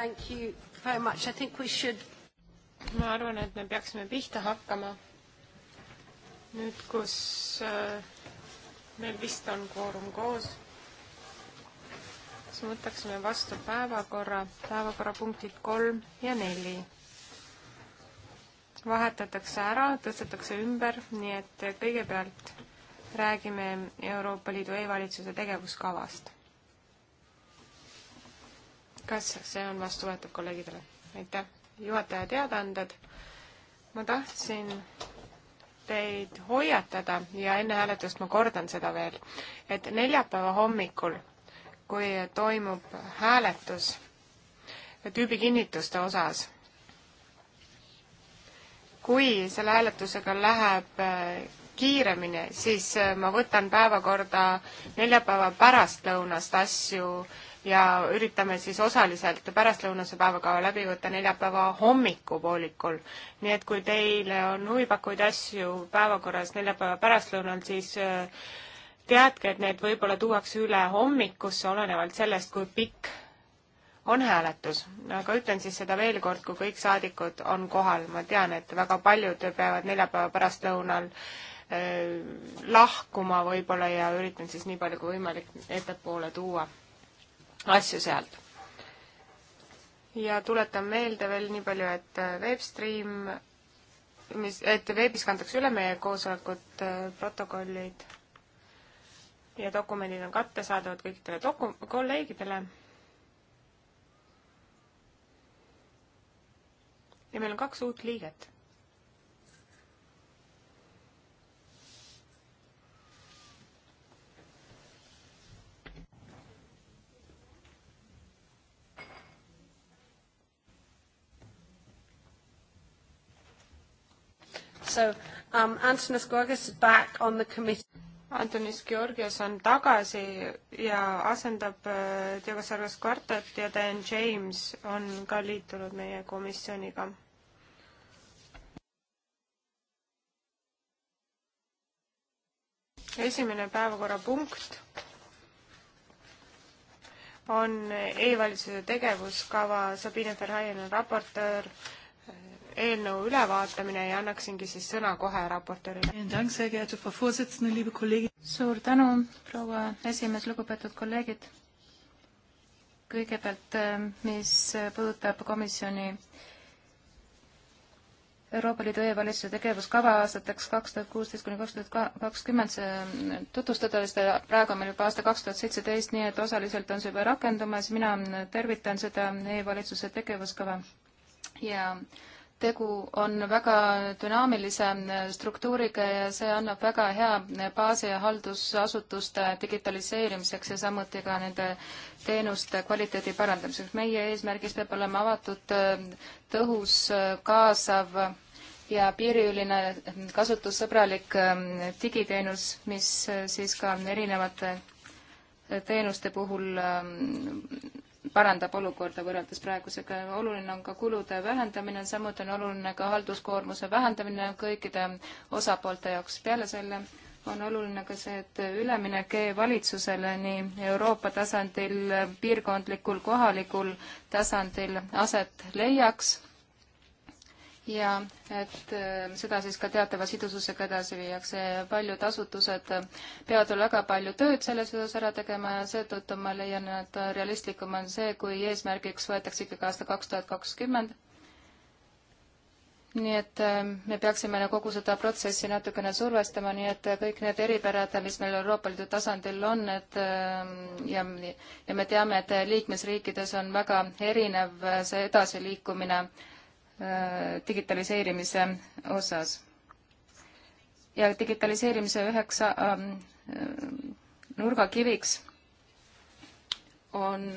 Thank you very much. I think we should ma arvan, et me peaksime pihta hakkama. nüüd, kus äh, meil vist on kvoorum koos, siis võtaksime vastu päevakorra, päevakorrapunktid kolm ja neli. vahetatakse ära, tõstetakse ümber, nii et kõigepealt räägime Euroopa Liidu e-valitsuse tegevuskavast kas see on vastuvõetav kolleegidele? aitäh. juhataja teadaanded. ma tahtsin teid hoiatada ja enne hääletust ma kordan seda veel, et neljapäeva hommikul, kui toimub hääletus tüübikinnituste osas, kui selle hääletusega läheb äh, kiiremini, siis äh, ma võtan päevakorda neljapäeva pärastlõunast asju äh, ja üritame siis osaliselt pärastlõunase päevakava läbi võtta neljapäeva hommikupoolikul. nii et kui teile on huvipakkuvaid asju päevakorras neljapäeva pärastlõunal, siis äh, teadke, et need võib-olla tuuakse üle hommikusse, olenevalt sellest, kui pikk on hääletus, aga ütlen siis seda veel kord, kui kõik saadikud on kohal, ma tean, et väga paljud peavad neljapäeva pärastlõunal äh, lahkuma võib-olla ja üritan siis nii palju kui võimalik ettepoole tuua asju sealt. ja tuletan meelde veel nii palju, et äh, Webstream, mis, et veebis kantakse üle meie koosolekud, äh, protokollid ja dokumendid on kättesaadavad kõikidele doku-, kolleegidele. ja meil on kaks uut liiget So um, Antonis Gorgas is back on the committee. Antonis Georgios on tagasi ja asendab äh, Diego Sargas Quartet ja Dan James on ka liitunud meie komisjoniga. esimene päevakorrapunkt on e-valitsuse tegevuskava, Sabine Verhaien on raportöör eelnõu ülevaatamine ja annaksingi siis sõna kohe raportöörile. suur tänu, proua esimees, lugupeetud kolleegid. kõigepealt, äh, mis puudutab komisjoni Euroopa Liidu e-valitsuse tegevuskava aastateks kaks tuhat kuusteist kuni kaks tuhat kakskümmend see äh, tutvustada, sest praegu on meil juba aasta kaks tuhat seitseteist, nii et osaliselt on see juba rakendumas, mina tervitan seda e-valitsuse tegevuskava ja äh, tegu on väga dünaamilise struktuuriga ja see annab väga hea baasi haldusasutuste digitaliseerimiseks ja samuti ka nende teenuste kvaliteedi parandamiseks. meie eesmärgis peab olema avatud, tõhus, kaasav ja piiriüline kasutussõbralik ähm, digiteenus, mis äh, siis ka erinevate teenuste puhul ähm, parandab olukorda võrreldes praegusega. oluline on ka kulude vähendamine, samuti on oluline ka halduskoormuse vähendamine kõikide osapoolte jaoks. peale selle on oluline ka see, et üleminek e-valitsusele nii Euroopa tasandil, piirkondlikul, kohalikul tasandil aset leiaks ja et eh, seda siis ka teatava sidususega edasi viiakse. paljud asutused eh, peavad veel väga palju tööd selles osas ära tegema ja seetõttu ma leian, et realistlikum on see, kui eesmärgiks võetakse ikkagi aasta kaks tuhat kakskümmend. nii et eh, me peaksime nagu kogu seda protsessi natukene survestama, nii et kõik need eripärad, mis meil Euroopa Liidu tasandil on, et ja, ja me teame, et liikmesriikides on väga erinev see edasiliikumine Äh, digitaliseerimise osas. ja digitaliseerimise üheks ähm, äh, nurgakiviks on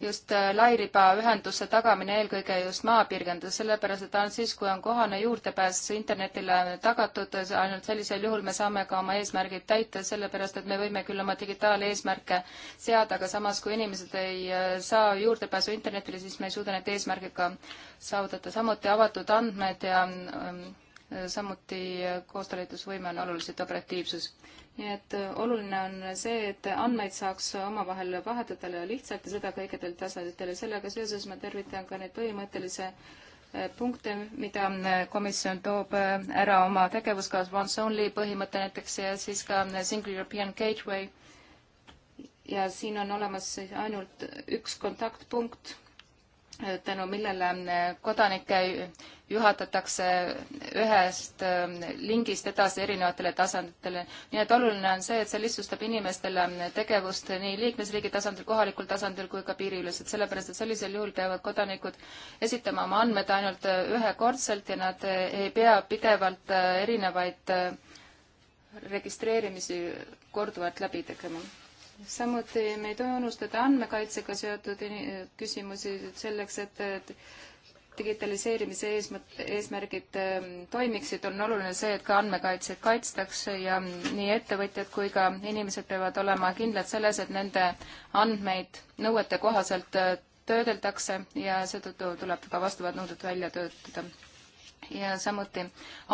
just äh, lairibaühenduse tagamine eelkõige just maapiirkondades, sellepärast et ainult siis, kui on kohane juurdepääs internetile tagatud, ainult sellisel juhul me saame ka oma eesmärgid täita, sellepärast et me võime küll oma digitaaleesmärke seada, aga samas, kui inimesed ei äh, saa juurdepääsu internetile, siis me ei suuda neid eesmärke ka saavutada. samuti avatud andmed ja ähm, samuti äh, koostalitusvõime on oluliselt operatiivsus nii et äh, oluline on see, et andmeid saaks omavahel vahetada lihtsalt ja seda kõikidel tasanditel ja sellega seoses ma tervitan ka neid põhimõttelisi äh, punkte, mida äh, komisjon toob ära oma tegevuskavas, once only põhimõte näiteks ja siis ka single European gateway. ja siin on olemas ainult üks kontaktpunkt tänu millele mm, kodanikke juhatatakse ühest mm, lingist edasi erinevatele tasanditele. nii et oluline on see, et see lihtsustab inimestele mm, tegevust nii liikmesriigi tasandil, kohalikul tasandil kui ka piiriüleselt, sellepärast et sellisel juhul peavad kodanikud esitama oma andmed ainult ühekordselt ja nad eh, ei pea pidevalt eh, erinevaid eh, registreerimisi korduvalt läbi tegema samuti me ei tohi unustada andmekaitsega seotud küsimusi selleks, et digitaliseerimise eesmärk, eesmärgid ähm, toimiksid, on oluline see, et ka andmekaitset kaitstakse ja mm, nii ettevõtjad kui ka inimesed peavad olema kindlad selles, et nende andmeid nõuete kohaselt äh, töödeldakse ja seetõttu tuleb ka vastavad nõuded välja töötada ja samuti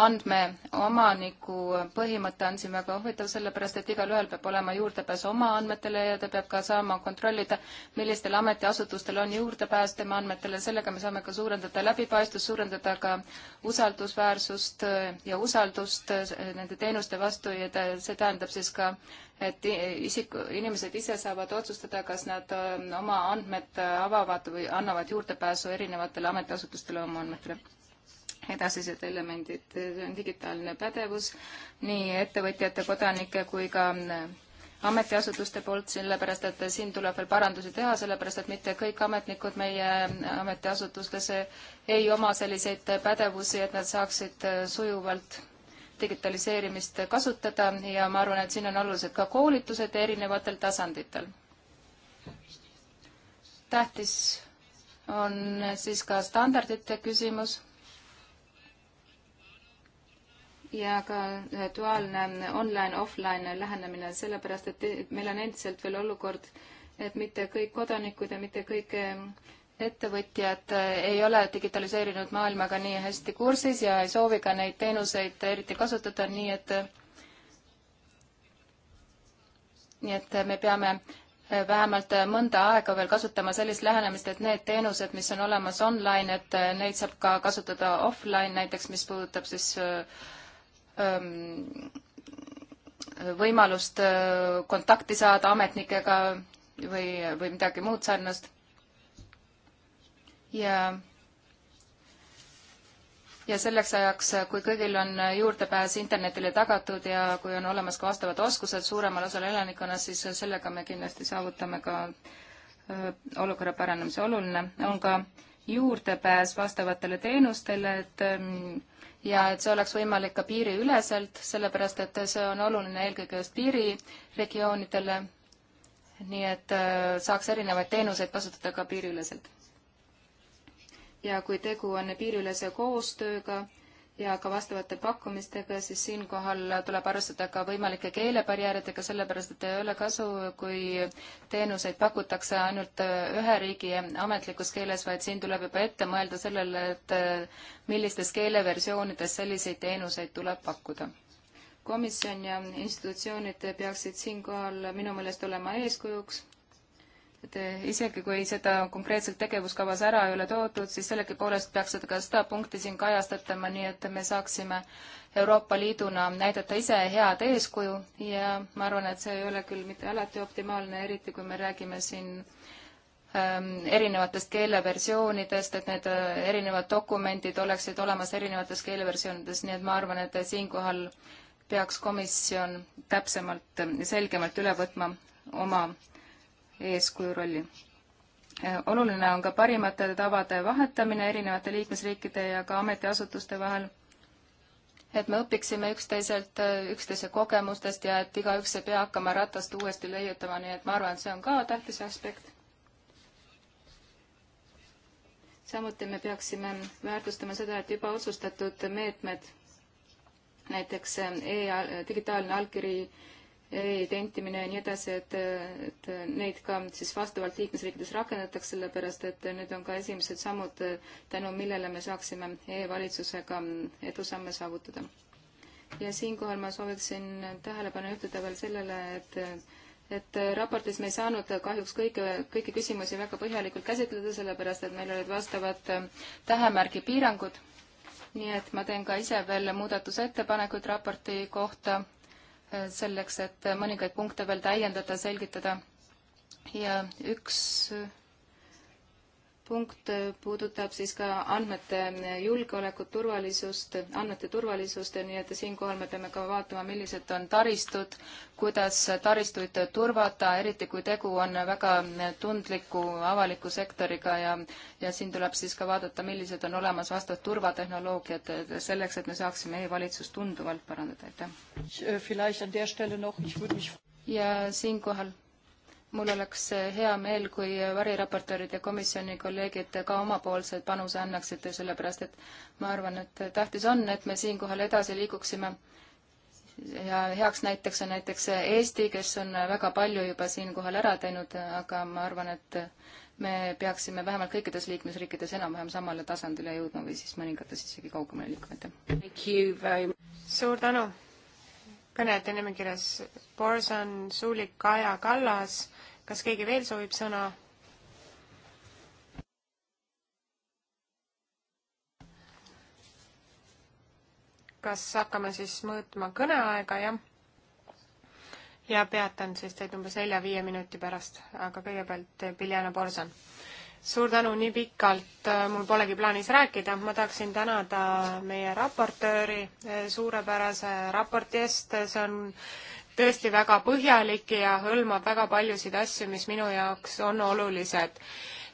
andmeomaniku põhimõte on siin väga huvitav, sellepärast et igalühel peab olema juurdepääs oma andmetele ja ta peab ka saama kontrollida, millistel ametiasutustel on juurdepääs tema andmetele, sellega me saame ka suurendada läbipaistvust, suurendada ka usaldusväärsust ja usaldust nende teenuste vastu ja ta, see tähendab siis ka, et isiku, inimesed ise saavad otsustada, kas nad äh, oma andmed avavad või annavad juurdepääsu erinevatele ametiasutustele oma andmetele edasised elemendid, see on digitaalne pädevus nii ettevõtjate, kodanike kui ka mm, ametiasutuste poolt, sellepärast et siin tuleb veel parandusi teha, sellepärast et mitte kõik ametnikud meie mm, ametiasutustes ei oma selliseid pädevusi, et nad saaksid mm, sujuvalt digitaliseerimist kasutada ja ma arvan, et siin on olulised ka koolitused erinevatel tasanditel. tähtis on siis ka standardite küsimus ja ka duaalne online-offline lähenemine, sellepärast et meil on endiselt veel olukord, et mitte kõik kodanikud ja mitte kõik eh, ettevõtjad eh, ei ole digitaliseerinud maailmaga nii hästi kursis ja ei soovi ka neid teenuseid eriti kasutada, nii et eh, nii et me peame vähemalt mõnda aega veel kasutama sellist lähenemist, et need teenused, mis on olemas online, et neid saab ka kasutada offline, näiteks mis puudutab siis äh, Ähm, võimalust äh, kontakti saada ametnikega või, või midagi muud sarnast. ja, ja selleks ajaks, äh, kui kõigil on äh, juurdepääs internetile tagatud ja kui on olemas ka vastavad oskused suuremal osal elanikkonnast, siis sellega me kindlasti saavutame ka olukorra paranemise oluline. on ka juurdepääs vastavatele teenustele, et ähm, ja et see oleks võimalik ka piiriüleselt, sellepärast et see on oluline eelkõige just piiriregioonidele, nii et äh, saaks erinevaid teenuseid kasutada ka piiriüleselt. ja kui tegu on piiriülese koostööga, ja ka vastavate pakkumistega, siis siinkohal tuleb arvestada ka võimalike keelebarjääridega, sellepärast et ei ole kasu, kui teenuseid pakutakse ainult ühe riigi ametlikus keeles, vaid siin tuleb juba ette mõelda sellele, et millistes keeleversioonides selliseid teenuseid tuleb pakkuda komisjon ja institutsioonid peaksid siinkohal minu meelest olema eeskujuks et isegi kui seda konkreetselt tegevuskavas ära ei ole toodud, siis sellegipoolest peaks seda ka seda punkti siin kajastatama, nii et me saaksime Euroopa Liiduna näidata ise head eeskuju ja ma arvan, et see ei ole küll mitte alati optimaalne, eriti kui me räägime siin ähm, erinevatest keeleversioonidest, et need äh, erinevad dokumendid oleksid olemas erinevates keeleversioonides, nii et ma arvan, et siinkohal peaks komisjon täpsemalt, selgemalt üle võtma oma eeskuju rolli. Äh, oluline on ka parimate tavade vahetamine erinevate liikmesriikide ja ka ametiasutuste vahel, et me õpiksime üksteiselt, äh, üksteise kogemustest ja et igaüks ei pea hakkama ratast uuesti leiutama, nii et ma arvan, et see on ka tähtis aspekt. samuti me peaksime väärtustama seda, et juba otsustatud meetmed, näiteks äh, e-digitaalne allkiri e-tentimine ja nii edasi, et, et neid ka siis vastavalt liikmesriikides rakendatakse, sellepärast et need on ka esimesed sammud, tänu millele me saaksime e-valitsusega edusamme saavutada. ja siinkohal ma sooviksin tähelepanu juhtida veel sellele, et et raportis me ei saanud kahjuks kõike, kõiki küsimusi väga põhjalikult käsitleda, sellepärast et meil olid vastavad tähemärgi piirangud. nii et ma teen ka ise veel muudatusettepanekuid raporti kohta selleks, et mõningaid punkte veel täiendada, selgitada. ja üks punkt puudutab siis ka andmete julgeolekut, turvalisust, andmete turvalisust ja nii, et siinkohal me peame ka vaatama, millised on taristud, kuidas taristuid turvata, eriti kui tegu on väga tundliku avaliku sektoriga ja ja siin tuleb siis ka vaadata, millised on olemas vastavad turvatehnoloogiad selleks, et me saaksime e-valitsust tunduvalt parandada, aitäh. Äh, ja siinkohal mul oleks hea meel, kui variraportöörid ja komisjoni kolleegid ka omapoolse panuse annaksid, sellepärast et ma arvan, et tähtis on, et me siinkohal edasi liiguksime. ja heaks näiteks on näiteks Eesti, kes on väga palju juba siinkohal ära teinud, aga ma arvan, et me peaksime vähemalt kõikides liikmesriikides enam-vähem samale tasandile jõudma või siis mõningates isegi kaugemale liikuma, aitäh! suur tänu! kõnede nimekirjas Borson, Suulik, Kaja, Kallas. kas keegi veel soovib sõna? kas hakkame siis mõõtma kõneaega, jah? ja peatan siis teid umbes nelja-viie minuti pärast, aga kõigepealt Biljana Borson suur tänu, nii pikalt äh, mul polegi plaanis rääkida, ma tahaksin tänada meie raportööri äh, suurepärase raporti eest, see on tõesti väga põhjalik ja hõlmab väga paljusid asju, mis minu jaoks on olulised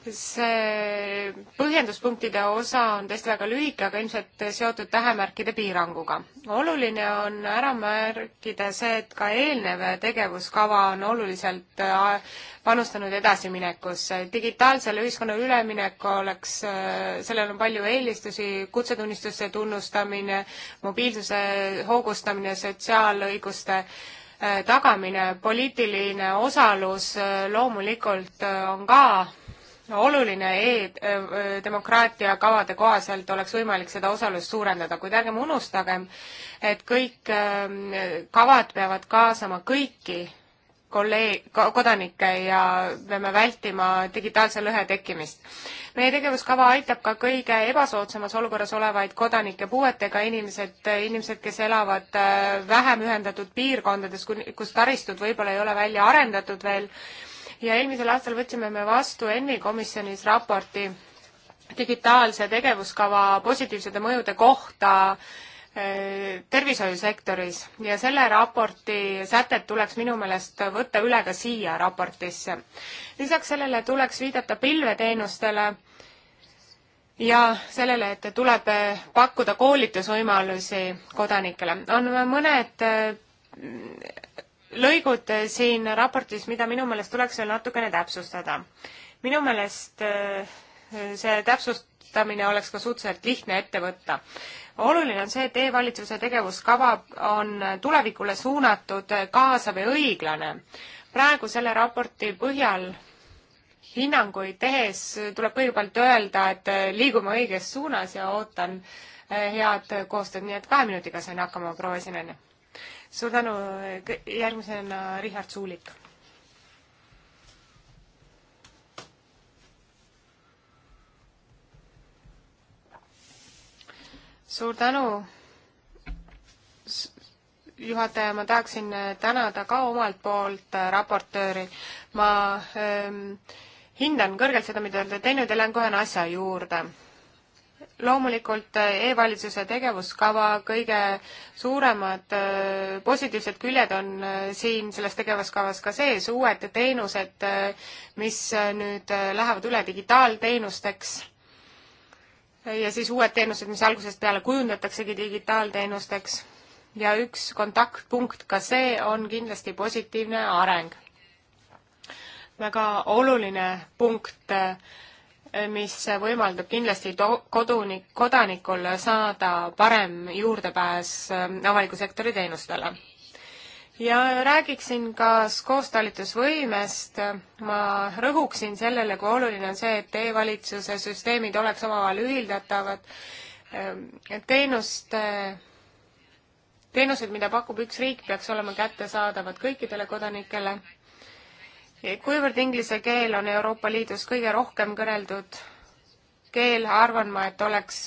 see põhjenduspunktide osa on tõesti väga lühike, aga ilmselt seotud tähemärkide piiranguga. oluline on ära märkida see, et ka eelnev tegevuskava on oluliselt äh, panustanud edasiminekusse. digitaalsele ühiskonnale üleminek oleks, äh, sellel on palju eelistusi, kutsetunnistuste tunnustamine, mobiilsuse hoogustamine, sotsiaalõiguste äh, tagamine, poliitiline osalus loomulikult on ka oluline e-demokraatia e- kavade kohaselt oleks võimalik seda osalust suurendada, kuid ärgem unustagem, et kõik ähm, kavad peavad kaasama kõiki kolleeg-, kodanikke ja peame vältima digitaalse lõhe tekkimist. meie tegevuskava aitab ka kõige ebasoodsamas olukorras olevaid kodanikke, puuetega inimesed, inimesed, kes elavad äh, vähem ühendatud piirkondades, kus taristud võib-olla ei ole välja arendatud veel ja eelmisel aastal võtsime me vastu ENMi komisjonis raporti digitaalse tegevuskava positiivsete mõjude kohta eh, tervishoiusektoris ja selle raporti sätet tuleks minu meelest võtta üle ka siia raportisse. lisaks sellele tuleks viidata pilveteenustele ja sellele, et tuleb pakkuda koolitusvõimalusi kodanikele. on mõned eh, lõigud eh, siin raportis, mida minu meelest tuleks veel natukene täpsustada. minu meelest eh, see täpsustamine oleks ka suhteliselt lihtne ette võtta. oluline on see, et e-valitsuse tegevuskava on tulevikule suunatud, eh, kaasav ja õiglane. praegu selle raporti põhjal hinnanguid tehes tuleb kõigepealt öelda, et liigume õiges suunas ja ootan head koostööd, nii et kahe minutiga sain hakkama, proua esineja suur tänu, järgmisena Richard Suulik. suur tänu, juhataja, ma tahaksin äh, tänada ka omalt poolt äh, raportööri. ma ähm, hindan kõrgelt seda, mida te olete teinud ja lähen kohe asja juurde loomulikult äh, e-valitsuse tegevuskava kõige suuremad äh, positiivsed küljed on äh, siin selles tegevuskavas ka sees, uued teenused, mis nüüd lähevad üle digitaalteenusteks ja siis uued teenused, mis algusest peale kujundataksegi digitaalteenusteks ja üks kontaktpunkt, ka see on kindlasti positiivne areng. väga oluline punkt mis võimaldab kindlasti to-, kodunik, kodanikul saada parem juurdepääs ähm, avaliku sektori teenustele. ja räägiksin ka koostalitusvõimest, ma rõhuksin sellele, kui oluline on see, et e-valitsuse süsteemid oleks omavahel ühildatavad, ähm, teenuste teenused, mida pakub üks riik, peaks olema kättesaadavad kõikidele kodanikele kuivõrd inglise keel on Euroopa Liidus kõige rohkem kõneldud keel, arvan ma, et oleks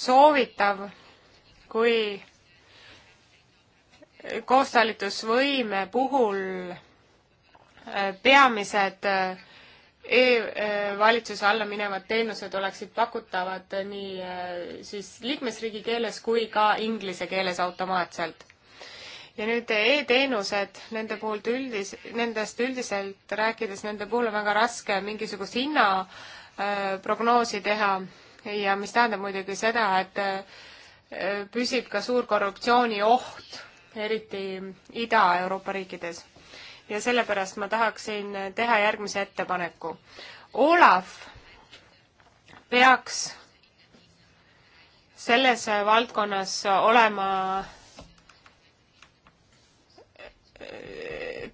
soovitav, kui koostalitusvõime puhul äh, peamised äh, e-valitsuse äh, alla minevad teenused oleksid pakutavad nii siis liikmesriigi keeles kui ka inglise keeles automaatselt ja nüüd e-teenused, nende poolt üldis, nendest üldiselt rääkides, nende puhul on väga raske mingisugust hinnaprognoosi äh, teha ja mis tähendab muidugi seda, et äh, püsib ka suur korruptsioonioht, eriti Ida-Euroopa riikides. ja sellepärast ma tahaksin teha järgmise ettepaneku. Olav peaks selles valdkonnas olema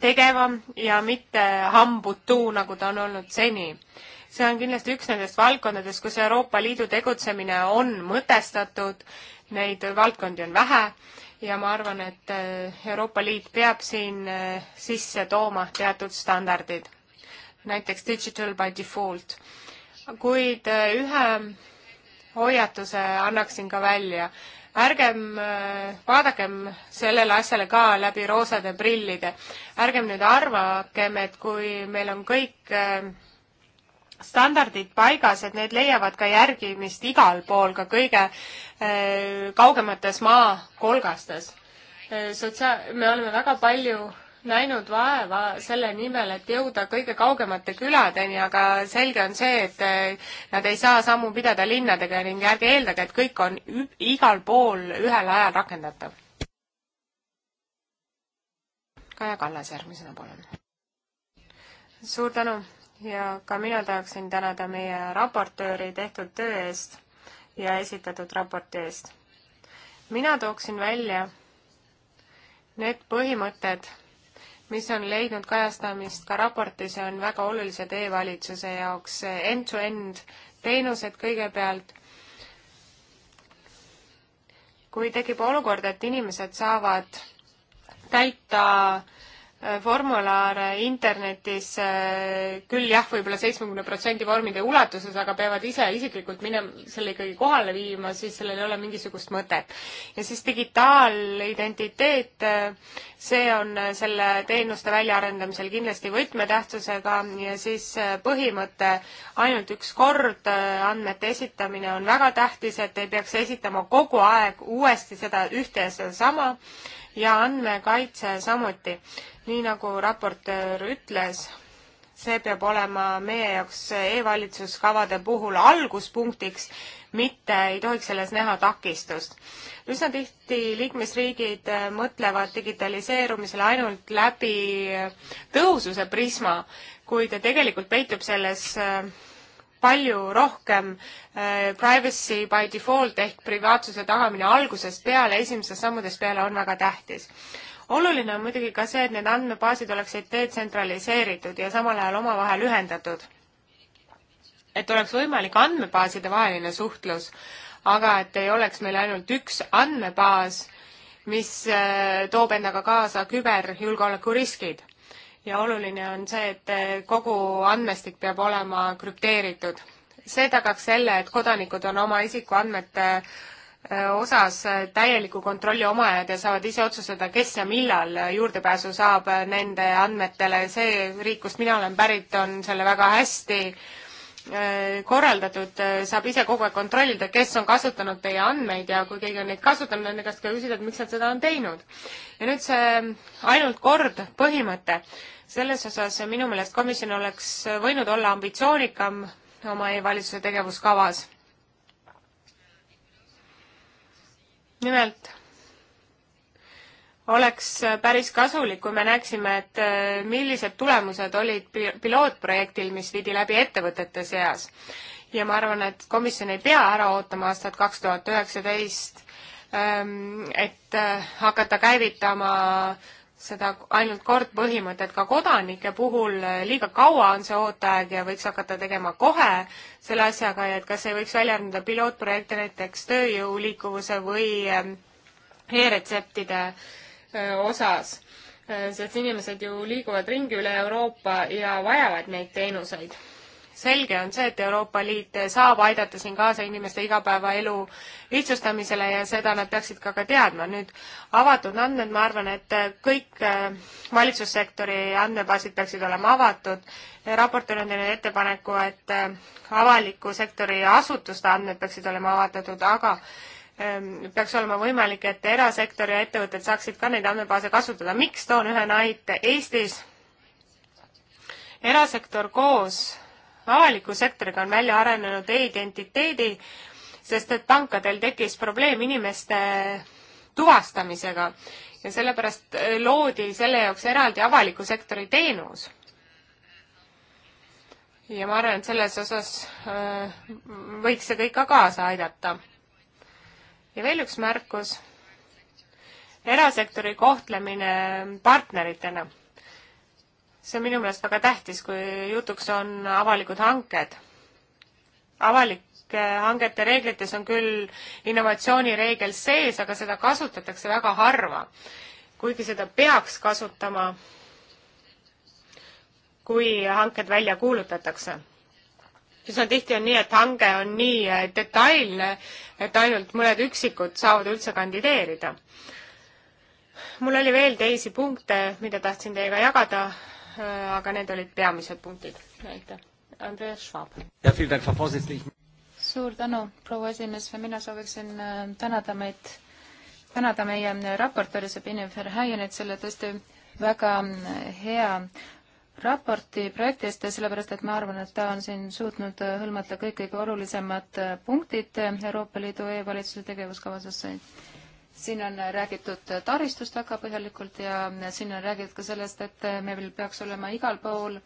tegeva ja mitte hambutu, nagu ta on olnud seni. see on kindlasti üks nendest valdkondadest, kus Euroopa Liidu tegutsemine on mõtestatud, neid valdkondi on vähe ja ma arvan, et äh, Euroopa Liit peab siin äh, sisse tooma teatud standardid, näiteks digital by default. kuid äh, ühe hoiatuse annaksin ka välja ärgem äh, vaadakem sellele asjale ka läbi roosade prillide. ärgem nüüd arvakem, et kui meil on kõik äh, standardid paigas, et need leiavad ka järgimist igal pool, ka kõige äh, kaugemates maakolgastes. Sotsia-, me oleme väga palju näinud vaeva selle nimel, et jõuda kõige kaugemate küladeni, aga selge on see, et eh, nad ei saa sammu pidada linnadega ning ärge eeldage, et kõik on igal pool ühel ajal rakendatav. Kaja Kallas järgmisena, palun. suur tänu ja ka mina tahaksin tänada meie raportööri tehtud töö eest ja esitatud raporti eest. mina tooksin välja need põhimõtted mis on leidnud kajastamist ka raportis ja on väga olulised e-valitsuse jaoks end-to-end -end teenused kõigepealt. kui tekib olukord, et inimesed saavad täita formulaare internetis äh, küll jah, võib-olla seitsmekümne protsendi vormide ulatuses, aga peavad ise isiklikult minema selle ikkagi kohale viima, siis sellel ei ole mingisugust mõtet. ja siis digitaalidentiteet, äh, see on äh, selle teenuste väljaarendamisel kindlasti võtmetähtsusega ja siis põhimõte ainult üks kord andmete esitamine on väga tähtis, et ei peaks esitama kogu aeg uuesti seda ühte ja sedasama ja andmekaitse samuti. nii nagu raportöör ütles, see peab olema meie jaoks e-valitsuskavade puhul alguspunktiks, mitte ei tohiks selles näha takistust. üsna tihti liikmesriigid mõtlevad digitaliseerumisele ainult läbi tõhususe prisma, kuid tegelikult peitub selles palju rohkem äh, privacy by default ehk privaatsuse tagamine algusest peale, esimesest sammudest peale on väga tähtis oluline on muidugi ka see, et need andmebaasid oleksid detsentraliseeritud ja samal ajal omavahel ühendatud. et oleks võimalik andmebaaside vaheline suhtlus, aga et ei oleks meil ainult üks andmebaas, mis äh, toob endaga kaasa küberjulgeoleku riskid ja oluline on see, et kogu andmestik peab olema krüpteeritud. see tagaks selle, et kodanikud on oma isikuandmete äh, osas äh, täieliku kontrolli omajad ja saavad ise otsustada, kes ja millal juurdepääsu saab äh, nende andmetele. see riik, kust mina olen pärit, on selle väga hästi äh, Äh, korraldatud, äh, saab ise kogu aeg kontrollida, kes on kasutanud teie andmeid ja kui keegi on neid kasutanud, nende käest ka küsida, et miks nad seda on teinud. ja nüüd see ainult kord põhimõte, selles osas minu meelest komisjon oleks võinud olla ambitsioonikam oma e-valitsuse tegevuskavas. nimelt oleks äh, päris kasulik, kui me näeksime, et äh, millised tulemused olid pilootprojektil, mis viidi läbi ettevõtete seas. ja ma arvan, et komisjon ei pea ära ootama aastat kaks tuhat üheksateist, ähm, et äh, hakata käivitama seda ainult kord põhimõtet ka kodanike puhul, liiga kaua on see ooteaeg ja võiks hakata tegema kohe selle asjaga ja et kas ei võiks välja anda pilootprojekte näiteks tööjõu liikuvuse või ähm, e-retseptide äh, Äh, osas, äh, sest inimesed ju liiguvad ringi üle Euroopa ja vajavad neid teenuseid. selge on see, et Euroopa Liit saab aidata siin kaasa inimeste igapäevaelu lihtsustamisele ja seda nad peaksid ka, ka teadma. nüüd avatud andmed, ma arvan, et kõik äh, valitsussektori andmebaasid peaksid olema avatud. raportöör on teinud ettepaneku, et avaliku sektori asutuste andmed peaksid olema avatatud, aga Ehm, peaks olema võimalik, et erasektor ja ettevõtted saaksid ka neid andmebaase kasutada. miks toon ühe näite? Eestis erasektor koos avaliku sektoriga on välja arenenud e-identiteedi, sest et pankadel tekkis probleem inimeste tuvastamisega ja sellepärast e, loodi selle jaoks eraldi avaliku sektori teenus. ja ma arvan, et selles osas e, võiks see kõik ka kaasa aidata ja veel üks märkus, erasektori kohtlemine partneritena. see on minu meelest väga tähtis, kui jutuks on avalikud hanked. avalik hangete reeglites on küll innovatsioonireegel sees, aga seda kasutatakse väga harva. kuigi seda peaks kasutama, kui hanked välja kuulutatakse üsna tihti on nii, et hange on nii äh, detailne, et ainult mõned üksikud saavad üldse kandideerida. mul oli veel teisi punkte, mida tahtsin teiega jagada, äh, aga need olid peamised punktid. aitäh. Andreas Schwab. suur tänu, proua esimees, mina sooviksin äh, tänada meid, tänada meie raportööri Sabine Verhaienit selle tõesti väga hea raporti projektist, sellepärast et ma arvan, et ta on siin suutnud hõlmata kõik kõige olulisemad punktid Euroopa Liidu e-valitsuse tegevuskavas. siin on räägitud taristust väga põhjalikult ja siin on räägitud ka sellest, et meil peaks olema igal pool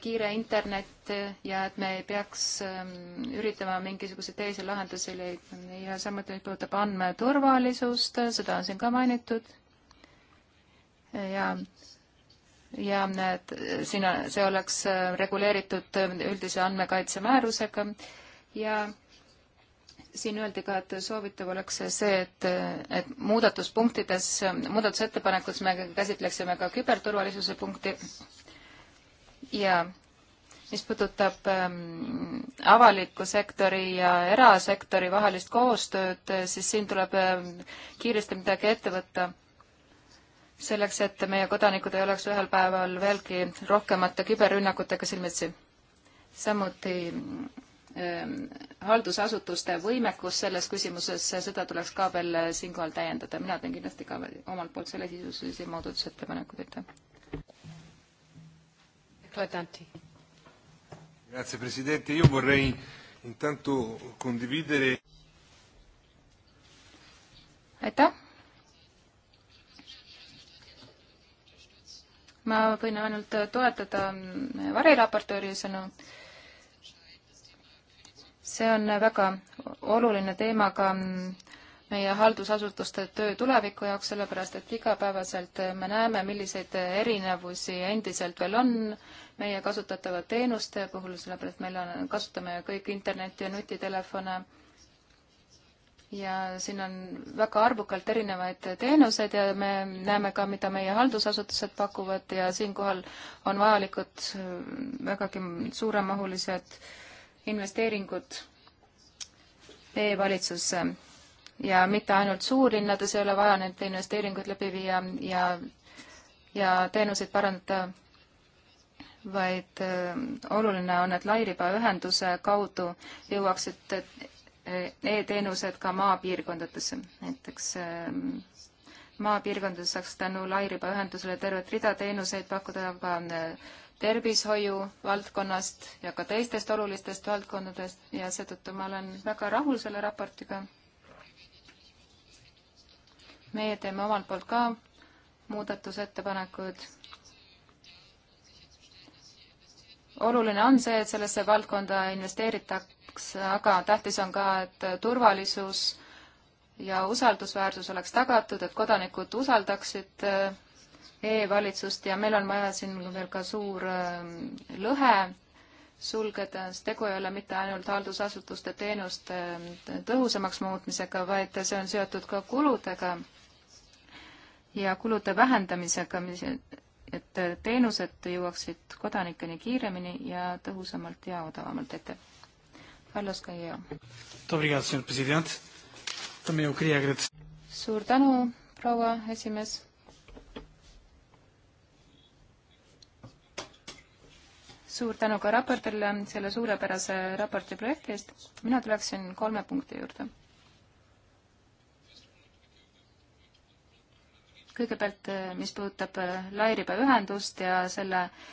kiire internet ja et me ei peaks ähm, üritama mingisuguseid teisi lahendusi leida ja samuti, mis puudutab andmeturvalisust, seda on siin ka mainitud ja ja need, siin, see oleks äh, reguleeritud äh, üldise andmekaitse määrusega ja siin öeldi ka, et soovitav oleks see, et, äh, et muudatuspunktides, muudatusettepanekutes me käsitleksime ka küberturvalisuse punkti ja mis puudutab ähm, avaliku sektori ja erasektori vahelist koostööd, siis siin tuleb ähm, kiiresti midagi ette võtta selleks, et meie kodanikud ei oleks ühel päeval veelgi rohkemate küberrünnakutega silmitsi. samuti ähm, haldusasutuste võimekus selles küsimuses, seda tuleks ka veel siinkohal täiendada, mina teen kindlasti ka omalt poolt selle sisulisi muudatusettepanekuid, aitäh. Eclatanti. Grazie Presidente, io vorrei intanto condividere aitäh ma võin ainult toetada variraportööri sõnu. see on väga oluline teema ka meie haldusasutuste töö tuleviku jaoks, sellepärast et igapäevaselt me näeme, milliseid erinevusi endiselt veel on meie kasutatava teenuste puhul, sellepärast meil on, kasutame kõik internetti ja nutitelefone ja siin on väga arvukalt erinevaid teenuseid ja me näeme ka, mida meie haldusasutused pakuvad ja siinkohal on vajalikud äh, vägagi suuremahulised investeeringud e-valitsusse ja mitte ainult suurlinnades ei ole vaja neid investeeringuid läbi viia ja, ja teenuseid parandada, vaid äh, oluline on, et lairibaühenduse kaudu jõuaksid e-teenused ka maapiirkondadesse. näiteks ähm, maapiirkondades saaks tänu lairibaühendusele tervet rida teenuseid pakkuda ka äh, tervishoiu valdkonnast ja ka teistest olulistest valdkondadest ja seetõttu ma olen väga rahul selle raportiga. meie teeme omalt poolt ka muudatusettepanekud. oluline on see, et sellesse valdkonda investeeritakse tagamiseks, aga tähtis on ka, et turvalisus ja usaldusväärsus oleks tagatud, et kodanikud usaldaksid äh, e-valitsust ja meil on vaja siin veel ka suur äh, lõhe sulgeda, sest tegu ei ole mitte ainult haldusasutuste teenuste äh, tõhusamaks muutmisega, vaid see on seotud ka kuludega ja kulude vähendamisega, mis, et teenused jõuaksid kodanikeni kiiremini ja tõhusamalt ja odavamalt ette Carlos Caio. suur tänu, proua esimees. suur tänu ka raportile selle suurepärase raporti projekti eest. mina tuleksin kolme punkti juurde. kõigepealt, mis puudutab lairibaühendust ja selle äh,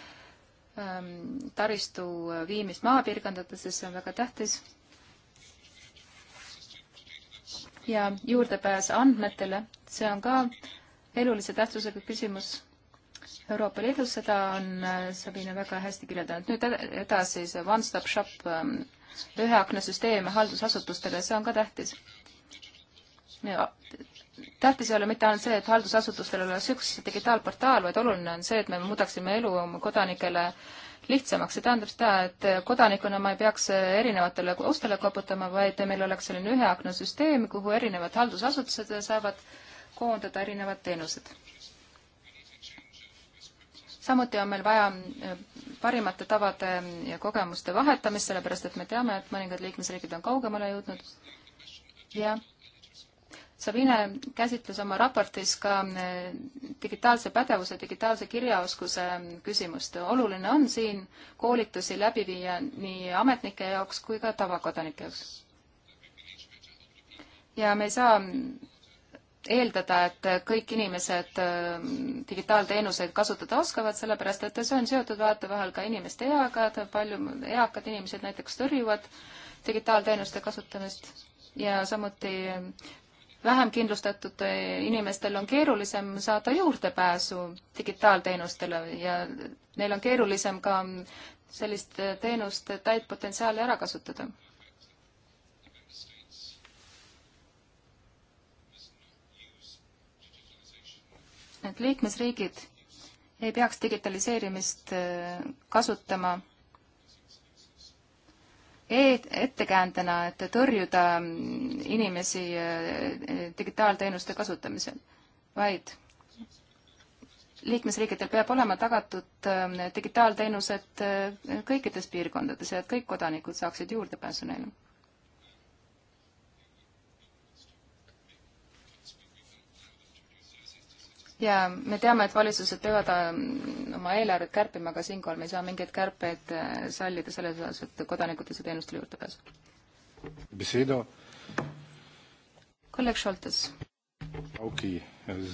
Ähm, taristu viimist maapiirkondadesse, see on väga tähtis. ja juurdepääs andmetele, see on ka elulise tähtsusega küsimus Euroopa Liidus, seda on äh, Sabine väga hästi kirjeldanud. nüüd edasi see one stop shop, ähm, ühe akna süsteem haldusasutustele, see on ka tähtis tähtis ei ole mitte ainult see, et haldusasutustel oleks üks digitaalportaal, vaid oluline on see, et me muudaksime elu oma kodanikele lihtsamaks, see tähendab seda, et kodanikuna ma ei peaks erinevatele ustele koputama, vaid meil oleks selline ühe akna süsteem, kuhu erinevad haldusasutused saavad koondada erinevad teenused. samuti on meil vaja parimate tavade ja kogemuste vahetamist, sellepärast et me teame, et mõningad liikmesriigid on kaugemale jõudnud ja Sabine käsitles oma raportis ka eh, digitaalse pädevuse, digitaalse kirjaoskuse mm, küsimust. oluline on siin koolitusi läbi viia nii ametnike jaoks kui ka tavakodanike jaoks. ja me ei saa mm, eeldada, et kõik inimesed mm, digitaalteenuseid kasutada oskavad, sellepärast et see on seotud vahetevahel ka inimeste eaga, et palju eakad inimesed näiteks tõrjuvad digitaalteenuste kasutamist ja samuti vähem kindlustatud inimestel on keerulisem saada juurdepääsu digitaalteenustele ja neil on keerulisem ka sellist teenust täit potentsiaali ära kasutada. et liikmesriigid ei peaks digitaliseerimist kasutama E-, ettekäändena, et tõrjuda inimesi e, digitaalteenuste kasutamisel, vaid liikmesriikidel peab olema tagatud e, digitaalteenused kõikides piirkondades ja et kõik kodanikud saaksid juurdepääsu neile ja me teame, et valitsused peavad mm, oma eelarvet kärpima, aga siinkohal me ei saa mingeid kärpeid äh, sallida selles osas, et kodanikud ei saa teenustele juurde pääseda. besedo. kolleeg Šoltes. Auki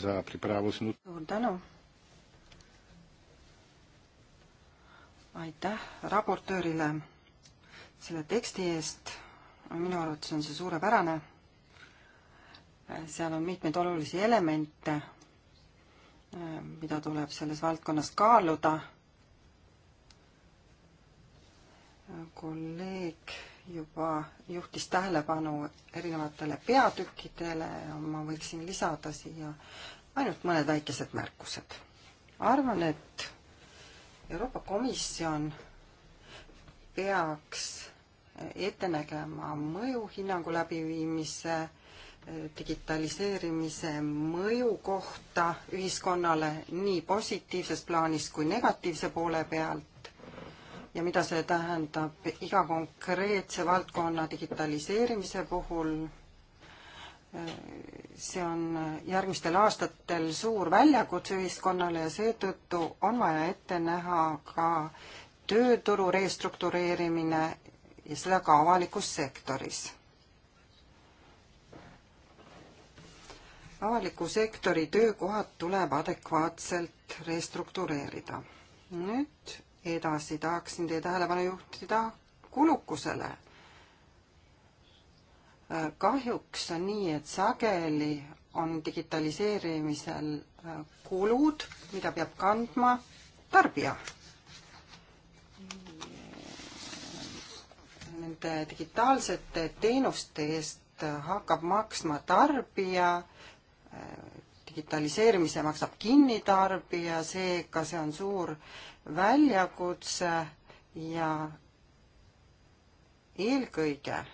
za pripravo snut-. suur tänu. aitäh raportöörile selle teksti eest. minu arvates on see suurepärane. seal on mitmeid olulisi elemente mida tuleb selles valdkonnas kaaluda. kolleeg juba juhtis tähelepanu erinevatele peatükkidele ja ma võiksin lisada siia ainult mõned väikesed märkused. arvan, et Euroopa Komisjon peaks ette nägema mõjuhinnangu läbiviimise äh, digitaliseerimise mõju kohta ühiskonnale nii positiivses plaanis kui negatiivse poole pealt ja mida see tähendab iga konkreetse valdkonna digitaliseerimise puhul. see on järgmistel aastatel suur väljakutse ühiskonnale ja seetõttu on vaja ette näha ka tööturu restruktureerimine ja seda ka avalikus sektoris avaliku sektori töökohad tuleb adekvaatselt restruktureerida. nüüd edasi tahaksin teie tähelepanu juhtida kulukusele. kahjuks on nii, et sageli on digitaliseerimisel äh, kulud, mida peab kandma tarbija. Nende digitaalsete teenuste eest hakkab maksma tarbija digitaliseerimise maksab kinni tarbija, seega see on suur väljakutse ja eelkõige äh,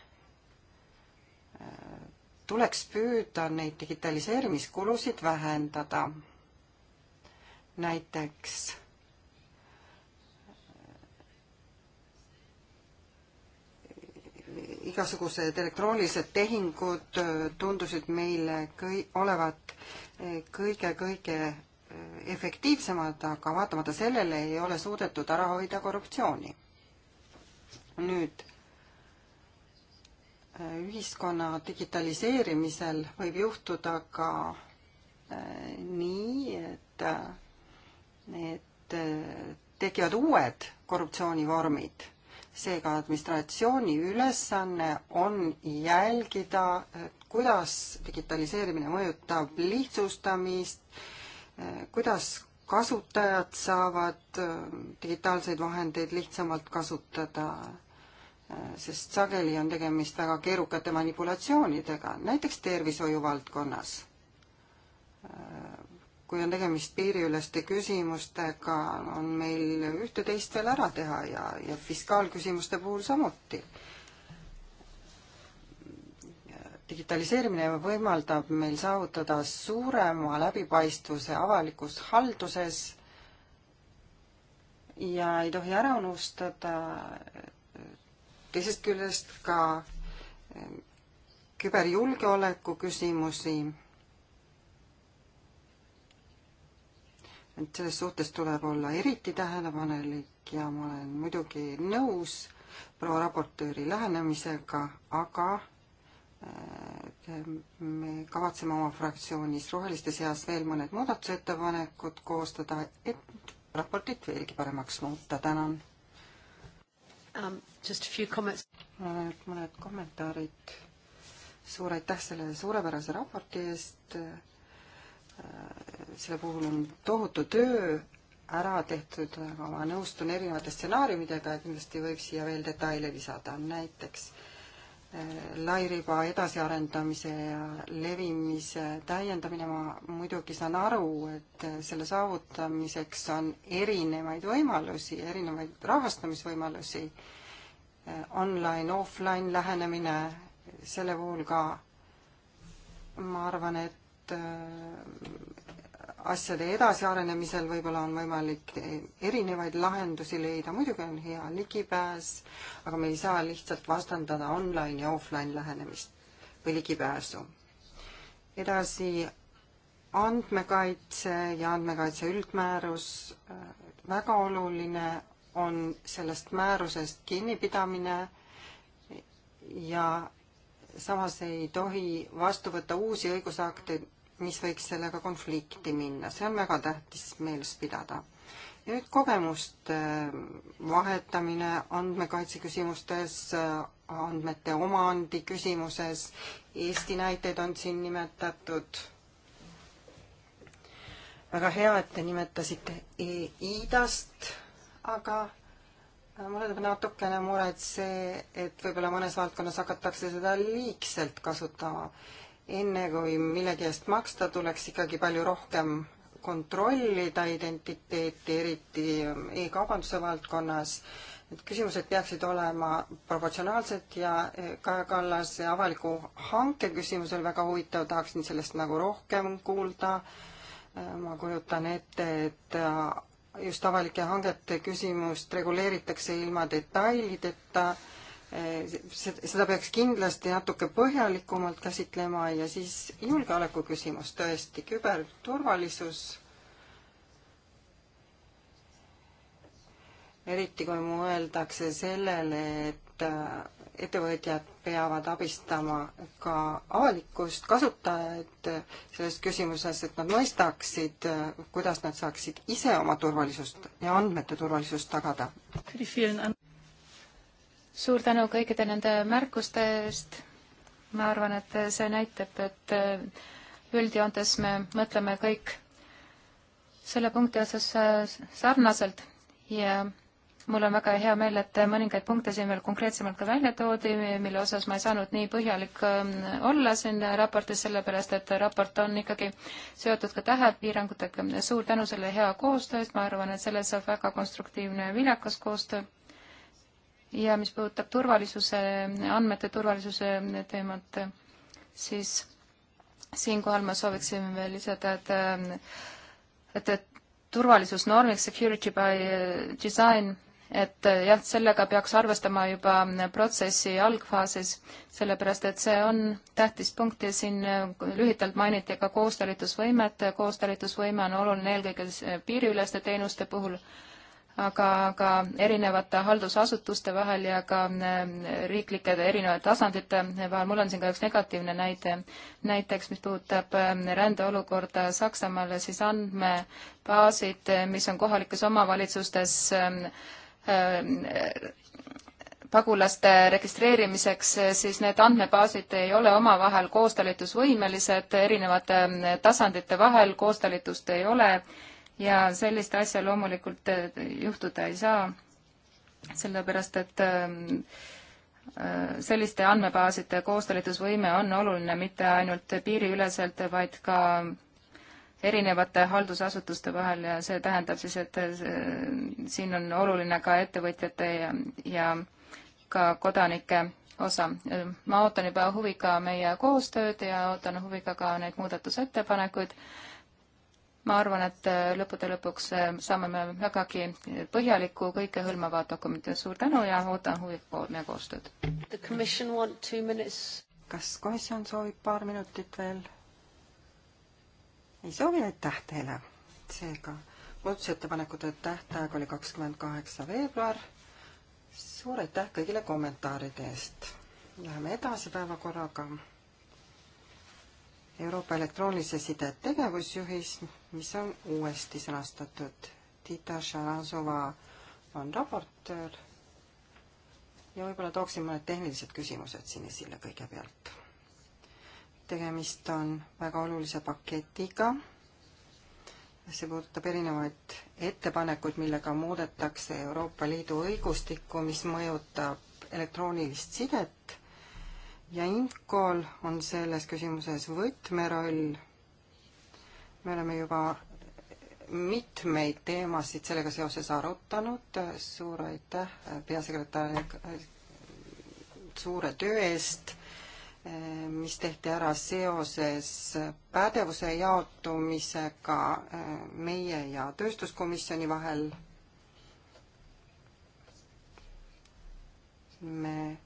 tuleks püüda neid digitaliseerimiskulusid vähendada. näiteks igasugused elektroonilised tehingud äh, tundusid meile kõi-, olevat kõige-kõige äh, äh, efektiivsemad, aga vaatamata sellele ei ole suudetud ära hoida korruptsiooni. nüüd ühiskonna digitaliseerimisel võib juhtuda ka nii, et, et tekivad uued korruptsioonivormid seega administratsiooni ülesanne on jälgida, kuidas digitaliseerimine mõjutab lihtsustamist, kuidas kasutajad saavad äh, digitaalseid vahendeid lihtsamalt kasutada, äh, sest sageli on tegemist väga keerukate manipulatsioonidega, näiteks tervishoiu valdkonnas äh, kui on tegemist piiriüleste küsimustega, on meil üht-teist veel ära teha ja, ja fiskaalküsimuste puhul samuti. digitaliseerimine võimaldab meil saavutada suurema läbipaistvuse avalikus halduses ja ei tohi ära unustada teisest küljest ka küberjulgeoleku küsimusi et selles suhtes tuleb olla eriti tähelepanelik ja ma olen muidugi nõus proua raportööri lähenemisega, aga äh, me kavatseme oma fraktsioonis Roheliste seas veel mõned muudatusettepanekud koostada, et raportit veelgi paremaks muuta, tänan um,. mõned kommentaarid. suur aitäh selle suurepärase raporti eest selle puhul on tohutu töö ära tehtud, aga ma nõustun erinevate stsenaariumidega ja kindlasti võib siia veel detaile lisada, näiteks eh, lairiba edasiarendamise ja levimise täiendamine, ma muidugi saan aru, et selle saavutamiseks on erinevaid võimalusi, erinevaid rahastamisvõimalusi, eh, online, offline lähenemine, selle puhul ka ma arvan, et Äh, asjade edasiarenemisel võib-olla on võimalik erinevaid lahendusi leida, muidugi on hea ligipääs, aga me ei saa lihtsalt vastandada online ja offline lähenemist või ligipääsu. edasi andmekaitse ja andmekaitse üldmäärus, väga oluline on sellest määrusest kinnipidamine ja samas ei tohi vastu võtta uusi õigusakte mis võiks sellega konflikti minna, see on väga tähtis meeles pidada. ja nüüd kogemuste äh, vahetamine andmekaitse küsimustes, äh, andmete omandi küsimuses, Eesti näiteid on siin nimetatud väga hea, et te nimetasite e IDAst, aga äh, mulle teeb natukene muret see, et võib-olla mõnes valdkonnas hakatakse seda liigselt kasutama enne kui millegi eest maksta, tuleks ikkagi palju rohkem kontrollida identiteeti, eriti e-kaubanduse valdkonnas. et küsimused peaksid olema proportsionaalsed ja e, Kaja Kallase avaliku hanke küsimus oli väga huvitav, tahaksin sellest nagu rohkem kuulda. E, ma kujutan ette, et e, just avalike hangete küsimust reguleeritakse ilma detailideta seda peaks kindlasti natuke põhjalikumalt käsitlema ja siis julgeoleku küsimus tõesti, küberturvalisus. eriti kui mõeldakse sellele, et äh, ettevõtjad peavad abistama ka avalikkust, kasutajaid äh, selles küsimuses, et nad mõistaksid, äh, kuidas nad saaksid ise oma turvalisust ja andmete turvalisust tagada suur tänu kõikide nende märkuste eest. ma arvan, et see näitab, et äh, üldjoontes me mõtleme kõik selle punkti osas äh, sarnaselt ja mul on väga hea meel, et mõningaid punkte siin veel konkreetsemalt ka välja toodi, mille osas ma ei saanud nii põhjalik ähm, olla siin raportis, sellepärast et raport on ikkagi seotud ka tähepiirangutega. suur tänu selle hea koostöö eest, ma arvan, et selles saab väga konstruktiivne ja viljakas koostöö ja mis puudutab turvalisuse, andmete turvalisuse teemat, siis siinkohal ma sooviksin veel lisada, et et, et turvalisusnormiks security by design, et jah, sellega peaks arvestama juba protsessi algfaasis, sellepärast et see on tähtis punkt ja siin lühidalt mainiti ka koostalitusvõimet, koostalitusvõime on oluline eelkõige piiriüleste teenuste puhul aga ka erinevate haldusasutuste vahel ja ka äh, riiklike erinevate tasandite vahel. mul on siin ka üks negatiivne näide, näiteks mis puudutab äh, rändeolukorda Saksamaal, siis andmebaasid, äh, mis on kohalikes omavalitsustes ähm, pagulaste registreerimiseks, siis need andmebaasid ei ole omavahel koostalitusvõimelised, erinevate tasandite vahel koostalitust ei ole ja sellist asja loomulikult äh, juhtuda ei saa, sellepärast et ähm, äh, selliste andmebaaside koostalitusvõime on oluline mitte ainult piiriüleselt, vaid ka erinevate haldusasutuste vahel ja see tähendab siis, et äh, siin on oluline ka ettevõtjate ja, ja ka kodanike osa. ma ootan juba huviga meie koostööd ja ootan huviga ka neid muudatusettepanekuid ma arvan, et äh, lõppude lõpuks äh, saame me vägagi põhjaliku kõikehõlmava dokumendi. suur tänu ja ootan huviga meie koostööd. kas komisjon soovib paar minutit veel? ei soovi, aitäh teile. seega muudatusettepanekute tähtaeg oli kakskümmend kaheksa veebruar. suur aitäh kõigile kommentaaride eest. Läheme edasi päevakorraga. Euroopa elektroonilise side tegevusjuhis mis on uuesti sõnastatud. Tita Šarazova on raportöör ja võib-olla tooksin mõned tehnilised küsimused siin esile kõigepealt. tegemist on väga olulise paketiga. see puudutab erinevaid ettepanekuid, millega muudetakse Euroopa Liidu õigustikku, mis mõjutab elektroonilist sidet ja Inkol on selles küsimuses võtmeroll me oleme juba mitmeid teemasid sellega seoses arutanud, suur aitäh peasekretärile suure töö eest, mis tehti ära seoses pädevuse jaotumisega meie ja tööstuskomisjoni vahel. me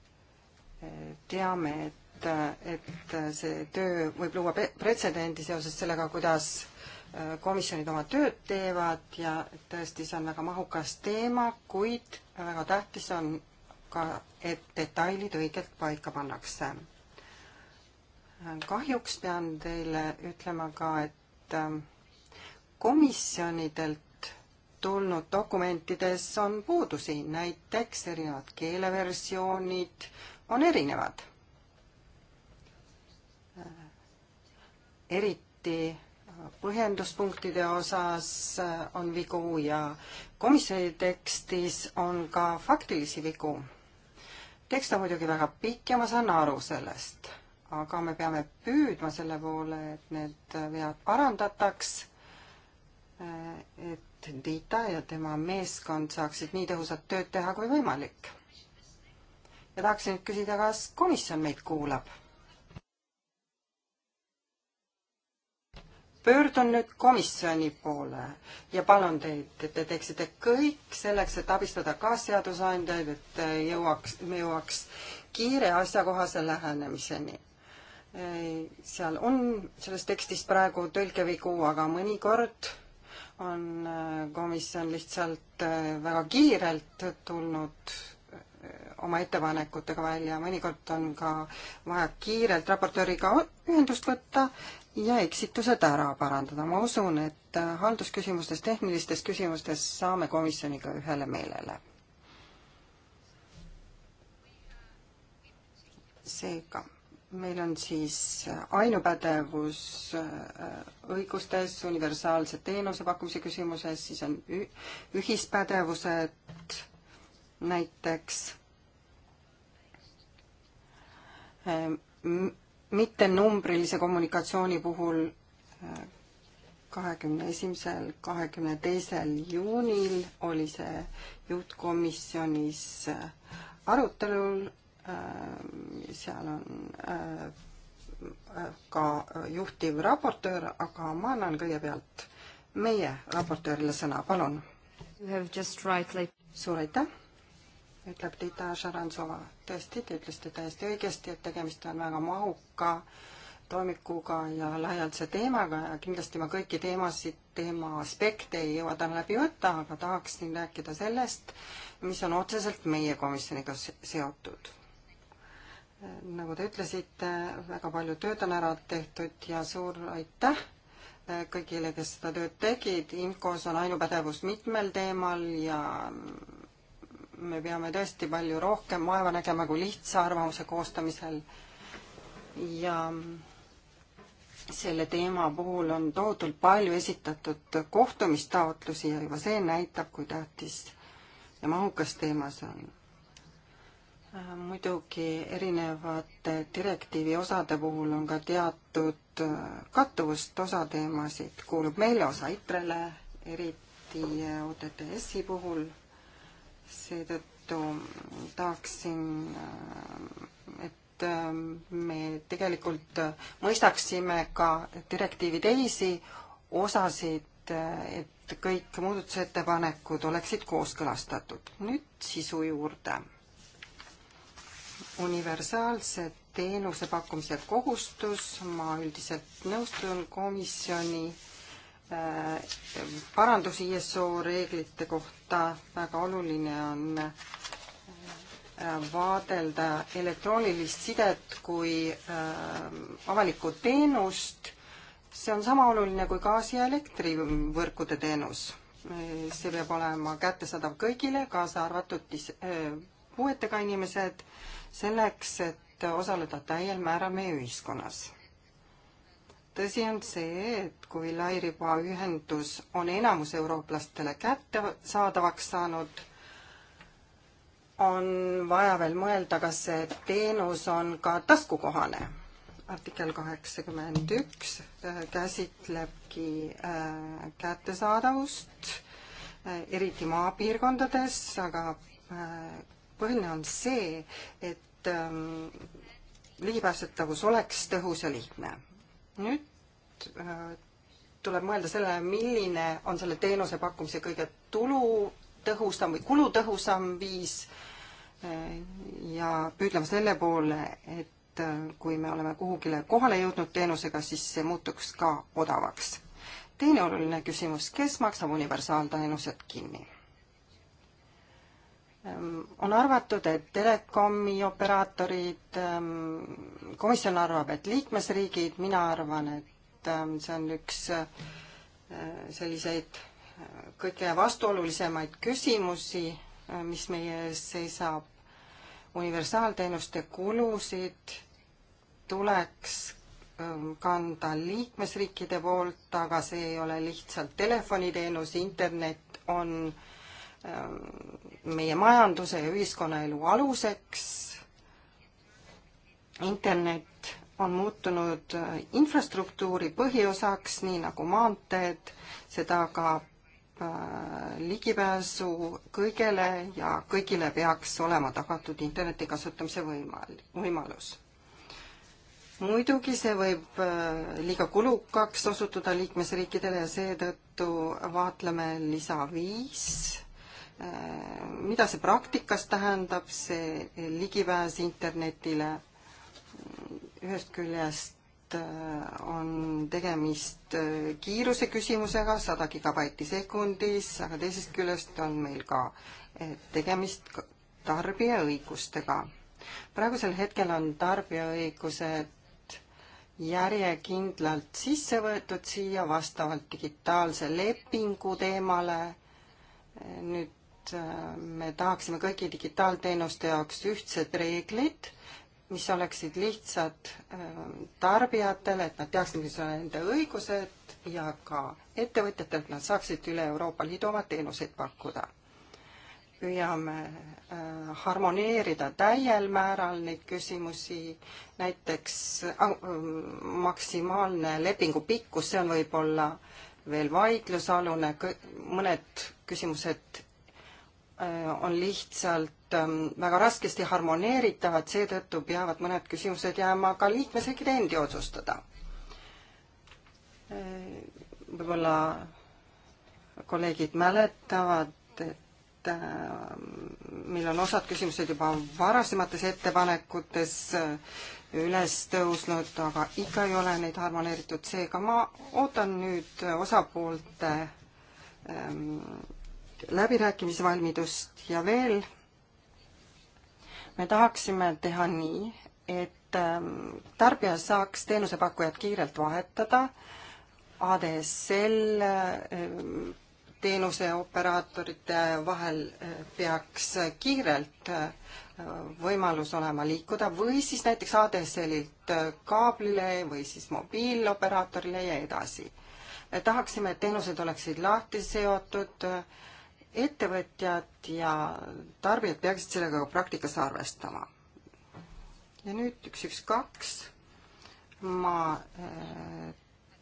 teame, et et, et see töö võib luua pretsedendi seoses sellega, kuidas äh, komisjonid oma tööd teevad ja tõesti, see on väga mahukas teema, kuid väga tähtis on ka, et detailid õigelt paika pannakse. kahjuks pean teile ütlema ka, et äh, komisjonidelt tulnud dokumentides on puudusi, näiteks erinevad keeleversioonid on erinevad eriti põhjenduspunktide osas on vigu ja komisjoni tekstis on ka faktilisi vigu. tekst on muidugi väga pikk ja ma saan aru sellest, aga me peame püüdma selle poole, et need vead parandataks, et Dita ja tema meeskond saaksid nii tõhusat tööd teha kui võimalik. ja tahaksin nüüd küsida, kas komisjon meid kuulab pöördun nüüd komisjoni poole ja palun teid, et te teeksite kõik selleks, et abistada kaasseadusandjaid, et jõuaks, me jõuaks kiire asjakohase lähenemiseni. seal on selles tekstis praegu tõlkevigu, aga mõnikord on komisjon lihtsalt väga kiirelt tulnud oma ettepanekutega välja, mõnikord on ka vaja kiirelt raportööriga ühendust võtta ja eksitused ära parandada. ma usun, et haldusküsimustes, tehnilistes küsimustes saame komisjoniga ühele meelele. seega, meil on siis ainupädevus äh, õigustes, universaalse teenuse pakkumise küsimuses, siis on ühispädevused näiteks äh, mitte numbrilise kommunikatsiooni puhul äh, kahekümne esimesel, kahekümne teisel juunil oli see juhtkomisjonis äh, arutelul, äh, seal on ka juhtiv raportöör, aga ma annan kõigepealt meie raportöörile sõna, palun. suur aitäh ütleb Dita Šarantsova. tõesti, te ütlesite täiesti õigesti, et tegemist on väga mahuka toimikuga ja laialdase teemaga ja kindlasti ma kõiki teemasid, teema aspekte ei jõua täna läbi võtta, aga tahaksin rääkida sellest, mis on otseselt meie komisjoniga seotud. nagu te ütlesite, väga palju tööd on ära tehtud ja suur aitäh kõigile, kes seda tööd tegid, IMCO-s on ainupädevus mitmel teemal ja me peame tõesti palju rohkem vaeva nägema kui lihtsa arvamuse koostamisel ja selle teema puhul on tohutult palju esitatud kohtumistaotlusi ja juba see näitab, kui tähtis ja mahukas teema see on. Äh, muidugi erinevate direktiivi osade puhul on ka teatud äh, kattuvust osa teemasid, kuulub meile osa ITRE-le, eriti äh, OTTS-i puhul seetõttu tahaksin, et ähm, me tegelikult mõistaksime ka direktiivi teisi osasid, et kõik muudatusettepanekud oleksid kooskõlastatud. nüüd sisu juurde. universaalse teenuse pakkumise kohustus, ma üldiselt nõustun komisjoni äh, parandus ISO reeglite kohta, väga oluline on äh, vaadelda elektroonilist sidet kui äh, avalikku teenust. see on sama oluline kui gaasi- ja elektrivõrkude teenus. see peab olema kättesaadav kõigile, kaasa arvatud äh, puuetega inimesed, selleks et osaleda täiel määral meie ühiskonnas tõsi on see, et kui lairibaühendus on enamus eurooplastele kättesaadavaks saanud, on vaja veel mõelda, kas see teenus on ka taskukohane. artikkel kaheksakümmend üks äh, käsitlebki äh, kättesaadavust, äh, eriti maapiirkondades, aga põhiline on see, et ähm, ligipääsetavus oleks tõhus ja lihtne nüüd äh, tuleb mõelda sellele, milline on selle teenuse pakkumise kõige tulutõhusam või kulutõhusam viis äh, ja püüdlema selle poole, et äh, kui me oleme kuhugile kohale jõudnud teenusega, siis see muutuks ka odavaks. teine oluline küsimus, kes maksab universaalteenused kinni? Ehm, on arvatud, et telekomi operaatorid, ehm, komisjon arvab, et liikmesriigid, mina arvan, et ehm, see on üks selliseid kõige vastuolulisemaid küsimusi, mis meie ees seisab. universaalteenuste kulusid tuleks kanda liikmesriikide poolt, aga see ei ole lihtsalt telefoniteenus, internet on äh, Ähm, meie majanduse ja ühiskonnaelu aluseks. internet on muutunud äh, infrastruktuuri põhiosaks, nii nagu maanteed, see tagab äh, ligipääsu kõigele ja kõigile peaks olema tagatud interneti kasutamise võimal-, võimalus muidugi see võib äh, liiga kulukaks osutuda liikmesriikidele ja seetõttu vaatleme lisa viis mida see praktikas tähendab, see ligipääs internetile, ühest küljest äh, on tegemist äh, kiiruse küsimusega, sada gigabaiti sekundis, aga teisest küljest on meil ka äh, tegemist tarbija õigustega. praegusel hetkel on tarbijaõigused järjekindlalt sisse võetud siia vastavalt digitaalse lepingu teemale. nüüd et äh, me tahaksime kõigi digitaalteenuste jaoks ühtsed reeglid, mis oleksid lihtsad äh, tarbijatele, et nad teaksid, mis on nende õigused ja ka ettevõtjatele, et nad saaksid üle Euroopa Liidu oma teenuseid pakkuda. püüame äh, harmoneerida täiel määral neid küsimusi, näiteks maksimaalne lepingu pikkus, see on võib-olla veel vaidlusalune, mõned küsimused Äh, on lihtsalt ähm, väga raskesti harmoneeritavad, seetõttu peavad mõned küsimused jääma ka liikmesriikide endi otsustada. Äh, võib-olla kolleegid mäletavad, et äh, meil on osad küsimused juba varasemates ettepanekutes üles tõusnud, aga ikka ei ole neid harmoneeritud, seega ma ootan nüüd osapoolte ähm, läbirääkimisvalmidust ja veel me tahaksime teha nii, et ähm, tarbija saaks teenusepakkujat kiirelt vahetada, ADSL äh, teenuseoperaatorite vahel äh, peaks kiirelt äh, võimalus olema liikuda või siis näiteks ADSL-ilt kaablile või siis mobiiloperaatorile ja edasi. tahaksime, et teenused oleksid lahti seotud äh, ettevõtjad ja tarbijad peaksid sellega ka praktikas arvestama. ja nüüd üks, üks, kaks. ma äh,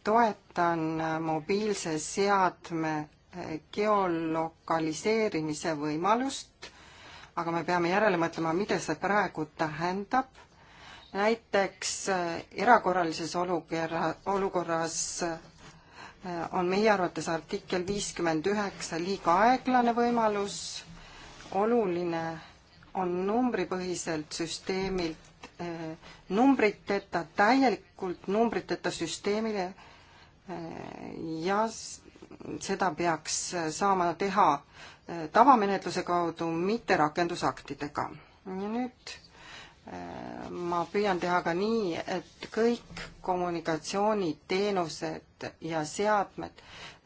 toetan äh, mobiilse seadme äh, geolokaliseerimise võimalust, aga me peame järele mõtlema, mida see praegu tähendab. näiteks erakorralises olukorra, olukorras Äh, on meie arvates artikkel viiskümmend üheksa liiga aeglane võimalus. oluline on numbripõhiselt süsteemilt äh, numbriteta, täielikult numbriteta süsteemile äh, ja seda peaks saama teha tavamenetluse kaudu, mitte rakendusaktidega. ja nüüd ma püüan teha ka nii, et kõik kommunikatsiooniteenused ja seadmed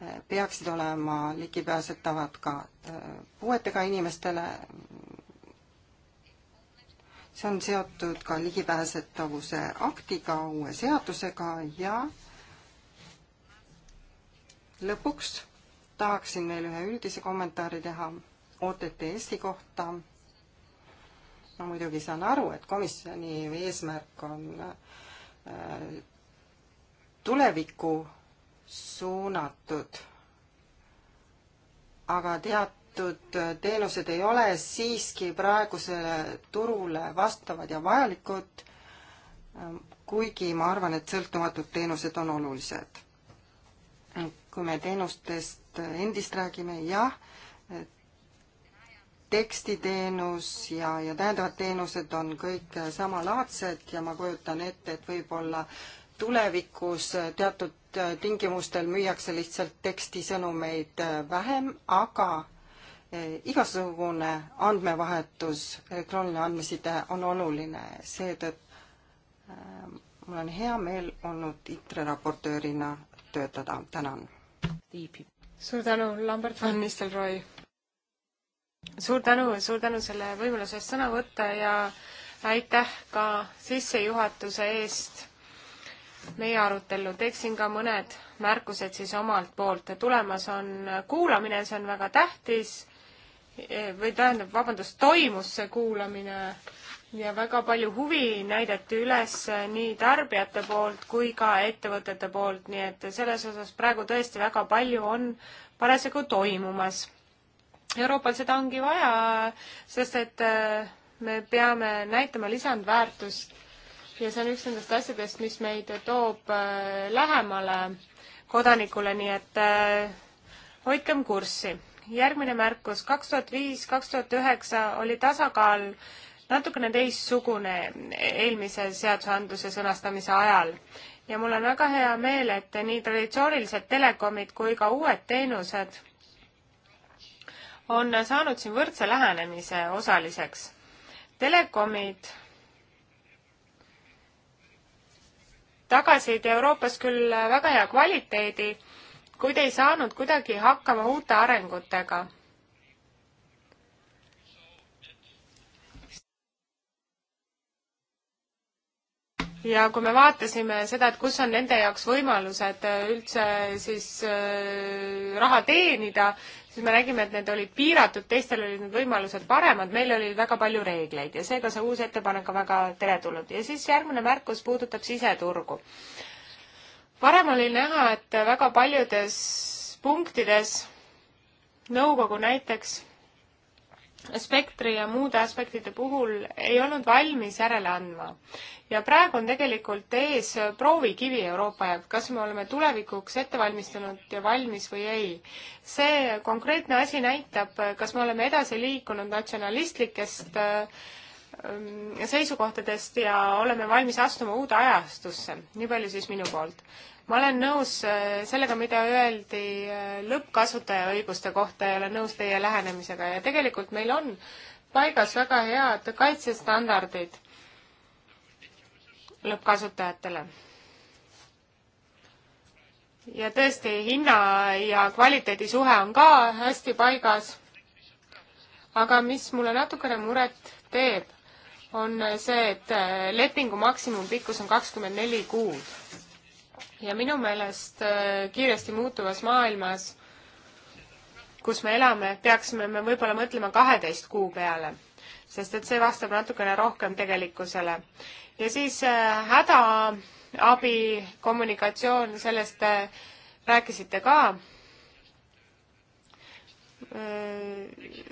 eh, peaksid olema ligipääsetavad ka eh, puuetega inimestele. see on seotud ka ligipääsetavuse aktiga, uue seadusega ja lõpuks tahaksin veel ühe üldise kommentaari teha OTT-sti kohta ma muidugi saan aru, et komisjoni eesmärk on äh, tulevikku suunatud, aga teatud teenused ei ole siiski praegusele turule vastavad ja vajalikud, äh, kuigi ma arvan, et sõltumatud teenused on olulised. kui me teenustest endist räägime, jah, et tekstiteenus ja, ja täiendavad teenused on kõik samalaadsed ja ma kujutan ette, et võib-olla tulevikus teatud tingimustel müüakse lihtsalt tekstisõnumeid vähem, aga eh, igasugune andmevahetus, elektrooniline andmeside on oluline, seetõttu eh, mul on hea meel olnud ITRE raportöörina töötada, tänan. suur tänu, Lambert van Nistelrooy suur tänu, suur tänu selle võimaluse eest sõna võtta ja aitäh ka sissejuhatuse eest meie arutellu. teeksin ka mõned märkused siis omalt poolt. tulemas on kuulamine, see on väga tähtis või tähendab, vabandust, toimus see kuulamine ja väga palju huvi näidati üles nii tarbijate poolt kui ka ettevõtete poolt, nii et selles osas praegu tõesti väga palju on parasjagu toimumas Euroopal seda ongi vaja, sest et äh, me peame näitama lisandväärtust ja see on üks nendest asjadest, mis meid toob äh, lähemale kodanikule, nii et äh, hoidkem kurssi. järgmine märkus, kaks tuhat viis, kaks tuhat üheksa oli tasakaal natukene teistsugune eelmise seadusandluse sõnastamise ajal ja mul on väga hea meel, et nii traditsioonilised telekomid kui ka uued teenused on saanud siin võrdse lähenemise osaliseks. telekomid tagasid Euroopas küll väga hea kvaliteedi, kuid ei saanud kuidagi hakkama uute arengutega. ja kui me vaatasime seda, et kus on nende jaoks võimalused üldse siis äh, raha teenida, siis me nägime, et need olid piiratud, teistel olid need võimalused paremad, meil oli väga palju reegleid ja seega see uus ettepanek on väga teretulnud. ja siis järgmine märkus puudutab siseturgu. varem oli näha, et väga paljudes punktides nõukogu näiteks spektri ja muude aspektide puhul ei olnud valmis järele andma. ja praegu on tegelikult ees proovikivi Euroopa jaoks, kas me oleme tulevikuks ette valmistunud ja valmis või ei. see konkreetne asi näitab, kas me oleme edasi liikunud natsionalistlikest ähm, seisukohtadest ja oleme valmis astuma uude ajastusse. nii palju siis minu poolt ma olen nõus äh, sellega, mida öeldi äh, lõppkasutaja õiguste kohta ja olen nõus teie lähenemisega ja tegelikult meil on paigas väga head kaitsestandardid lõppkasutajatele. ja tõesti, hinna ja kvaliteedi suhe on ka hästi paigas. aga mis mulle natukene muret teeb, on see, et äh, lepingu maksimumpikkus on kakskümmend neli kuud ja minu meelest äh, kiiresti muutuvas maailmas, kus me elame, peaksime me võib-olla mõtlema kaheteist kuu peale, sest et see vastab natukene rohkem tegelikkusele. ja siis äh, hädaabi kommunikatsioon, sellest äh, rääkisite ka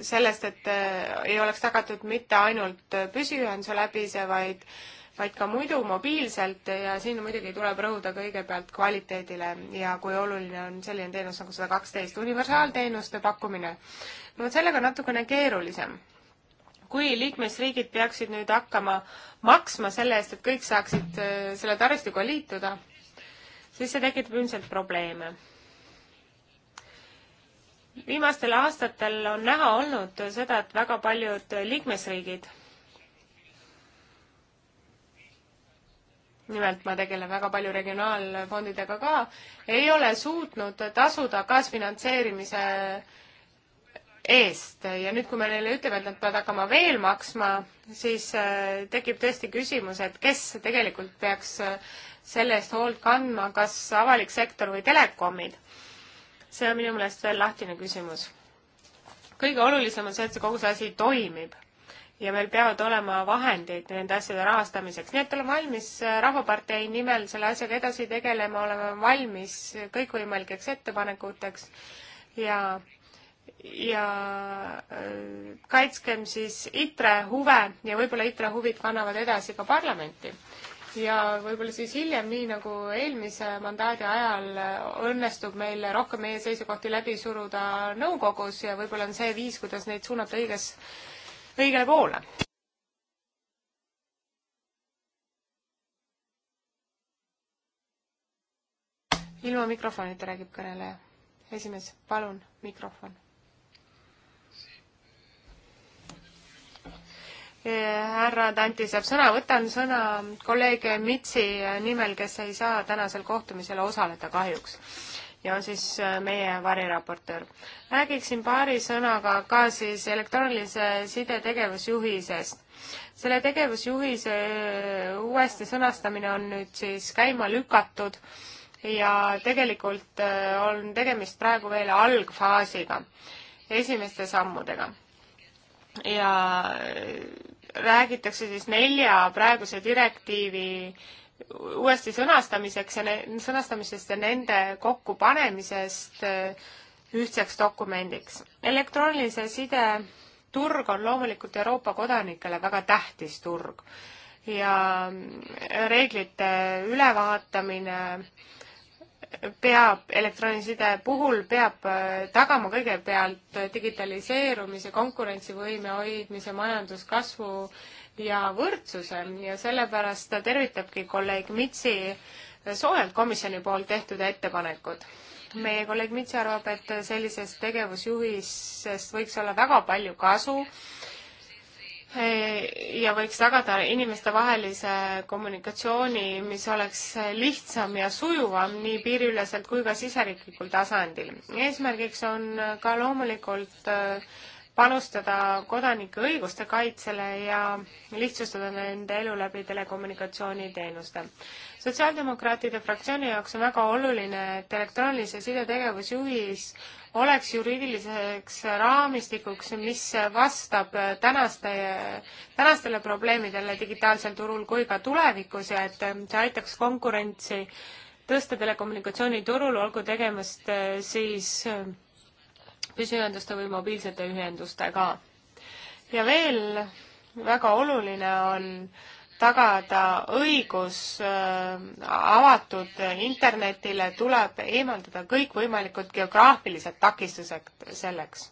sellest, et ei oleks tagatud mitte ainult püsiühenduse läbi see, vaid vaid ka muidu mobiilselt ja siin muidugi tuleb rõhuda kõigepealt kvaliteedile ja kui oluline on selline teenus nagu sada kaksteist, universaalteenuste pakkumine. no vot sellega on natukene keerulisem. kui liikmesriigid peaksid nüüd hakkama maksma selle eest, et kõik saaksid äh, selle taristuga liituda, siis see tekitab ilmselt probleeme viimastel aastatel on näha olnud seda, et väga paljud liikmesriigid nimelt ma tegelen väga palju regionaalfondidega ka, ei ole suutnud tasuda kaasfinantseerimise eest ja nüüd, kui me neile ütleme, et nad peavad hakkama veel maksma, siis äh, tekib tõesti küsimus, et kes tegelikult peaks äh, selle eest hoolt kandma, kas avalik sektor või telekomid. see on minu meelest veel lahtine küsimus. kõige olulisem on see, et see kogu see asi toimib ja meil peavad olema vahendid nende asjade rahastamiseks, nii et olen valmis äh, Rahvapartei nimel selle asjaga edasi tegelema, oleme valmis kõikvõimalikeks ettepanekuteks ja ja äh, kaitskem siis ITRE huve ja võib-olla ITRE huvid kannavad edasi ka parlamenti. ja võib-olla siis hiljem, nii nagu eelmise mandaadi ajal, äh, õnnestub meil rohkem meie seisukohti läbi suruda nõukogus ja võib-olla on see viis, kuidas neid suunata õiges õigele poole. ilma mikrofonita räägib kõneleja. esimees, palun mikrofon. härra Tanti saab sõna, võtan sõna kolleeg Mitsi nimel, kes ei saa tänasel kohtumisel osaleda kahjuks ja on siis äh, meie variraportöör. räägiksin paari sõnaga ka siis elektroonilise side tegevusjuhisest. selle tegevusjuhise äh, uuesti sõnastamine on nüüd siis käima lükatud ja tegelikult äh, on tegemist praegu veel algfaasiga, esimeste sammudega. ja räägitakse siis nelja praeguse direktiivi uuesti sõnastamiseks ja ne-, sõnastamisest ja nende kokkupanemisest äh, ühtseks dokumendiks. elektroonilise side turg on loomulikult Euroopa kodanikele väga tähtis turg ja äh, reeglite ülevaatamine äh, peab elektroonilise side puhul peab tagama kõigepealt digitaliseerumise, konkurentsivõime hoidmise, majanduskasvu ja võrdsuse ja sellepärast ta tervitabki kolleeg Mitsi soojalt komisjoni poolt tehtud ettepanekud. meie kolleeg Mitsi arvab, et sellisest tegevusjuhisest võiks olla väga palju kasu ja võiks tagada inimestevahelise kommunikatsiooni, mis oleks lihtsam ja sujuvam nii piiriüleselt kui ka siseriiklikul tasandil. eesmärgiks on ka loomulikult äh, panustada kodanike õiguste kaitsele ja lihtsustada nende elu läbi telekommunikatsiooniteenuste. sotsiaaldemokraatide fraktsiooni jaoks on väga oluline, et elektroonilise side tegevusjuhis oleks juriidiliseks raamistikuks, mis vastab tänaste, tänastele probleemidele digitaalsel turul kui ka tulevikus ja et see aitaks konkurentsi tõsta telekommunikatsiooniturul, olgu tegemist siis püsiühenduste või mobiilsete ühendustega. ja veel väga oluline on tagada õigus äh, avatud internetile, tuleb eemaldada kõikvõimalikud geograafilised takistused selleks.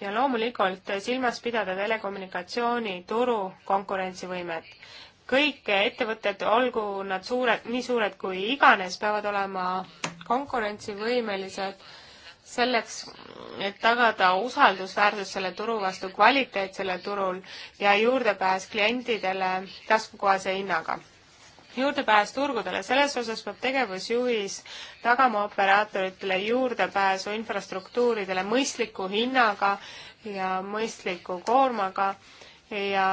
ja loomulikult silmas pidada telekommunikatsioonituru konkurentsivõimet kõik ettevõtted, olgu nad suured, nii suured kui iganes, peavad olema konkurentsivõimelised selleks, et tagada usaldusväärsus selle turu vastu, kvaliteet sellel turul ja juurdepääs klientidele taskukohase hinnaga. juurdepääs turgudele, selles osas peab tegevusjuhis tagama operaatoritele juurdepääsu infrastruktuuridele mõistliku hinnaga ja mõistliku koormaga ja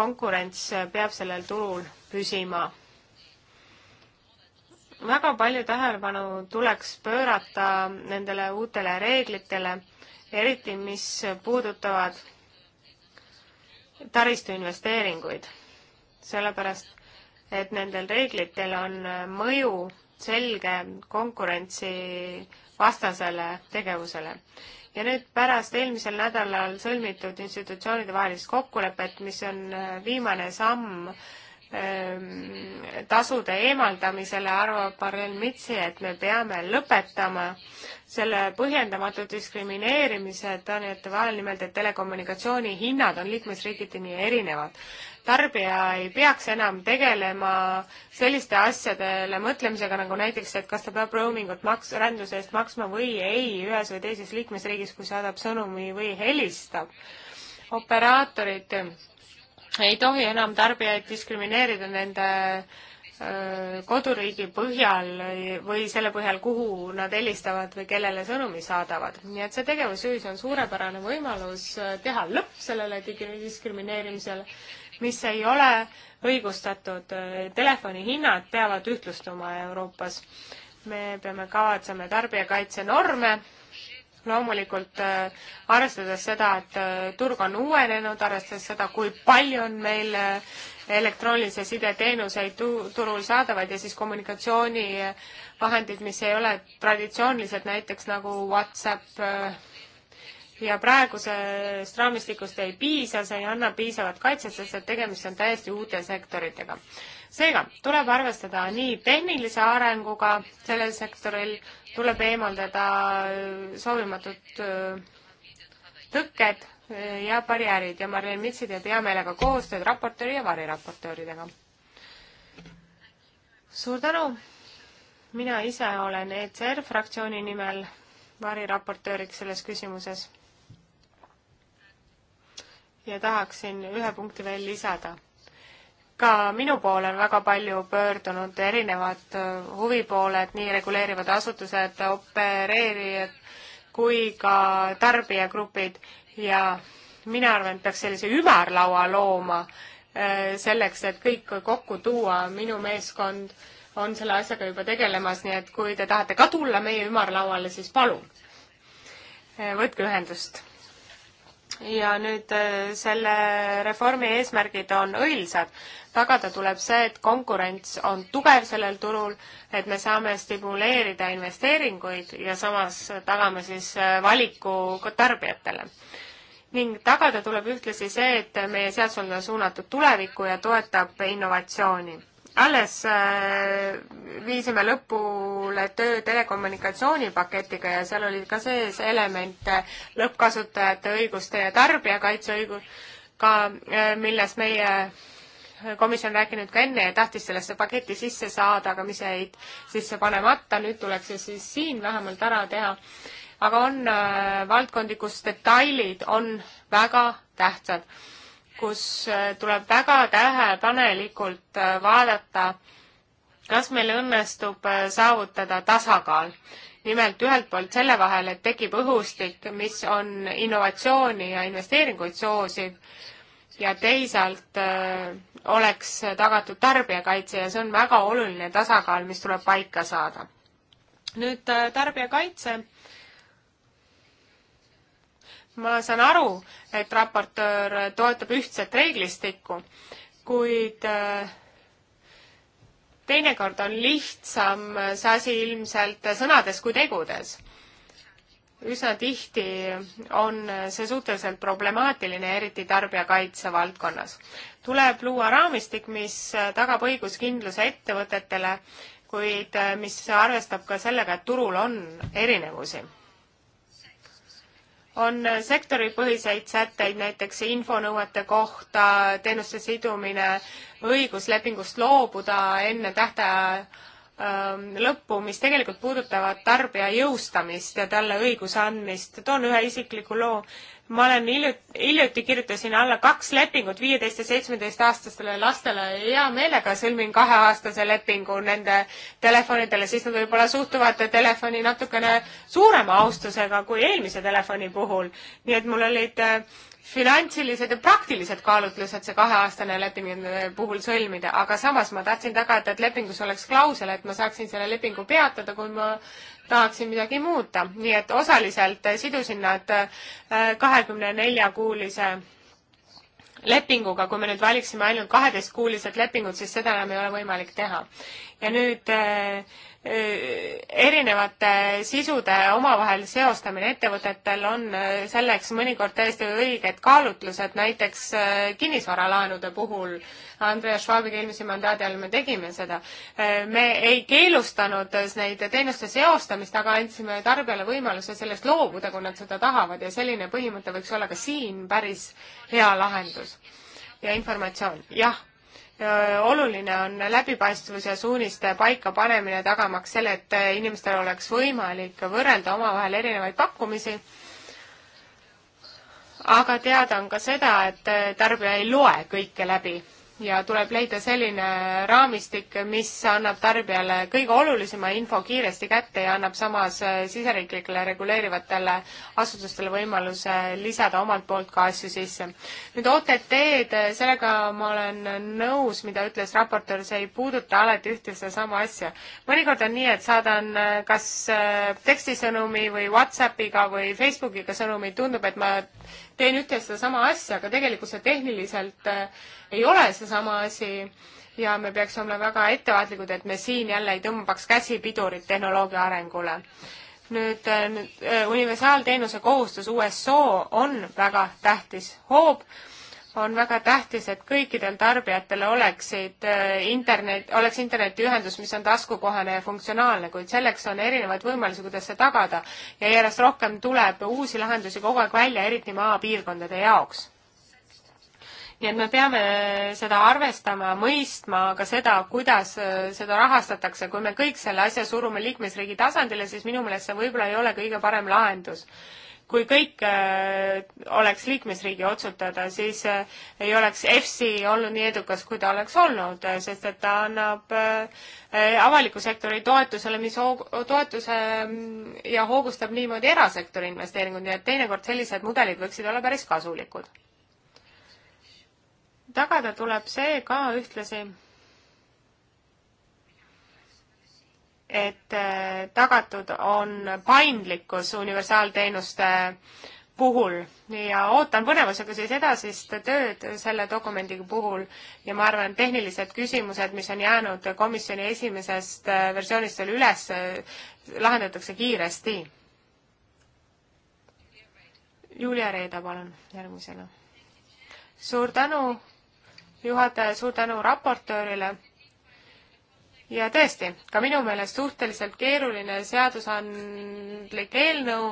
konkurents peab sellel turul püsima väga palju tähelepanu tuleks pöörata nendele uutele reeglitele, eriti mis puudutavad taristuinvesteeringuid, sellepärast et nendel reeglitel on mõju selge konkurentsi vastasele tegevusele. ja nüüd pärast eelmisel nädalal sõlmitud institutsioonide vahelist kokkulepet, mis on viimane samm äh, Ehm, tasude eemaldamisele arvab Marlen Mitsi, et me peame lõpetama selle põhjendamatu diskrimineerimise tarnijate vahel, nimelt et telekommunikatsiooni hinnad on liikmesriigiti nii erinevad. tarbija ei peaks enam tegelema selliste asjadele mõtlemisega, nagu näiteks, et kas ta peab roaming ut maks-, rändluse eest maksma või ei ühes või teises liikmesriigis, kui saadab sõnumi või helistab. operaatorid ei tohi enam tarbijaid diskrimineerida nende koduriigi põhjal või selle põhjal, kuhu nad helistavad või kellele sõnumi saadavad. nii et see tegevusjuhis on suurepärane võimalus teha lõpp sellele diskrimineerimisele, mis ei ole õigustatud. telefonihinnad peavad ühtlustuma Euroopas. me peame kavatsema tarbijakaitsenorme loomulikult äh, arvestades seda, et äh, turg on uuenenud, arvestades seda, kui palju on meil äh, elektroonilise side teenuseid turul saadavaid ja siis kommunikatsioonivahendid, mis ei ole traditsioonilised, näiteks nagu Whatsapp, ja praegusest raamistikust ei piisa, see ei anna piisavat kaitset, sest et tegemist on täiesti uute sektoritega. seega tuleb arvestada nii tehnilise arenguga sellel sektoril tuleb eemaldada äh, soovimatud äh, tõkked äh, ja barjäärid ja Mariann Mitsi teeb hea meelega koostööd raportööri ja variraportööridega. suur tänu! mina ise olen ECR fraktsiooni nimel variraportööriks selles küsimuses. ja tahaksin ühe punkti veel lisada ka minu poole on väga palju pöördunud erinevad äh, huvipooled, nii reguleerivad asutused, opereerijad kui ka tarbijagrupid ja mina arvan, et peaks sellise ümarlaua looma äh, selleks, et kõik kokku tuua, minu meeskond on selle asjaga juba tegelemas, nii et kui te tahate ka tulla meie ümarlauale, siis palun, äh, võtke ühendust. ja nüüd selle reformi eesmärgid on õilsad, tagada tuleb see, et konkurents on tugev sellel turul, et me saame stimuleerida investeeringuid ja samas tagame siis äh, valiku ka tarbijatele. ning tagada tuleb ühtlasi see, et meie seadusandlus on suunatud tulevikku ja toetab innovatsiooni. alles äh, viisime lõpule töö telekommunikatsioonipaketiga ja seal oli ka sees elemente äh, lõppkasutajate õiguste ja tarbijakaitseõigus, ka milles meie komisjon rääkinud ka enne ja tahtis sellesse paketti sisse saada, aga mis jäid sisse panemata, nüüd tuleks see siis siin vähemalt ära teha. aga on äh, valdkondi, kus detailid on väga tähtsad, kus äh, tuleb väga tähelepanelikult äh, vaadata, kas meil õnnestub saavutada tasakaal nimelt ühelt poolt selle vahel, et tekib õhustik, mis on innovatsiooni ja investeeringuid soosiv ja teisalt oleks tagatud tarbijakaitse ja see on väga oluline tasakaal, mis tuleb paika saada. nüüd äh, tarbijakaitse. ma saan aru, et raportöör toetab ühtset reeglistikku, kuid äh, teinekord on lihtsam see asi ilmselt sõnades kui tegudes üsna tihti on see suhteliselt problemaatiline, eriti tarbijakaitse valdkonnas. tuleb luua raamistik, mis tagab õiguskindluse ettevõtetele, kuid äh, mis arvestab ka sellega, et turul on erinevusi. on sektoripõhiseid sätteid, näiteks infonõuete kohta, teenuste sidumine, õigus lepingust loobuda enne tähtaja Ähm, lõppu, mis tegelikult puudutavad tarbija jõustamist ja talle õiguse andmist. toon ühe isikliku loo. ma olen hiljuti, hiljuti kirjutasin alla kaks lepingut viieteist ja seitsmeteistaastastele lastele ja hea meelega sõlmin kaheaastase lepingu nende telefonidele, siis nad võib-olla suhtuvad telefoni natukene suurema austusega kui eelmise telefoni puhul. nii et mul olid äh, finantsilised ja praktilised kaalutlused see kaheaastane leping puhul sõlmida, aga samas ma tahtsin tagada, et lepingus oleks klausel, et ma saaksin selle lepingu peatada, kui ma tahaksin midagi muuta, nii et osaliselt sidusin nad äh, kahekümne nelja kuulise lepinguga, kui me nüüd valiksime ainult kaheteistkuulised lepingud, siis seda enam ei ole võimalik teha. ja nüüd äh, erinevate sisude omavahel seostamine ettevõtetel on äh, selleks mõnikord täiesti õiged kaalutlused, näiteks äh, kinnisvaralaenude puhul. Andreas Schwabiga eelmise mandaadi all me tegime seda. Äh, me ei keelustanud neid teenuste seostamist, aga andsime tarbijale võimaluse sellest loobuda, kui nad seda tahavad ja selline põhimõte võiks olla ka siin päris hea lahendus ja informatsioon. jah oluline on läbipaistvus ja suuniste paikapanemine, tagamaks selle, et inimestel oleks võimalik võrrelda omavahel erinevaid pakkumisi. aga teada on ka seda, et tarbija ei loe kõike läbi ja tuleb leida selline raamistik, mis annab tarbijale kõige olulisema info kiiresti kätte ja annab samas äh, siseriiklikele reguleerivatele asutustele võimaluse lisada omalt poolt ka asju sisse. nüüd OTT-d, äh, sellega ma olen nõus, mida ütles raportöör, see ei puuduta alati ühte sedasama asja. mõnikord on nii, et saadan äh, kas tekstisõnumi või Whatsappiga või Facebookiga sõnumi, tundub, et ma teen ühte ja sedasama asja, aga tegelikult see tehniliselt äh, ei ole seesama asi ja me peaks olema väga ettevaatlikud, et me siin jälle ei tõmbaks käsipidurit tehnoloogia arengule. nüüd, äh, nüüd äh, universaalteenuse kohustus USO on väga tähtis hoob on väga tähtis, et kõikidel tarbijatel oleksid äh, internet, oleks internetiühendus, mis on taskukohane ja funktsionaalne, kuid selleks on erinevaid võimalusi, kuidas see tagada ja järjest rohkem tuleb uusi lahendusi kogu aeg välja, eriti maapiirkondade jaoks nii et me peame seda arvestama, mõistma ka seda, kuidas äh, seda rahastatakse, kui me kõik selle asja surume liikmesriigi tasandile, siis minu meelest see võib-olla ei ole kõige parem lahendus kui kõik äh, oleks liikmesriigi otsustada, siis äh, ei oleks EFSI olnud nii edukas, kui ta oleks olnud, äh, sest et ta annab avaliku sektori toetusele, mis hoog-, toetuse mm, ja hoogustab niimoodi erasektori investeeringuid, nii et teinekord sellised mudelid võiksid olla päris kasulikud. tagada tuleb see ka ühtlasi et äh, tagatud on paindlikkus universaalteenuste puhul ja ootan põnevusega siis edasist tööd selle dokumendi puhul ja ma arvan, tehnilised küsimused, mis on jäänud komisjoni esimesest äh, versioonist veel üles, äh, lahendatakse kiiresti. Julia Reeda, palun, järgmisena. suur tänu, juhataja, suur tänu raportöörile ja tõesti, ka minu meelest suhteliselt keeruline seadusandlik eelnõu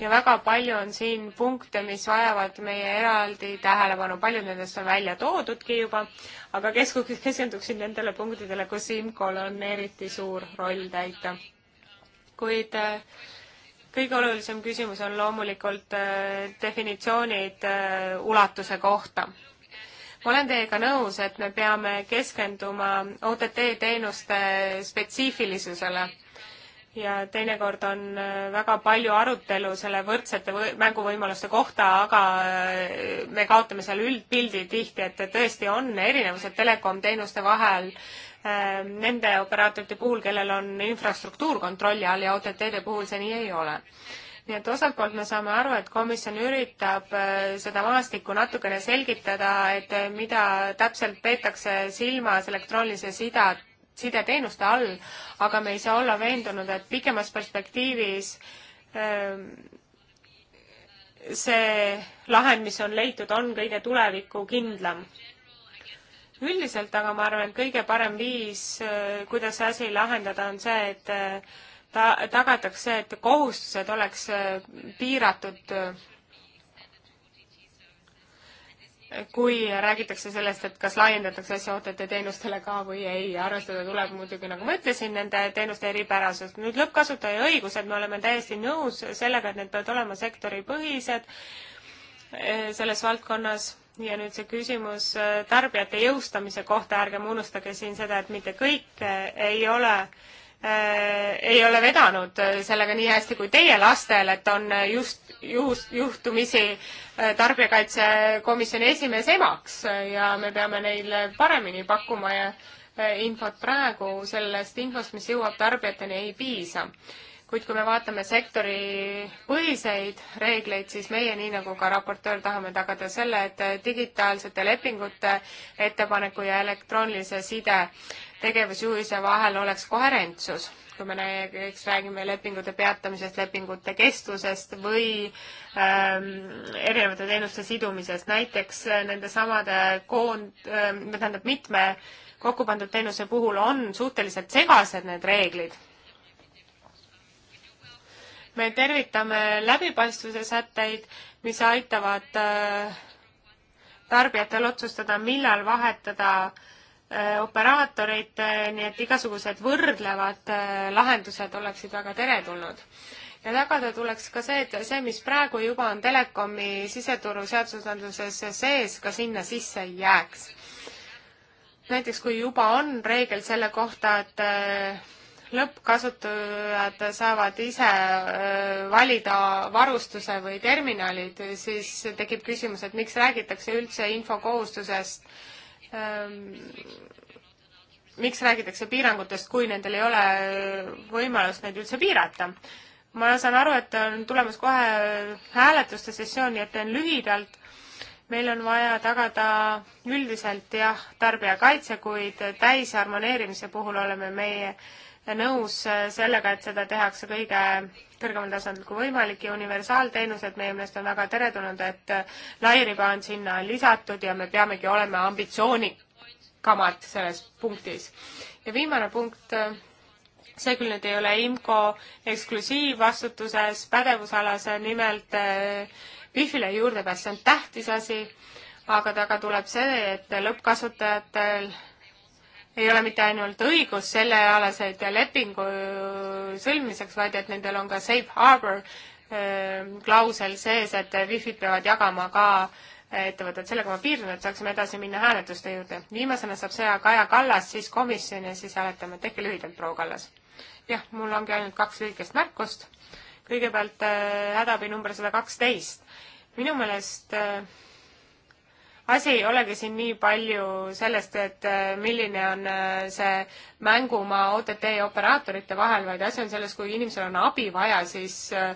ja väga palju on siin punkte, mis vajavad meie eraldi tähelepanu, paljud nendest on välja toodudki juba, aga keskus, keskenduksin nendele punktidele, kus IMCO-l on eriti suur roll täita. kuid äh, kõige olulisem küsimus on loomulikult äh, definitsioonid äh, ulatuse kohta ma olen teiega nõus, et me peame keskenduma OTT teenuste spetsiifilisusele ja teinekord on äh, väga palju arutelu selle võrdsete või mänguvõimaluste kohta, aga äh, me kaotame seal üldpildi tihti, et tõesti on erinevused telekomteenuste vahel äh, nende operaatorite puhul, kellel on infrastruktuur kontrolli all ja OTT-de puhul see nii ei ole nii et osalt poolt me saame aru, et komisjon üritab äh, seda maastikku natukene selgitada, et äh, mida täpselt peetakse silmas elektroonilise sida, sideteenuste all, aga me ei saa olla veendunud, et pikemas perspektiivis ähm, see lahend, mis on leitud, on kõige tulevikukindlam üldiselt aga ma arvan, et kõige parem viis, äh, kuidas see asi lahendada, on see, et ta-, tagatakse see, et kohustused oleks äh, piiratud äh, kui räägitakse sellest, et kas laiendatakse asja OTT teenustele ka või ei, arvestada tuleb muidugi, nagu ma ütlesin, nende teenuste eripärasust. nüüd lõppkasutaja õigused, me oleme täiesti nõus sellega, et need peavad olema sektoripõhised äh, selles valdkonnas ja nüüd see küsimus tarbijate jõustamise kohta, ärgem unustage siin seda, et mitte kõik ei ole äh, Äh, ei ole vedanud äh, sellega nii hästi kui teie lastel, et on äh, just juhust, juhtumisi tarbijakaitsekomisjoni esimees emaks ja me peame neile paremini pakkuma infot praegu, sellest infost, mis jõuab tarbijateni, ei piisa. kuid kui me vaatame sektori põhiseid reegleid, siis meie, nii nagu ka raportöör, tahame tagada selle, et digitaalsete lepingute ettepaneku ja elektroonilise side äh, tegevusjuhise vahel oleks koherentsus, kui me näiteks räägime lepingute peatamisest, lepingute kestvusest või ähm, erinevate teenuste sidumisest, näiteks äh, nendesamade koond- ähm,, tähendab mitme kokku pandud teenuse puhul on suhteliselt segased need reeglid me tervitame läbipaistvuse sätteid, mis aitavad äh, tarbijatel otsustada, millal vahetada Äh, operaatorid, äh, nii et igasugused võrdlevad äh, lahendused oleksid väga teretulnud. ja tagada tuleks ka see, et see, mis praegu juba on telekomi siseturu seadusandluses sees, ka sinna sisse ei jääks. näiteks kui juba on reegel selle kohta, et lõppkasutajad saavad ise valida varustuse või terminalid, siis tekib küsimus, et miks räägitakse üldse infokohustusest Ehm, miks räägitakse piirangutest, kui nendel ei ole võimalust neid üldse piirata? ma saan aru, et on tulemas kohe hääletuste sessioon, nii et teen lühidalt. meil on vaja tagada üldiselt jah, tarbijakaitse, kuid täisharmoneerimise puhul oleme meie nõus äh, sellega, et seda tehakse kõige kõrgemal tasandil kui võimalik ja universaalteenused meie meelest on väga teretulnud, et äh, lairiba on sinna lisatud ja me peamegi olema ambitsioonikamad selles punktis. ja viimane punkt, äh, see küll nüüd ei ole IMCO eksklusiivvastutuses pädevusalas, nimelt Wi-Fi-le juurdepääs, see on tähtis asi, aga taga tuleb see, et lõppkasutajatel ei ole mitte ainult õigus sellealaseid lepingu sõlmimiseks, vaid et nendel on ka safe harbor ähm, klausel sees, et wifi'd peavad jagama ka äh, ettevõtted, sellega ma piirdun, et saaksime edasi minna hääletuste juurde. viimasena saab sõja Kaja Kallas, siis komisjon ja siis hääletame. tehke lühidalt, proua Kallas. jah, mul ongi ainult kaks lühikest märkust. kõigepealt äh, hädaabi number sada kaksteist. minu meelest äh, asi ei olegi siin nii palju sellest, et äh, milline on äh, see mängumaa OTT ja operaatorite vahel, vaid asi on selles, kui inimesel on abi vaja, siis äh,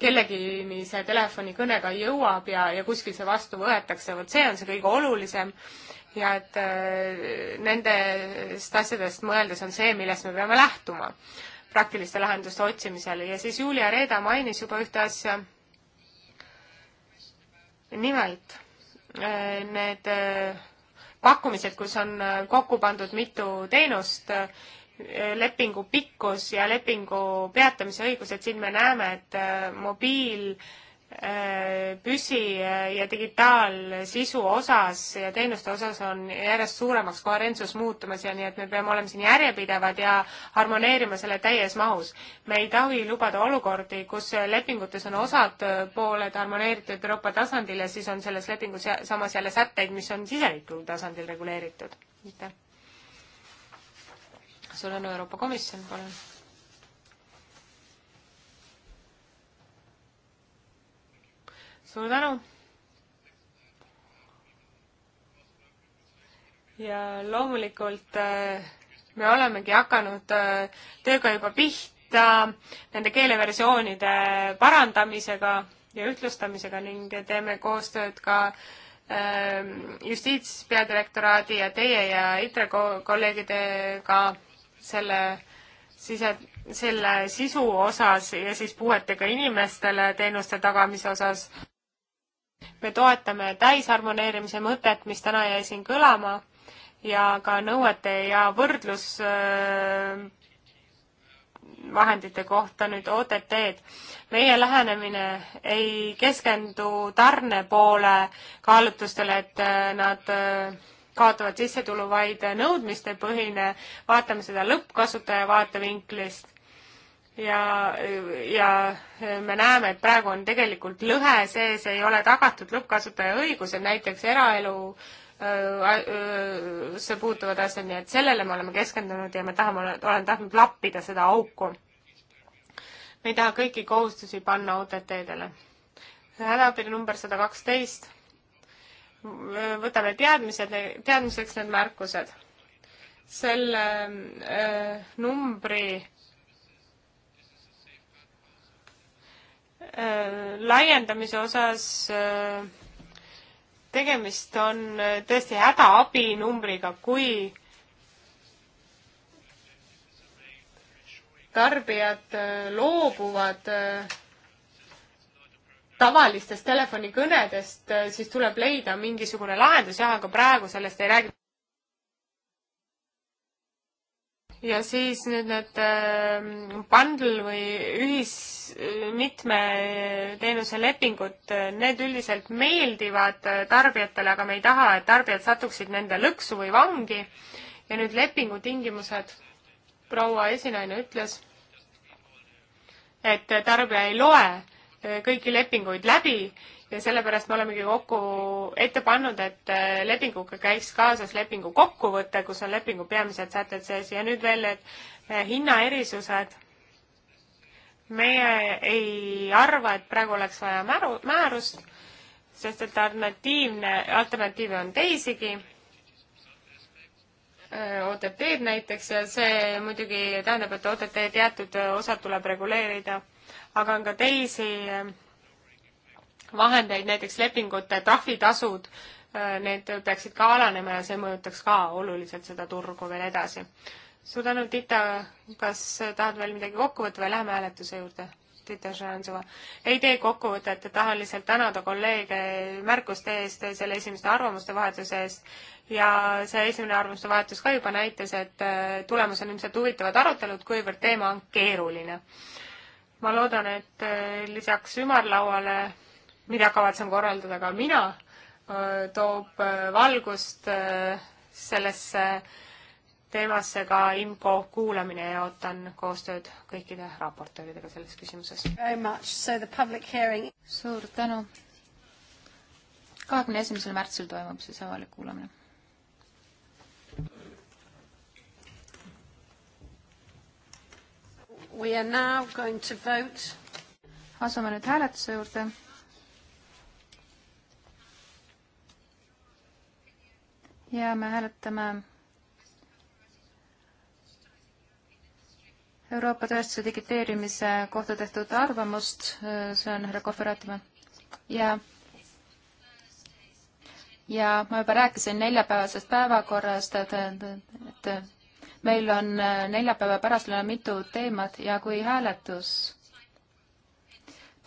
kellegini see telefonikõnega jõuab ja, ja kuskil see vastu võetakse, vot see on see kõige olulisem ja et nendest asjadest mõeldes on see, millest me peame lähtuma praktiliste lahenduste otsimisel ja siis Julia Reeda mainis juba ühte asja. nimelt Äh, need äh, pakkumised, kus on äh, kokku pandud mitu teenust, lepingu pikkus ja lepingu peatamise õigused, siin me näeme, et mobiil- Äh, püsi- ja digitaalsisu osas ja teenuste osas on järjest suuremaks koherentsus muutumas ja nii, et me peame olema siin järjepidevad ja harmoneerima selle täies mahus. me ei tohi lubada olukordi, kus lepingutes on osad pooled harmoneeritud Euroopa tasandil ja siis on selles lepingus samas jälle sätteid, mis on siseriiklikul tasandil reguleeritud. aitäh. suur tänu, Euroopa Komisjon, palun suur tänu. ja loomulikult äh, me olemegi hakanud äh, tööga juba pihta nende keeleversioonide parandamisega ja ühtlustamisega ning teeme koostööd ka ähm, justiitspeadirektoraadi ja teie ja ITRE kolleegidega selle sise, selle sisu osas ja siis puuetega inimestele teenuste tagamise osas me toetame täisharmoneerimise mõtet, mis täna jäi siin kõlama ja ka nõuete ja võrdlus äh, vahendite kohta nüüd OTT-d. meie lähenemine ei keskendu tarne poole kaalutlustele, et äh, nad äh, kaotavad sissetulu, vaid nõudmistepõhine, vaatame seda lõppkasutaja vaatevinklist ja, ja me näeme, et praegu on tegelikult lõhe sees, ei ole tagatud lõppkasutaja õigused, näiteks eraelu see puutuvad asjad, nii et sellele me oleme keskendunud ja me tahame, olen tahtnud lappida seda auku. me ei taha kõiki kohustusi panna OTT-dele. hädaabi number sada kaksteist. võtame teadmised, teadmiseks need märkused. selle äh, numbri äh, Äh, laiendamise osas äh, tegemist on äh, tõesti hädaabinumbriga, kui tarbijad loobuvad tavalistest telefonikõnedest, siis tuleb leida mingisugune lahendus, jah, aga praegu sellest ei räägi. ja siis nüüd need ähm, bundle või ühis, mitme teenuse lepingud, äh, need üldiselt meeldivad äh, tarbijatele, aga me ei taha, et tarbijad satuksid nende lõksu või vangi. ja nüüd lepingutingimused, proua esinaine ütles, et tarbija ei loe kõiki lepinguid läbi ja sellepärast me olemegi kokku ette pannud, et äh, lepinguga käiks kaasas lepingu kokkuvõte, kus on lepingu peamised sätted sees ja nüüd veel need äh, hinnaerisused. meie ei arva, et praegu oleks vaja määru, määrust, sest et alternatiivne, alternatiive on teisigi äh, OTT-d näiteks ja see muidugi tähendab, et OTT teatud osad tuleb reguleerida aga on ka teisi äh, vahendeid, näiteks lepingute trahvitasud, äh, need peaksid ka alanema ja see mõjutaks ka oluliselt seda turgu veel edasi. suur tänu, Tita, kas tahad veel midagi kokku võtta või läheme hääletuse juurde? Tita Šaransova. ei tee kokkuvõtet, tahan lihtsalt tänada kolleege märkuste eest, selle esimeste arvamuste vahetuse eest ja see esimene arvamuste vahetus ka juba näitas, et äh, tulemus on ilmselt huvitavad arutelud, kuivõrd teema on keeruline ma loodan, et äh, lisaks ümarlauale, mida kavatsen korraldada ka mina, äh, toob äh, valgust sellesse teemasse ka IMCO kuulamine ja ootan koostööd kõikide raportööridega selles küsimuses. suur tänu. kahekümne esimesel märtsil toimub siis avalik kuulamine We are now going to vote. asume nüüd hääletuse juurde. ja me hääletame Euroopa tööstuse digiteerimise kohta tehtud arvamust, see on härra Kohveratimäe. ja, ja ma juba rääkisin neljapäevasest päevakorrast, et, et, et meil on äh, neljapäeva pärastlõunal mitu teemat ja kui hääletus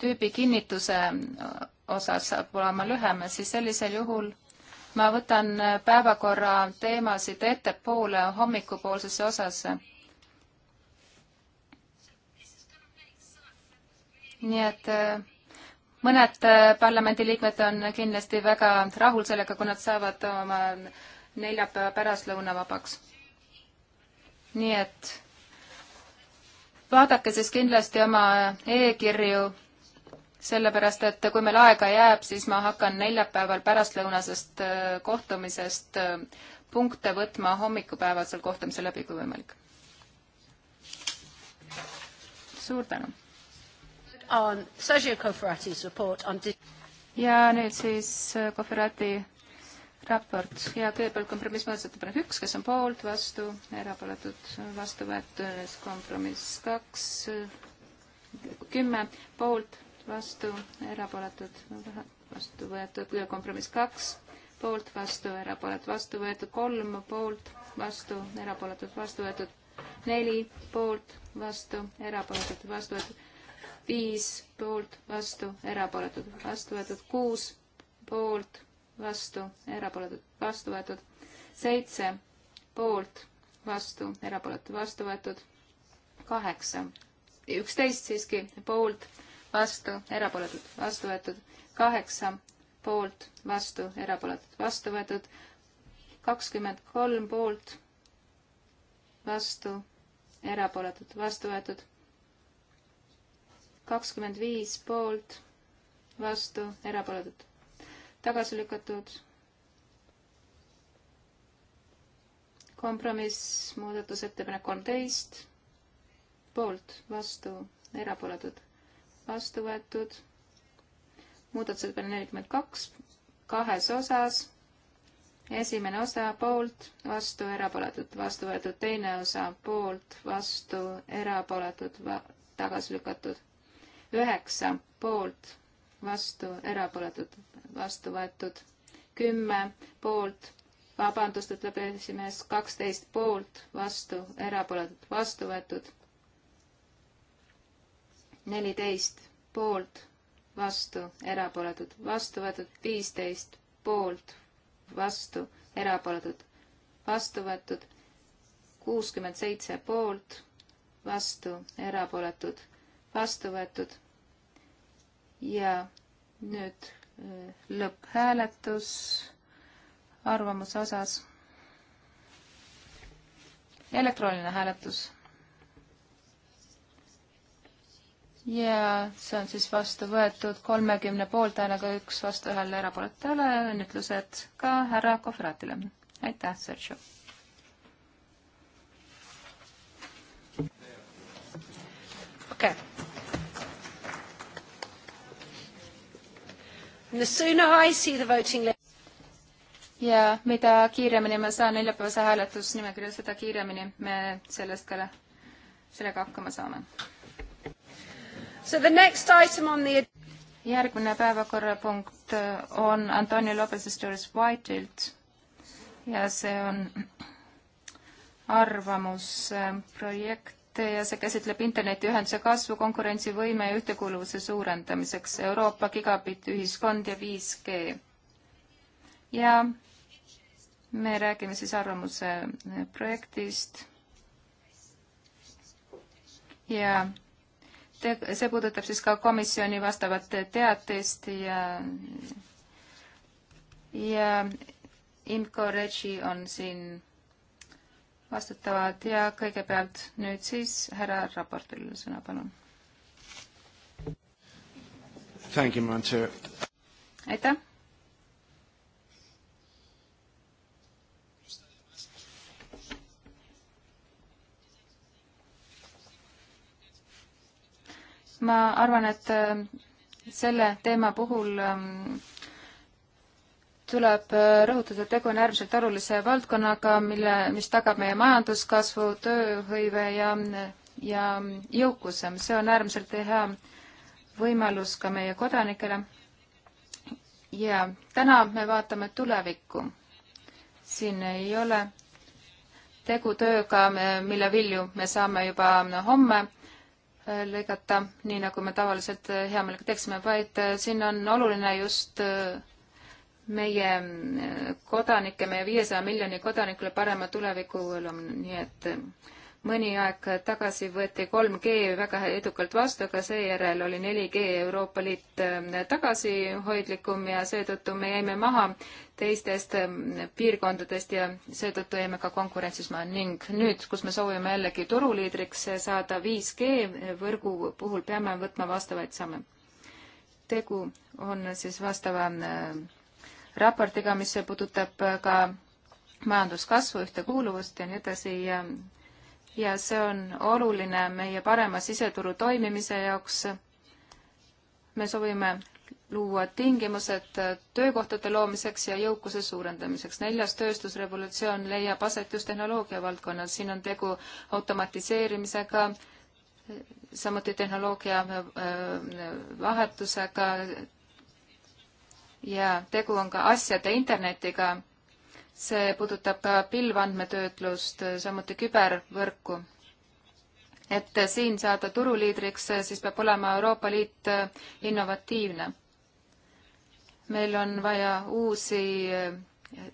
tüübi kinnituse äh, osas saab olema lühem, siis sellisel juhul ma võtan äh, päevakorra teemasid ettepoole hommikupoolsesse osasse. nii et mõned parlamendiliikmed on kindlasti väga rahul sellega, kui nad saavad oma neljapäeva pärastlõuna vabaks nii et vaadake siis kindlasti oma e-kirju, sellepärast et kui meil aega jääb, siis ma hakkan neljapäeval pärastlõunasest äh, kohtumisest äh, punkte võtma hommikupäevasel kohtumisel läbi, kui võimalik. suur tänu. ja nüüd siis Koferati äh, raport ja kõigepealt kompromissmuudatusettepanek üks, kes on poolt, vastu, erapooletud, vastu võetud, kompromiss kaks, kümme, poolt, vastu, erapooletud, vastu võetud, kompromiss kaks, poolt, vastu, erapooletud, vastu võetud, kolm, poolt, vastu, erapooletud, vastu võetud, neli, poolt, vastu, erapooletud, vastu võetud, viis, poolt, vastu, erapooletud, vastu võetud, kuus, poolt vastu, erapooletud, vastu võetud. seitse poolt, vastu, erapooletud, vastu võetud. kaheksa, üksteist siiski, poolt, vastu, erapooletud, vastu võetud. kaheksa poolt, vastu, erapooletud, vastu võetud. kakskümmend kolm poolt, vastu, erapooletud, vastu võetud. kakskümmend viis poolt, vastu, erapooletud, tagasi lükatud. kompromiss, muudatusettepanek kolmteist, poolt, vastu, erapooletud, vastu võetud. muudatusettepanek nelikümmend kaks, kahes osas. esimene osa poolt, vastu, erapooletud, vastu võetud, teine osa poolt, vastu, erapooletud, tagasi lükatud. üheksa poolt vastu, erapooletud, vastu võetud kümme poolt, vabandust, ütleb esimees, kaksteist poolt, vastu, erapooletud, vastu võetud neliteist poolt, vastu, erapooletud, vastu võetud viisteist poolt, vastu, erapooletud, vastu võetud kuuskümmend seitse poolt, vastu, erapooletud, vastu võetud ja nüüd äh, lõpphääletus arvamuse osas. elektrooniline hääletus. ja see on siis vastu võetud kolmekümne poolthäälega, üks vastu ühele erapooletule, õnnitlused ka härra Kohvratile. aitäh, Sergio. okei okay ja mida kiiremini ma saan neljapäevase hääletusnimekirja, seda kiiremini me sellest ka, sellega hakkama saame. The... järgmine päevakorrapunkt äh, on Antonio Lopez Stories Whiteilt ja see on arvamusprojekt projekt ja see käsitleb internetiühenduse kasvu, konkurentsivõime ja ühtekuuluvuse suurendamiseks, Euroopa gigabitt-ühiskond ja 5G. ja me räägime siis arvamuse projektist ja te, see puudutab siis ka komisjoni vastavat teatest ja, ja Imco Regi on siin vastutavad ja kõigepealt nüüd siis härra raportöörile sõna, palun. aitäh. ma arvan, et äh, selle teema puhul ähm, tuleb äh, rõhutada, et tegu on äärmiselt olulise valdkonnaga, mille, mis tagab meie majanduskasvu, tööhõive ja, ja jõukuse. see on äärmiselt hea võimalus ka meie kodanikele. ja täna me vaatame tulevikku. siin ei ole tegu tööga, mille vilju me saame juba homme äh, lõigata, nii nagu me tavaliselt äh, hea meelega teeksime, vaid siin on oluline just meie äh, kodanike, meie viiesaja miljoni kodanikule parema tuleviku loomine, nii et äh, mõni aeg tagasi võeti 3G väga edukalt vastu, aga seejärel oli 4G Euroopa Liit äh, tagasihoidlikum ja seetõttu me jäime maha teistest piirkondadest ja seetõttu jäime ka konkurentsis maha ning nüüd, kus me soovime jällegi turuliidriks saada 5G võrgu puhul, peame võtma vastavaid samme. tegu on siis vastava äh, raportiga, mis puudutab ka majanduskasvu, ühtekuuluvust ja nii edasi ja ja see on oluline meie parema siseturu toimimise jaoks. me soovime luua tingimused töökohtade loomiseks ja jõukuse suurendamiseks. neljas tööstusrevolutsioon leiab aset just tehnoloogia valdkonnas, siin on tegu automatiseerimisega, samuti tehnoloogia äh, äh, vahetusega, ja tegu on ka asjade internetiga. see puudutab ka pilvandmetöötlust, samuti kübervõrku. et siin saada turuliidriks, siis peab olema Euroopa Liit innovatiivne. meil on vaja uusi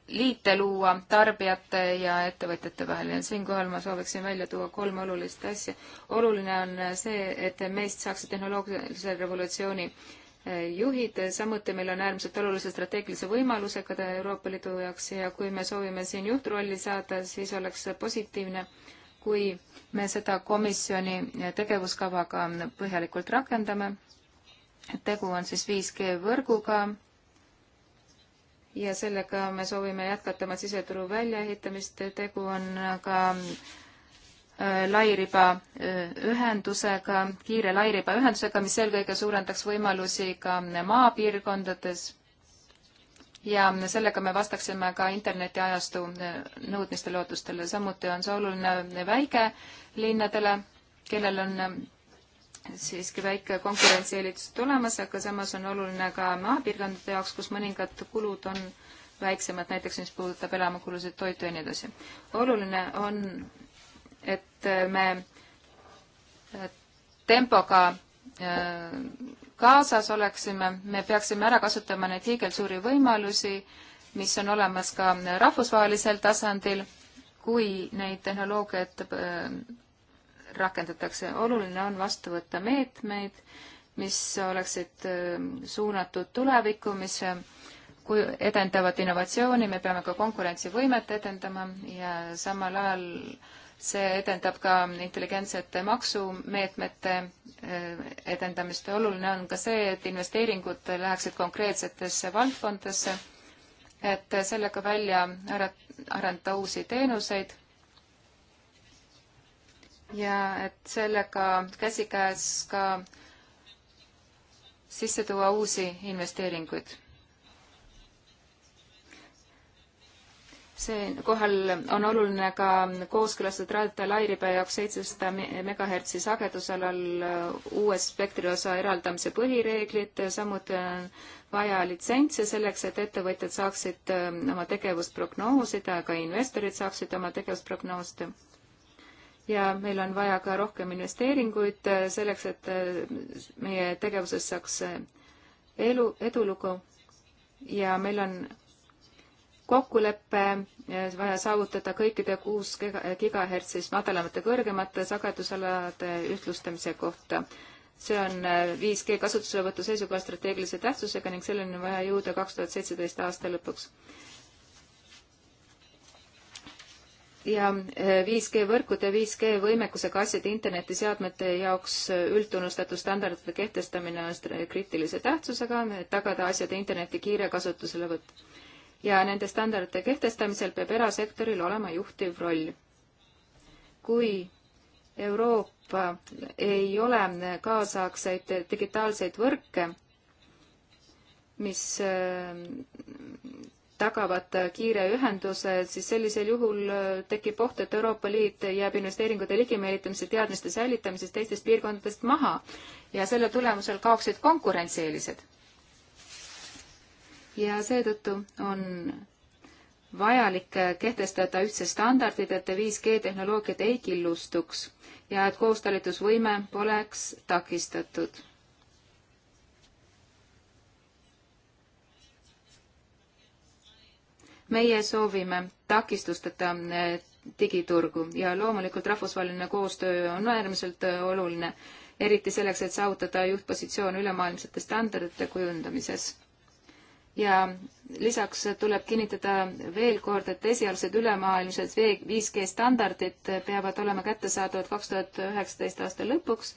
liite luua tarbijate ja ettevõtjate vahel ja siinkohal ma sooviksin välja tuua kolm olulist asja. oluline on see, et meist saaks tehnoloogilise revolutsiooni äh, juhid, samuti meil on äärmiselt olulise strateegilise võimalusega Euroopa Liidu jaoks ja kui me soovime siin juhtrolli saada, siis oleks positiivne, kui me seda komisjoni tegevuskavaga põhjalikult rakendame. tegu on siis 5G võrguga ja sellega me soovime jätkata oma siseturu väljaehitamist, tegu on ka äh, Äh, lairiba äh, ühendusega, kiire lairiba ühendusega, mis eelkõige suurendaks võimalusi ka maapiirkondades ja sellega me vastaksime ka internetiajastu äh, nõudmistele, ootustele. samuti on see oluline väikelinnadele, kellel on siiski väike konkurentsieelitus olemas, aga samas on oluline ka maapiirkondade jaoks, kus mõningad kulud on väiksemad, näiteks mis puudutab elamukulusid, toitu ja nii edasi. oluline on et äh, me äh, tempoga äh, kaasas oleksime, me peaksime ära kasutama neid hiigelsuuri võimalusi, mis on olemas ka rahvusvahelisel tasandil, kui neid tehnoloogiaid rakendatakse. oluline on vastu võtta meetmeid, mis oleksid suunatud tulevikku, mis kui edendavad innovatsiooni, me peame ka konkurentsivõimet edendama ja samal ajal äh, see edendab ka intelligentsete maksumeetmete eh, edendamist. oluline on ka see, et investeeringud läheksid konkreetsetesse valdkondadesse, et sellega välja arendada uusi teenuseid ja et sellega käsikäes ka sisse tuua uusi investeeringuid siinkohal on oluline ka kooskõlastada raadio lairibe jaoks seitsesada megahertsi sagedusalal uue spektriosa eraldamise põhireeglid, samuti on vaja litsentse selleks, et ettevõtjad saaksid ähm, oma tegevust prognoosida, ka investorid saaksid oma tegevust prognoosida ja meil on vaja ka rohkem investeeringuid äh, selleks, et äh, meie tegevuses saaks äh, elu, edulugu ja meil on kokkulepe eh, vaja saavutada kõikide kuus gigahertsis madalamate kõrgemate sagedusalade ühtlustamise kohta. see on 5G eh, kasutuselevõtu seisukoha strateegilise tähtsusega ning selleni on vaja jõuda kaks tuhat seitseteist aasta lõpuks. ja 5G võrkude, 5G võimekusega asjade internetiseadmete jaoks eh, üldtunnustatud standardite kehtestamine on kriitilise tähtsusega, et tagada asjade interneti kiire kasutuselevõtt ja nende standardite kehtestamisel peab erasektoril olema juhtiv roll. kui Euroopa ei ole kaasaegseid digitaalseid võrke, mis äh, tagavad kiire ühenduse, siis sellisel juhul äh, tekib oht, et Euroopa Liit jääb investeeringute ligimeelitamise teadmiste säilitamises teistest piirkondadest maha ja selle tulemusel kaoksid konkurentsieelised ja seetõttu on vajalik kehtestada ühtsed standardid, et 5G tehnoloogiad ei killustuks ja et koostalitusvõime poleks takistatud. meie soovime takistusteta eh, digiturgu ja loomulikult rahvusvaheline koostöö on äärmiselt eh, oluline, eriti selleks, et saavutada juhtpositsioon ülemaailmsete standardite kujundamises ja lisaks tuleb kinnitada veel kord, et esialgsed ülemaailmsed 5G standardid peavad olema kättesaadavad kaks tuhat üheksateist aasta lõpuks,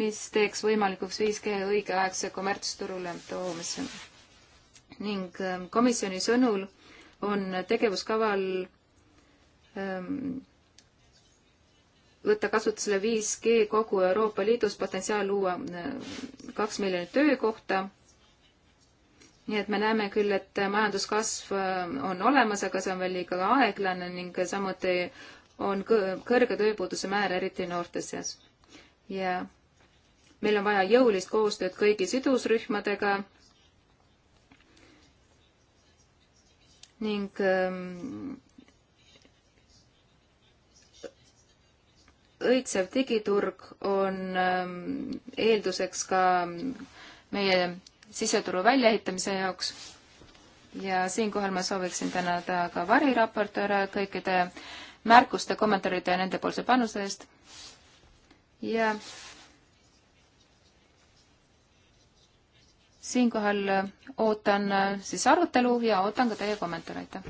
mis teeks võimalikuks 5G õigeaegse kommertsturule toomise. ning ähm, komisjoni sõnul on tegevuskaval ähm, võtta kasutusele 5G kogu Euroopa Liidus, potentsiaal luua äh, kaks miljonit töökohta nii et me näeme küll, et majanduskasv äh, on olemas, aga see on veel liiga aeglane ning samuti on kõrge tööpuuduse määr, eriti noorte seas. ja meil on vaja jõulist koostööd kõigi sidusrühmadega ning ähm, õitsev digiturg on ähm, eelduseks ka meie siseturu väljaehitamise jaoks. ja siinkohal ma sooviksin tänada ka variraportööre kõikide märkuste, kommentaaride ja nendepoolse panuse eest. ja siinkohal ootan äh, siis arutelu ja ootan ka teie kommentaare, aitäh!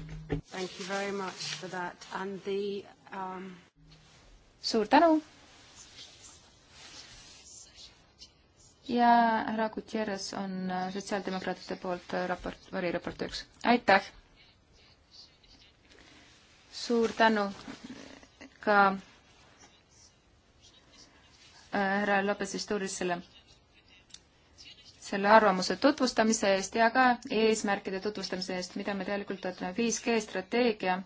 Um... suur tänu! ja härra Gutierrez on äh, sotsiaaldemokraatide poolt äh, raport, variraportööks. aitäh! suur tänu ka äh, härra Lopez Isturisele selle arvamuse tutvustamise eest ja ka eesmärkide tutvustamise eest, mida me tegelikult ütleme, 5G strateegia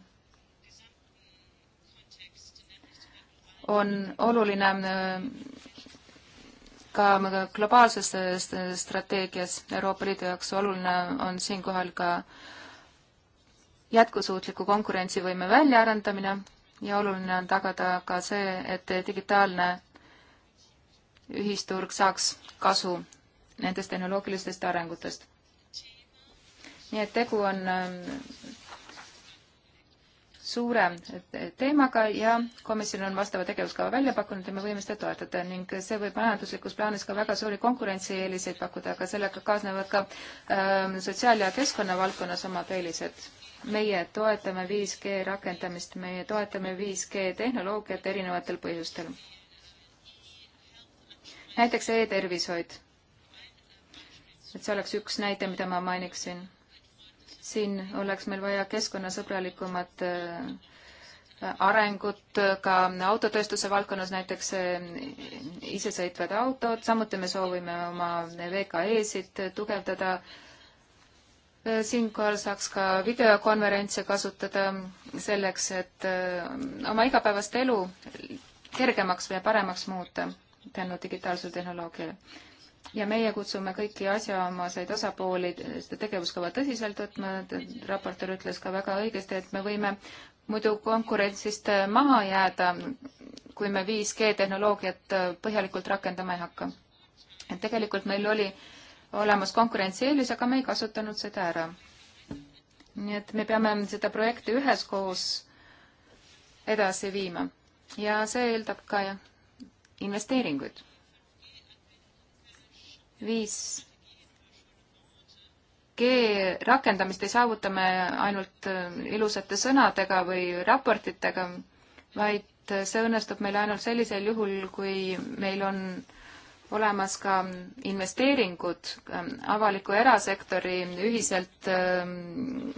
on oluline ka globaalses strateegias Euroopa Liidu jaoks oluline on siinkohal ka jätkusuutliku konkurentsivõime väljaarendamine ja oluline on tagada ka see, et digitaalne ühisturg saaks kasu nendest tehnoloogilistest arengutest. nii et tegu on suure teemaga ja komisjon on vastava tegevuskava välja pakkunud ja me võime seda toetada ning see võib majanduslikus plaanis ka väga suuri konkurentsieeliseid pakkuda, aga sellega kaasnevad ka äh, sotsiaal- ja keskkonnavaldkonnas omad eelised. meie toetame 5G rakendamist, meie toetame 5G tehnoloogiat erinevatel põhjustel. näiteks e-tervishoid. et see oleks üks näide, mida ma mainiksin siin oleks meil vaja keskkonnasõbralikumat äh, arengut ka autotööstuse valdkonnas, näiteks äh, isesõitvad autod, samuti me soovime oma VKE-sid tugevdada. Äh, siinkohal saaks ka videokonverentse kasutada selleks, et oma igapäevast elu kergemaks või paremaks muuta tänu digitaalsele tehnoloogiale ja meie kutsume kõiki asjaomaseid osapooli seda tegevuskava tõsiselt võtma, raportöör ütles ka väga õigesti, et me võime muidu konkurentsist maha jääda, kui me 5G tehnoloogiat põhjalikult rakendama ei hakka. et tegelikult meil oli olemas konkurentsieelis, aga me ei kasutanud seda ära. nii et me peame seda projekti üheskoos edasi viima ja see eeldab ka investeeringuid viis G rakendamist ei saavuta me ainult äh, ilusate sõnadega või raportitega, vaid äh, see õnnestub meil ainult sellisel juhul, kui meil on olemas ka investeeringud ähm, avaliku erasektori ühiselt ähm,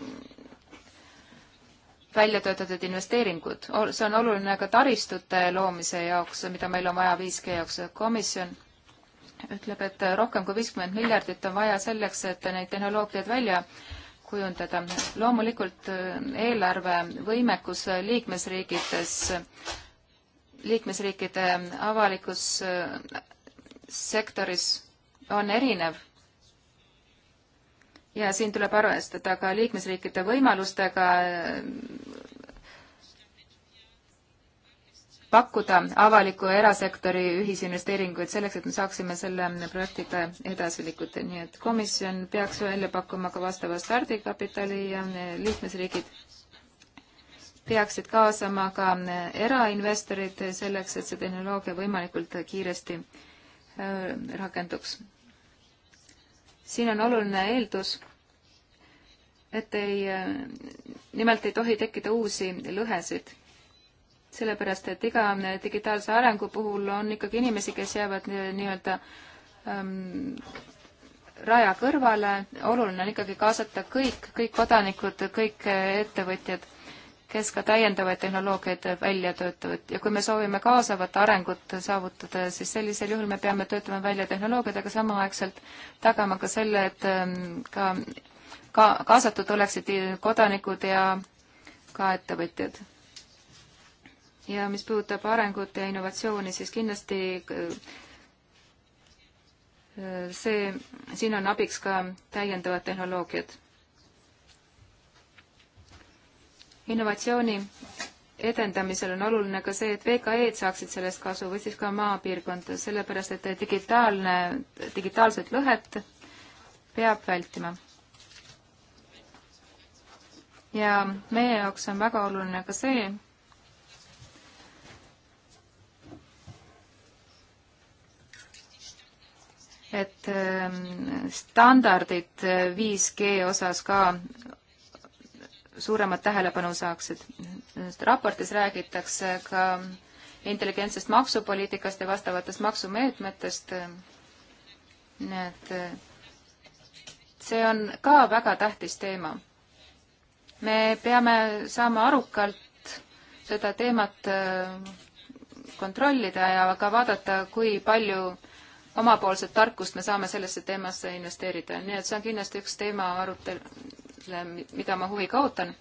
välja töötatud investeeringud. see on oluline ka taristute loomise jaoks, mida meil on vaja 5G jaoks. komisjon ütleb, et rohkem kui viiskümmend miljardit on vaja selleks, et neid tehnoloogiaid välja kujundada. loomulikult äh, eelarvevõimekus liikmesriigides, liikmesriikide avalikus äh, sektoris on erinev ja siin tuleb arvestada ka liikmesriikide võimalustega äh, pakkuda avaliku ja erasektori ühisinvesteeringuid selleks, et me saaksime selle projektiga edasi liikuda, nii et komisjon peaks välja pakkuma ka vastava stardikapitali ja liikmesriigid peaksid kaasama ka erainvestorid selleks, et see tehnoloogia võimalikult kiiresti äh, rakenduks. siin on oluline eeldus, et ei, äh, nimelt ei tohi tekkida uusi lõhesid sellepärast et iga äh, digitaalse arengu puhul on ikkagi inimesi, kes jäävad nii-öelda ähm, raja kõrvale, oluline on ikkagi kaasata kõik, kõik kodanikud, kõik äh, ettevõtjad, kes ka täiendavaid tehnoloogiaid välja töötavad ja kui me soovime kaasavat arengut saavutada, siis sellisel juhul me peame töötama välja tehnoloogiad, aga samaaegselt tagama ka selle, et ähm, ka ka kaasatud oleksid kodanikud ja ka ettevõtjad ja mis puudutab arengut ja innovatsiooni, siis kindlasti äh, see, siin on abiks ka täiendavad tehnoloogiad. innovatsiooni edendamisel on oluline ka see, et VKE-d saaksid sellest kasu või siis ka maapiirkond, sellepärast et digitaalne, digitaalset lõhet peab vältima ja meie jaoks on väga oluline ka see, et ähm, standardid 5G osas ka suuremat tähelepanu saaksid. raportis räägitakse ka intelligentsest maksupoliitikast ja vastavatest maksumeetmetest. nii et see on ka väga tähtis teema. me peame saama arukalt seda teemat äh, kontrollida ja ka vaadata, kui palju omapoolset tarkust me saame sellesse teemasse investeerida, nii et see on kindlasti üks teema arutel-, mida ma huviga ootan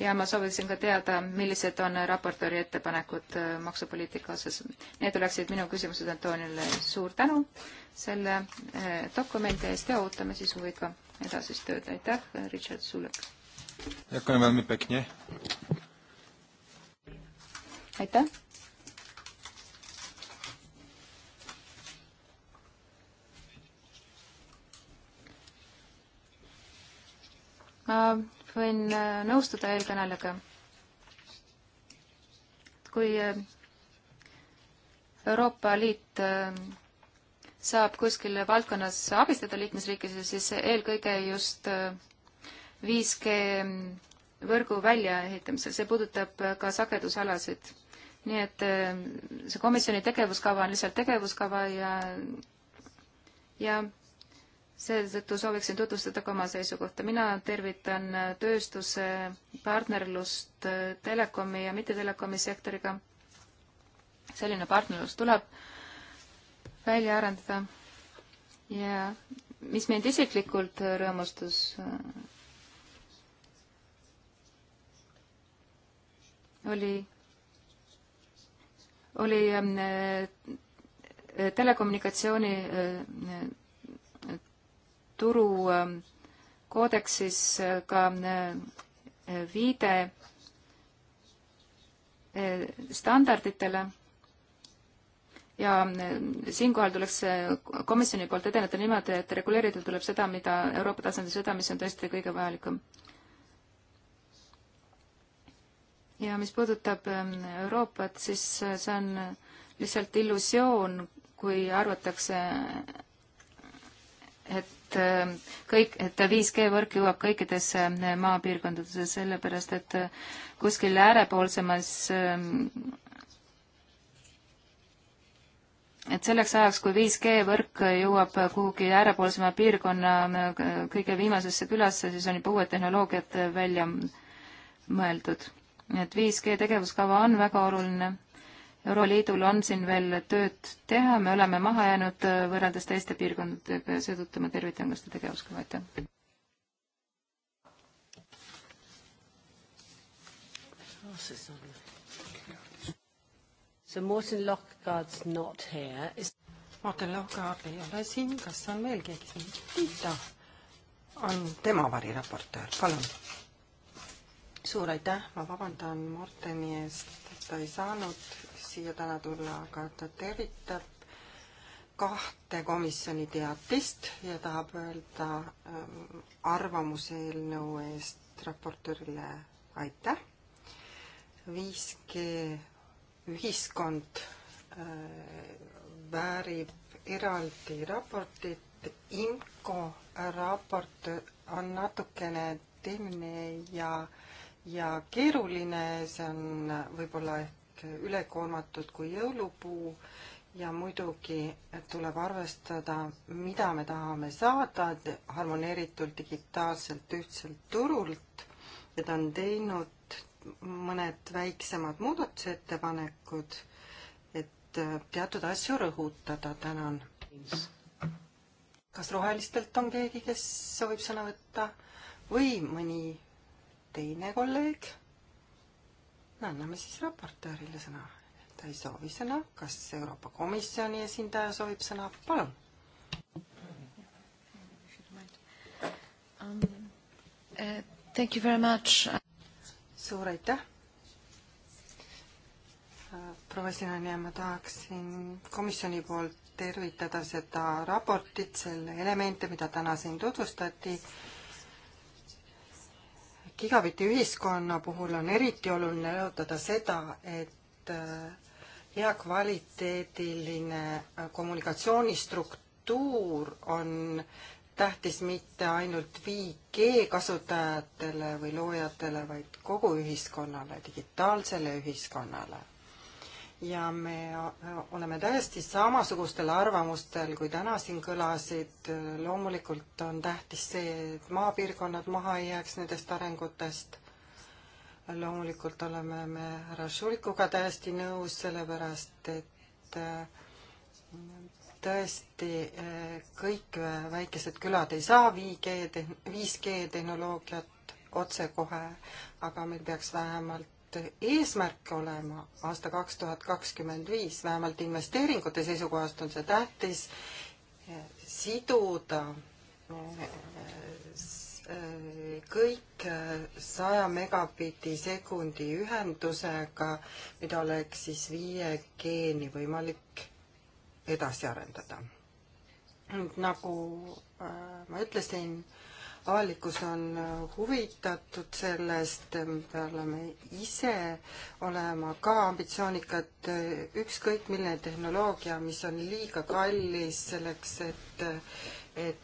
ja ma sooviksin ka teada, millised on raportööri ettepanekud äh, maksupoliitika osas. Need oleksid minu küsimused Antonile, suur tänu selle äh, dokumendi eest ja ootame siis huviga edasist tööd, aitäh, Richard Sulek! aitäh! ma võin äh, nõustuda eelkõnelega. kui äh, Euroopa Liit äh, saab kuskil valdkonnas abistada liikmesriikides, siis eelkõige just 5G mm, võrgu väljaehitamisel, see puudutab ka sagedusalasid. nii et see komisjoni tegevuskava on lihtsalt tegevuskava ja, ja seetõttu sooviksin tutvustada ka oma seisukohta. mina tervitan tööstuse partnerlust telekomi ja mittetelekomi sektoriga. selline partnerlus tuleb välja arendada ja mis mind isiklikult rõõmustas, oli, oli ähm, telekommunikatsiooni äh, turu ähm, koodeksis äh, ka äh, viide äh, standarditele ja siinkohal tuleks komisjoni poolt edeneda niimoodi, et reguleerida tuleb seda, mida Euroopa tasandil, seda, mis on tõesti kõige vajalikum. ja mis puudutab ähm, Euroopat, siis see on lihtsalt illusioon, kui arvatakse, et et äh, kõik, et 5G võrk jõuab kõikidesse äh, maapiirkondadesse, sellepärast et äh, kuskil äärepoolsemas et selleks ajaks, kui 5G võrk jõuab kuhugi äärepoolsema piirkonna kõige viimasesse külasse, siis on juba uued tehnoloogiad välja mõeldud. et 5G tegevuskava on väga oluline Euroliidul on siin veel tööd teha, me oleme maha jäänud äh, võrreldes teiste piirkondadega ja seetõttu ma tervitan ka seda tegevuskava, aitäh. So Morten Lockgaard's not here. Is Morten Lockgaard ei ole siin, kas on veel keegi siin? Tiita on tema variraportöör, palun. suur aitäh, ma vabandan Morteni eest, et ta ei saanud siia täna tulla, aga ta tervitab kahte komisjoni teatist ja tahab öelda ähm, arvamuse eelnõu eest raportöörile aitäh. 5G ühiskond äh, väärib eraldi raportit. IMCO raport on natukene tehniline ja, ja keeruline, see on võib-olla ehk ülekoormatud kui jõulupuu ja muidugi tuleb arvestada, mida me tahame saada harmoneeritult digitaalselt ühtselt turult ja ta on teinud mõned väiksemad muudatusettepanekud, et teatud asju rõhutada, tänan. kas rohelistelt on keegi, kes soovib sõna võtta või mõni teine kolleeg? me anname siis raportöörile sõna. ta ei soovi sõna, kas Euroopa Komisjoni esindaja soovib sõna, palun. Um, uh, thank you very much. suur aitäh. proua esinaine, ma tahaksin komisjoni poolt tervitada seda raportit, selle elemente, mida täna siin tutvustati gigabitiühiskonna puhul on eriti oluline rõhutada seda, et äh, hea kvaliteediline äh, kommunikatsioonistruktuur on tähtis mitte ainult 5G kasutajatele või loojatele, vaid kogu ühiskonnale, digitaalsele ühiskonnale ja me äh, oleme täiesti samasugustel arvamustel, kui täna siin kõlasid. loomulikult on tähtis see, et maapiirkonnad maha ei jääks nendest arengutest. loomulikult oleme me härra Šulikuga täiesti nõus, sellepärast et äh, tõesti äh, kõik väikesed külad ei saa 5G, 5G tehnoloogiat otsekohe, aga meil peaks vähemalt eesmärk olema aasta kaks tuhat kakskümmend viis, vähemalt investeeringute seisukohast on see tähtis, siduda eh, kõik saja megabitti sekundi ühendusega, mida oleks siis viie G-ni võimalik edasi arendada. nagu eh, ma ütlesin, avalikkus on äh, huvitatud sellest, äh, me peame ise olema ka ambitsioonikad, äh, ükskõik milline tehnoloogia, mis on liiga kallis selleks, et, et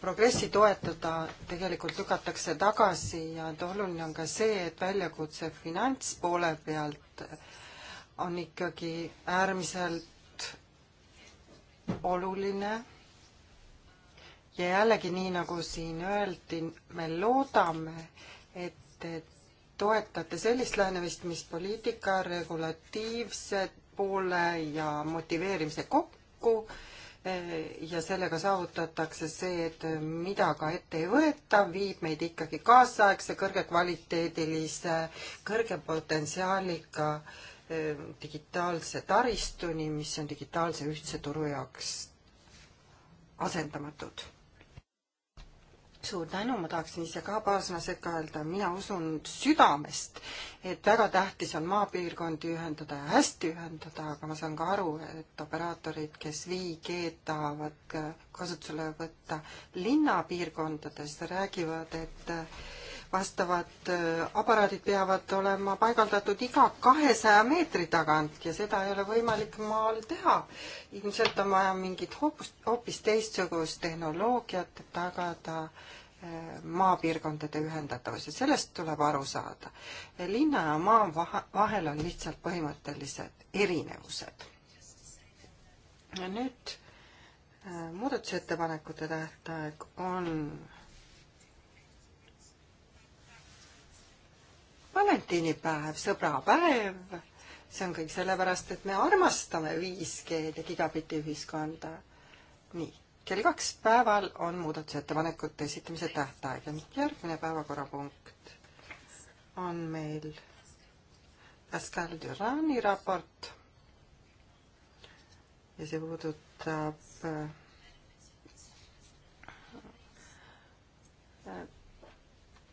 progressi toetada, tegelikult lükatakse tagasi ja et oluline on ka see, et väljakutse finantspoole pealt on ikkagi äärmiselt oluline ja jällegi, nii nagu siin öeldi, me loodame, et te toetate sellist lähenemist, mis poliitika regulatiivse poole ja motiveerimise kokku eh, ja sellega saavutatakse see, et mida ka ette ei võeta, viib meid ikkagi kaasaegse, kõrgekvaliteedilise, kõrge potentsiaaliga eh, digitaalse taristuni, mis on digitaalse ühtse turu jaoks asendamatud suur tänu, ma tahaksin ise ka paar sõna sekka öelda, mina usun südamest, et väga tähtis on maapiirkondi ühendada ja hästi ühendada, aga ma saan ka aru, et operaatorid, kes 5G-d tahavad kasutusele võtta linnapiirkondades, räägivad, et vastavad äh, aparaadid peavad olema paigaldatud iga kahesaja meetri tagant ja seda ei ole võimalik maal teha. ilmselt on vaja mingit hoopis, hoopis teistsugust tehnoloogiat, et tagada ta maapiirkondade ühendatavus ja sellest tuleb aru saada. linna ja maa vahel on lihtsalt põhimõttelised erinevused. ja nüüd äh, muudatusettepanekute tähtaeg on valentiinipäev, sõbrapäev, see on kõik sellepärast, et me armastame 5G-d ja gigabitti ühiskonda. nii kell kaks päeval on muudatusettepanekute esitamise tähtaeg ja järgmine päevakorrapunkt on meil Pascal Durani raport ja see puudutab äh,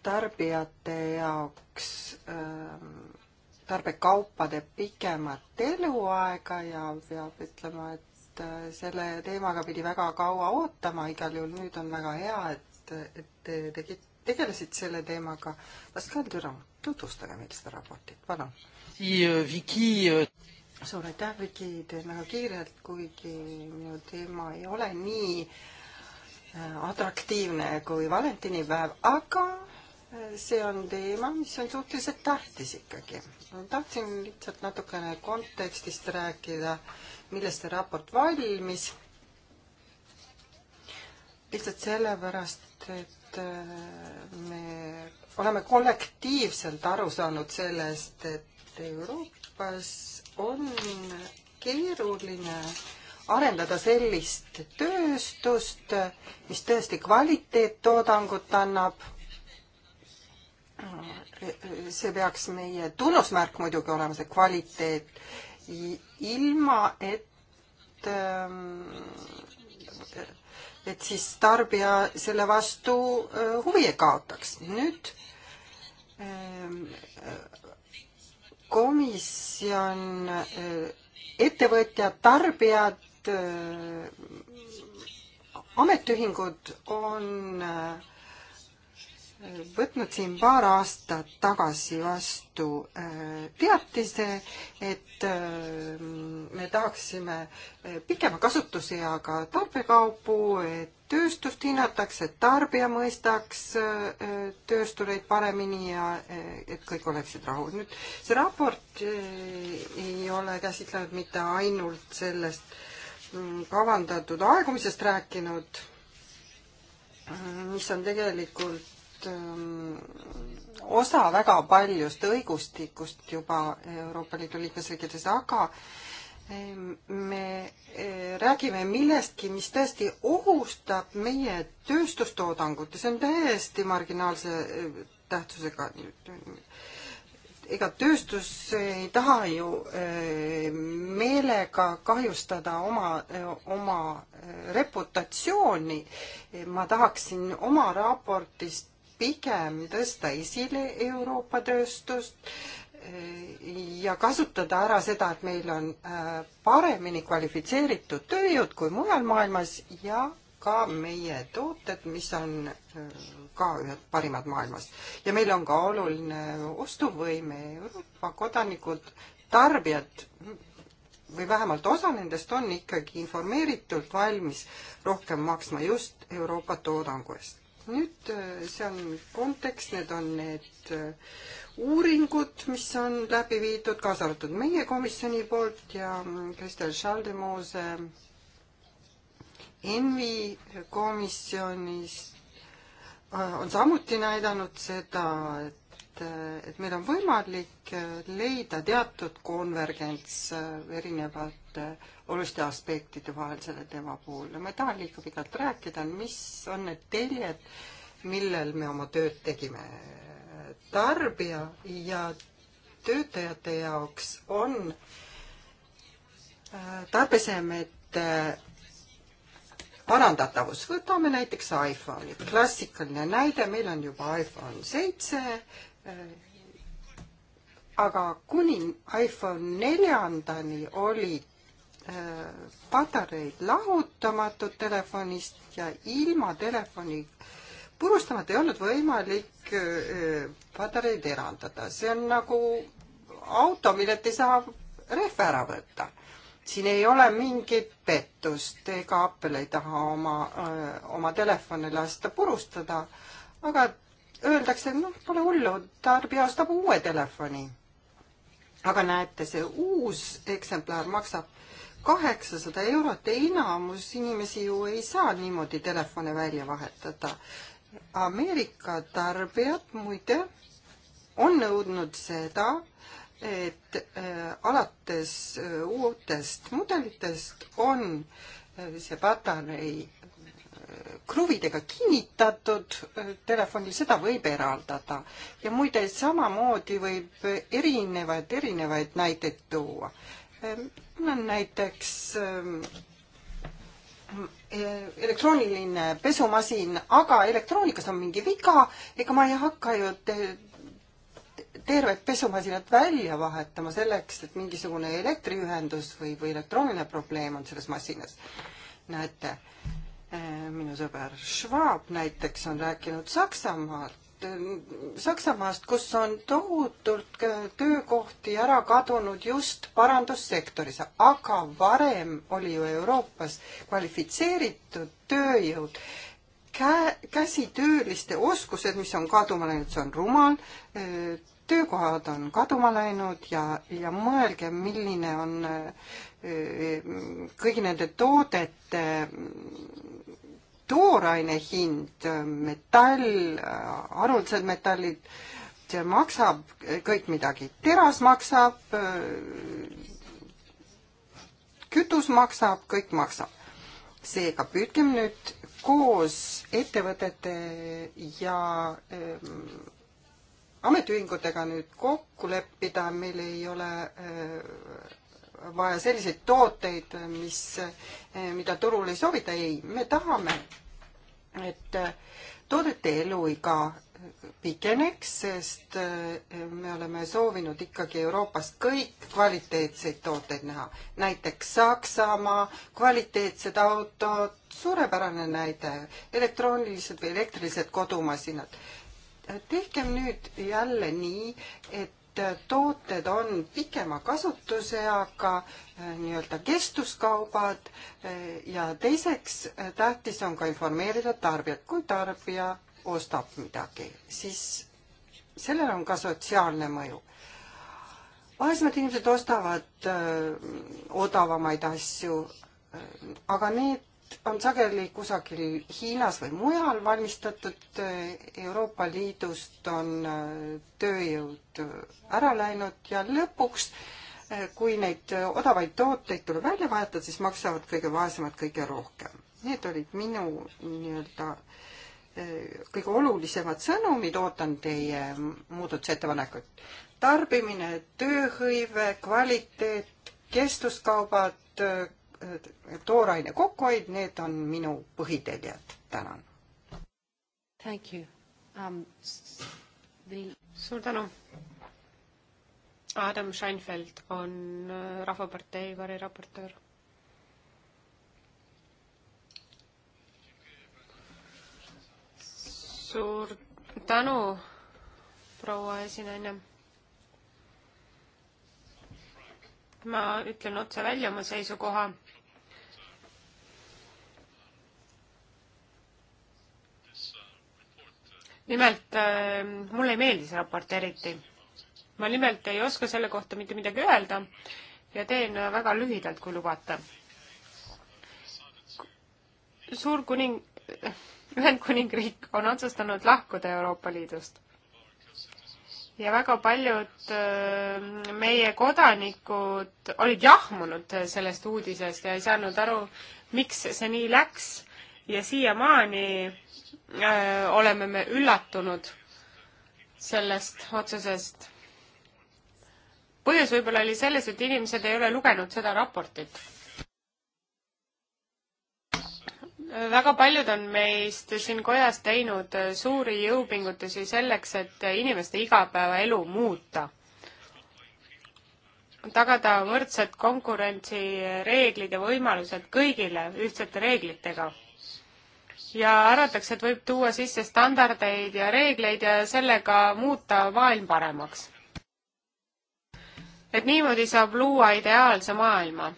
tarbijate jaoks ähm, tarbekaupade pikemat eluaega ja peab ütlema, et et äh, selle teemaga pidi väga kaua ootama, igal juhul nüüd on väga hea, et, et te tegite, tegelesite selle teemaga. Pascal Düran, tutvustage meile seda raportit, palun. Äh, Viki. Äh, suur aitäh, Viki, teen väga kiirelt, kuigi minu teema ei ole nii atraktiivne kui valentinipäev, aga see on teema, mis on suhteliselt tähtis ikkagi. tahtsin lihtsalt natukene kontekstist rääkida äh, millest see raport valmis. lihtsalt sellepärast, et äh, me oleme kollektiivselt aru saanud sellest, et Euroopas on keeruline arendada sellist tööstust, mis tõesti kvaliteettoodangut annab. see peaks meie tunnusmärk muidugi olema, see kvaliteet ilma, et ähm, et siis tarbija selle vastu äh, huvi ei kaotaks. nüüd ähm, komisjon, äh, ettevõtjad, tarbijad, äh, ametiühingud on äh, võtnud siin paar aastat tagasi vastu äh, teatise, et äh, me tahaksime äh, pikema kasutuseaga tarbekaupu, et tööstust hinnatakse, et tarbija mõistaks tööstureid paremini ja et kõik oleksid rahul. nüüd see raport ei ole käsitlenud mitte ainult sellest mm, kavandatud aegumisest rääkinud, mis on tegelikult Ähm, osa väga paljust õigustikust juba Euroopa Liidu liikmesriikides, aga ähm, me äh, räägime millestki, mis tõesti ohustab meie tööstustoodangut ja see on täiesti marginaalse äh, tähtsusega. ega tööstus ei taha ju äh, meelega kahjustada oma, oma reputatsiooni. ma tahaksin oma raportist pigem tõsta esile Euroopa tööstust eh, ja kasutada ära seda, et meil on eh, paremini kvalifitseeritud tööjõud kui mujal maailmas ja ka meie tooted, mis on eh, ka ühed parimad maailmas. ja meil on ka oluline ostuvõime, Euroopa kodanikud, tarbijad või vähemalt osa nendest on ikkagi informeeritult valmis rohkem maksma just Euroopa toodangu eest nüüd äh, see on kontekst, need on need äh, uuringud, mis on läbi viidud, kaasa arvatud meie komisjoni poolt ja mm, Kristel Schaldemose ENVI komisjonis äh, on samuti näidanud seda, et et meil on võimalik äh, leida teatud konvergents äh, erinevate äh, oluliste aspektide vahel selle teema puhul ja ma ei taha liiga pikalt rääkida, mis on need teljed, millel me oma tööd tegime. tarbija ja töötajate jaoks on tarbesemete parandatavus, võtame näiteks iPhone'i, klassikaline näide, meil on juba iPhone seitse aga kuni iPhone neljandani olid äh, patareid lahutamatud telefonist ja ilma telefoni purustamata ei olnud võimalik äh, patareid eraldada. see on nagu auto, millelt ei saa rehve ära võtta. siin ei ole mingit pettust, ega Apple ei taha oma, äh, oma telefone lasta purustada, aga öeldakse, et noh, pole hullu, tarbija ostab uue telefoni. aga näete, see uus eksemplar maksab kaheksasada eurot ja enamus inimesi ju ei saa niimoodi telefone välja vahetada. Ameerika tarbijad muide on nõudnud seda, et äh, alates äh, uutest mudelitest on äh, see patarei kruvidega kinnitatud äh, telefonil, seda võib eraldada. ja muide, samamoodi võib erinevaid, erinevaid näiteid tuua. Ähm, mul on näiteks ähm, e-, elektrooniline pesumasin, aga elektroonikas on mingi viga, ega ma ei hakka ju te tervet pesumasinat välja vahetama selleks, et mingisugune elektriühendus või, või elektrooniline probleem on selles masinas. näete, minu sõber Schwab näiteks on rääkinud Saksamaalt, Saksamaast, kus on tohutult äh, töökohti ära kadunud just parandussektoris, aga varem oli ju Euroopas kvalifitseeritud tööjõud, kä-, käsitööliste oskused, mis on kaduma läinud, see on rumal, äh, töökohad on kaduma läinud ja, ja mõelge, milline on äh, kõigi nende toodete tooraine hind, metall, haruldased metallid, see maksab kõik midagi, teras maksab, kütus maksab, kõik maksab. seega püüdkem nüüd koos ettevõtete ja ähm, ametiühingutega nüüd kokku leppida, meil ei ole äh, vaja selliseid tooteid, mis, äh, mida turul ei sobita, ei, me tahame et äh, toodete eluiga pikeneks, sest äh, me oleme soovinud ikkagi Euroopast kõik kvaliteetseid tooteid näha. näiteks Saksamaa kvaliteetsed autod, suurepärane näide, elektroonilised või elektrilised kodumasinad. Äh, tehkem nüüd jälle nii, et tooted on pikema kasutuseaga äh, nii-öelda kestuskaubad äh, ja teiseks äh, tähtis on ka informeerida tarbijat, kui tarbija ostab midagi, siis sellel on ka sotsiaalne mõju. vaesemad inimesed ostavad öö, odavamaid asju, aga need on sageli kusagil Hiinas või mujal valmistatud, Euroopa Liidust on äh, tööjõud äh, ära läinud ja lõpuks, äh, kui neid odavaid tooteid tuleb välja vahetada, siis maksavad kõige vaesemad kõige rohkem. Need olid minu nii-öelda kõige olulisemad sõnumid, ootan teie muudatusettepanekut. tarbimine, tööhõive, kvaliteet, kestvuskaubad, tooraine kokkuhoid, need on minu põhiteljed, tänan. Thank you um,. The... suur tänu. Adam Scheinfeld on äh, Rahvapartei variraportöör. suur tänu, proua esinaine ma ütlen otse välja oma seisukoha. nimelt äh, mulle ei meeldi see raport eriti. ma nimelt ei oska selle kohta mitte midagi öelda ja teen väga lühidalt, kui lubate. suurkuning, Ühendkuningriik on otsustanud lahkuda Euroopa Liidust. ja väga paljud äh, meie kodanikud olid jahmunud sellest uudisest ja ei saanud aru, miks see nii läks ja siiamaani Äh, oleme me üllatunud sellest otsusest. põhjus võib-olla oli selles, et inimesed ei ole lugenud seda raportit. väga paljud on meist siin kojas teinud suuri jõupingutusi selleks, et inimeste igapäevaelu muuta tagada võrdsed konkurentsireeglid ja võimalused kõigile ühtsete reeglitega ja arvatakse, et võib tuua sisse standardeid ja reegleid ja sellega muuta maailm paremaks. et niimoodi saab luua ideaalse maailma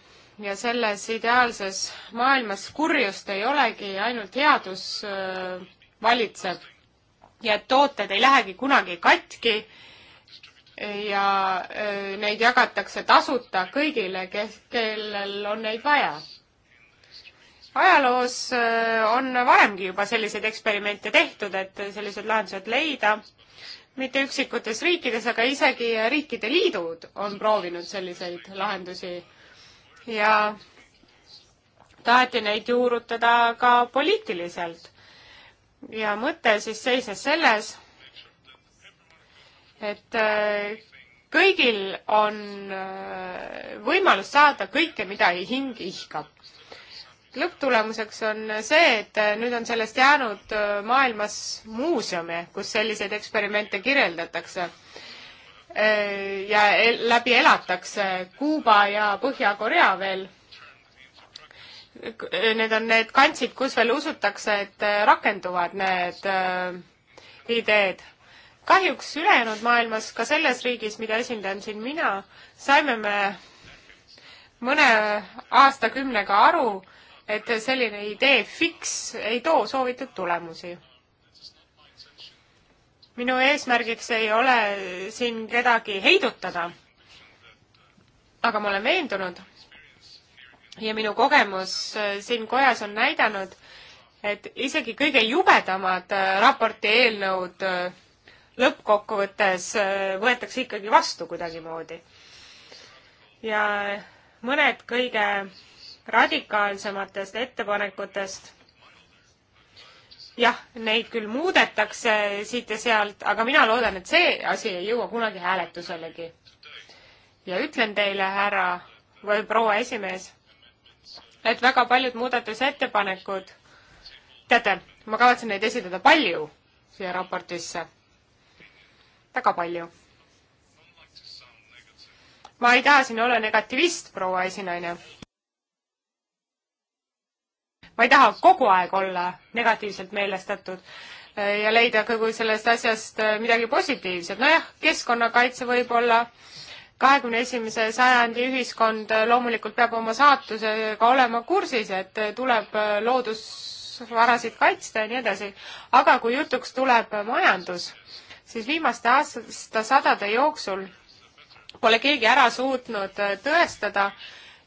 ja selles ideaalses maailmas kurjust ei olegi, ainult headus äh, valitseb. ja et tooted ei lähegi kunagi katki ja äh, neid jagatakse tasuta kõigile, kes, kellel on neid vaja ajaloos äh, on varemgi juba selliseid eksperimente tehtud, et sellised lahendused leida, mitte üksikutes riikides, aga isegi riikide liidud on proovinud selliseid lahendusi ja taheti neid juurutada ka poliitiliselt. ja mõte siis seisnes selles, et äh, kõigil on äh, võimalus saada kõike, mida hing ihkab lõpptulemuseks on see, et nüüd on sellest jäänud äh, maailmas muuseume, kus selliseid eksperimente kirjeldatakse äh, ja läbi elatakse Kuuba ja Põhja-Korea veel. Äh, need on need kantsid, kus veel usutakse, et rakenduvad need ideed. kahjuks ülejäänud maailmas, ka selles riigis, mida esindan siin mina, saime me mõne aastakümnega aru, et selline idee fiks ei too soovitud tulemusi. minu eesmärgiks ei ole siin kedagi heidutada, aga ma olen veendunud ja minu kogemus äh, siin kojas on näidanud, et isegi kõige jubedamad äh, raporti eelnõud äh, lõppkokkuvõttes võetakse ikkagi vastu kuidagimoodi. ja mõned kõige radikaalsematest ettepanekutest. jah, neid küll muudetakse siit ja sealt, aga mina loodan, et see asi ei jõua kunagi hääletuselegi. ja ütlen teile, härra või proua esimees, et väga paljud muudatusettepanekud, teate, ma kavatsen neid esitada palju siia raportisse. väga palju. ma ei taha siin olla negativist, proua esinaine ma ei taha kogu aeg olla negatiivselt meelestatud eh, ja leida kogu sellest asjast eh, midagi positiivset. nojah, keskkonnakaitse võib olla kahekümne esimese sajandi ühiskond eh, loomulikult peab oma saatusega olema kursis, et tuleb loodusvarasid kaitsta ja nii edasi. aga kui jutuks tuleb majandus, siis viimaste aastasadade jooksul pole keegi ära suutnud tõestada,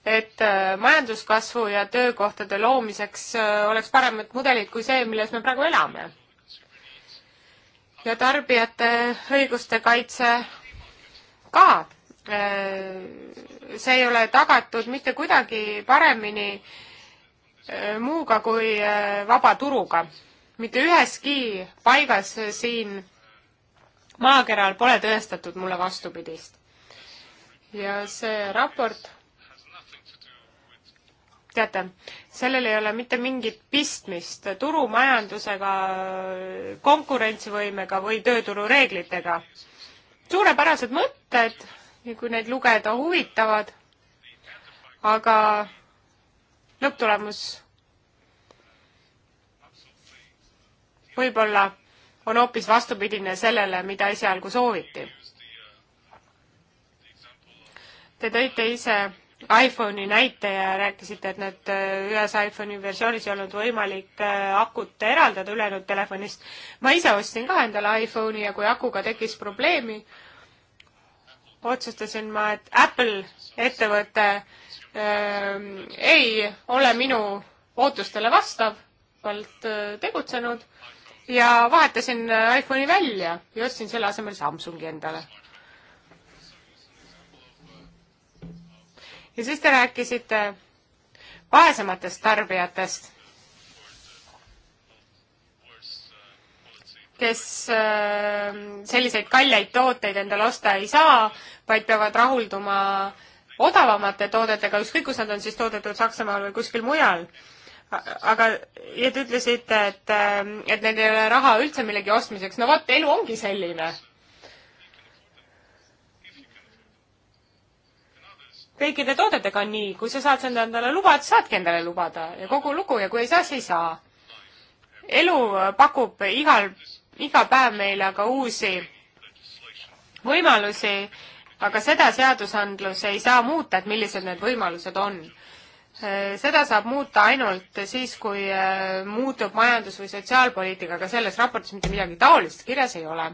et äh, majanduskasvu ja töökohtade loomiseks äh, oleks paremad mudelid kui see, milles me praegu elame. ja tarbijate õiguste kaitse ka. Äh, see ei ole tagatud mitte kuidagi paremini muuga kui vaba turuga. mitte üheski paigas siin maakeral pole tõestatud mulle vastupidist. ja see raport teate, sellel ei ole mitte mingit pistmist turumajandusega, konkurentsivõimega või tööturureeglitega. suurepärased mõtted, kui neid lugeda, huvitavad, aga lõpptulemus võib-olla on hoopis vastupidine sellele, mida esialgu sooviti. Te tõite ise iPhone'i näite ja rääkisite, et need äh, ühes iPhone'i versioonis ei olnud võimalik äh, akut eraldada ülejäänud telefonist. ma ise ostsin ka endale iPhone'i ja kui akuga tekkis probleemi, otsustasin ma, et Apple ettevõte äh, ei ole minu ootustele vastavalt äh, tegutsenud ja vahetasin äh, iPhone'i välja ja ostsin selle asemel Samsungi endale ja siis te rääkisite vaesematest tarbijatest, kes äh, selliseid kalleid tooteid endale osta ei saa, vaid peavad rahulduma odavamate toodetega, ükskõik kus nad on siis toodetud Saksamaal või kuskil mujal. aga, ja te ütlesite, et, äh, et neil ei ole raha üldse millegi ostmiseks, no vot, elu ongi selline kõikide toodetega on nii, kui sa saad seda endale lubada, saadki endale lubada ja kogu lugu ja kui ei saa, siis ei saa. elu pakub igal, iga päev meile aga uusi võimalusi, aga seda seadusandlus ei saa muuta, et millised need võimalused on. seda saab muuta ainult siis, kui eh, muutub majandus- või sotsiaalpoliitika, aga selles raportis mitte midagi taolist kirjas ei ole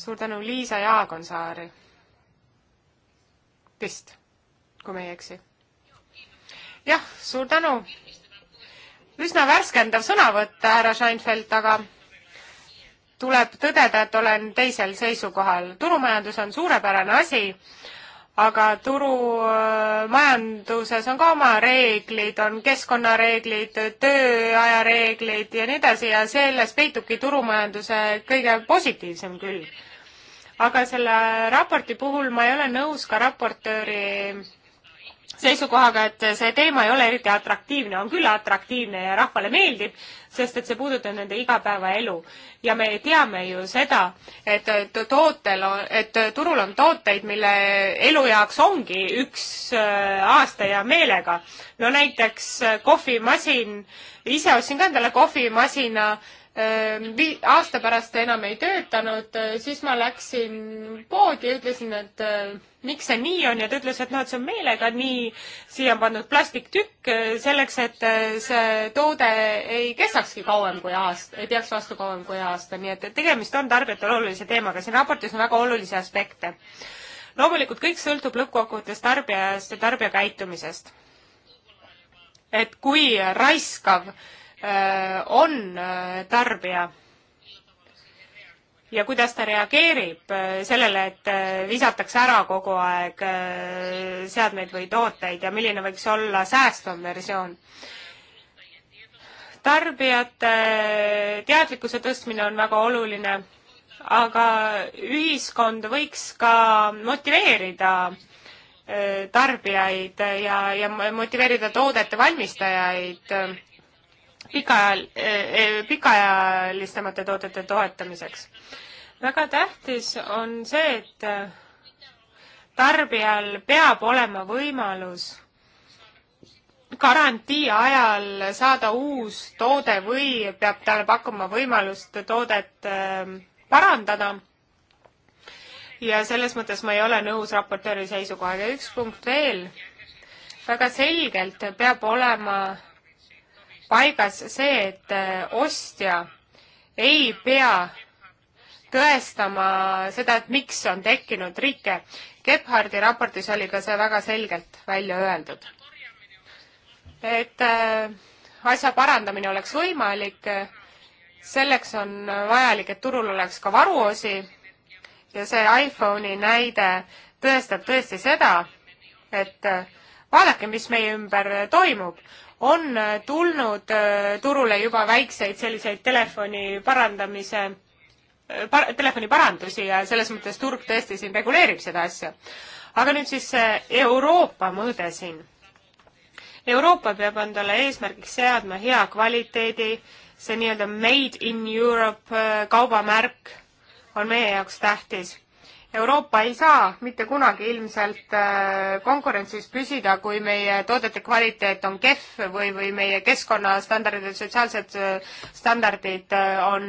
suur tänu, Liisa Jaagonsaari vist, kui ma ei eksi. jah, suur tänu. üsna värskendav sõnavõtt, härra Scheinfeld, aga tuleb tõdeda, et olen teisel seisukohal. turumajandus on suurepärane asi, aga turumajanduses äh, on ka oma reeglid, on keskkonnareeglid, tööaja reeglid ja nii edasi ja selles peitubki turumajanduse kõige positiivsem külg aga selle raporti puhul ma ei ole nõus ka raportööri seisukohaga, et see teema ei ole eriti atraktiivne, on küll atraktiivne ja rahvale meeldib, sest et see puudutab nende igapäevaelu. ja me teame ju seda, et tootel on, et turul on tooteid, mille elu jaoks ongi üks äh, aasta ja meelega. no näiteks äh, kohvimasin, ise ostsin ka endale kohvimasina Ehm, aasta pärast enam ei töötanud, eh, siis ma läksin poodi ja ütlesin, et eh, miks see nii on ja ta ütles, et noh, et see on meelega nii siia pandud plastiktükk eh, selleks, et see toode ei kestakski kauem kui aasta, ei peaks vastu kauem kui aasta, nii et tegemist on tarbijatele olulise teemaga, siin raportis on väga olulisi aspekte. loomulikult kõik sõltub lõppkokkuvõttes tarbijast ja tarbija käitumisest. et kui raiskav äh, Äh, on äh, tarbija ja kuidas ta reageerib äh, sellele, et visatakse ära kogu aeg seadmeid või tooteid ja milline võiks olla säästvam versioon. tarbijate teadlikkuse tõstmine on väga oluline, aga ühiskond võiks ka motiveerida tarbijaid ja, ja motiveerida toodete valmistajaid pikaajal, eh, eh, pikaajalisemate toodete toetamiseks. väga tähtis on see, et eh, tarbijal peab olema võimalus garantii ajal saada uus toode või peab talle pakkuma võimalust toodet parandada ja selles mõttes ma ei ole nõus raportööri seisukohaga. üks punkt veel, väga selgelt peab olema paigas see, et äh, ostja ei pea tõestama seda, et miks on tekkinud rike. Gebhardi raportis oli ka see väga selgelt välja öeldud. et äh, asja parandamine oleks võimalik, selleks on vajalik, et turul oleks ka varuosi ja see iPhone'i näide tõestab tõesti seda, et äh, vaadake, mis meie ümber toimub on äh, tulnud äh, turule juba väikseid selliseid telefoni parandamise äh, par-, telefoni parandusi ja selles mõttes turg tõesti siin reguleerib seda asja. aga nüüd siis see Euroopa mõõde siin. Euroopa peab endale eesmärgiks seadma hea kvaliteedi, see nii-öelda made in Europe kaubamärk on meie jaoks tähtis Euroopa ei saa mitte kunagi ilmselt äh, konkurentsis püsida, kui meie toodete kvaliteet on kehv või, või meie keskkonnastandardid, sotsiaalsed äh, standardid äh, on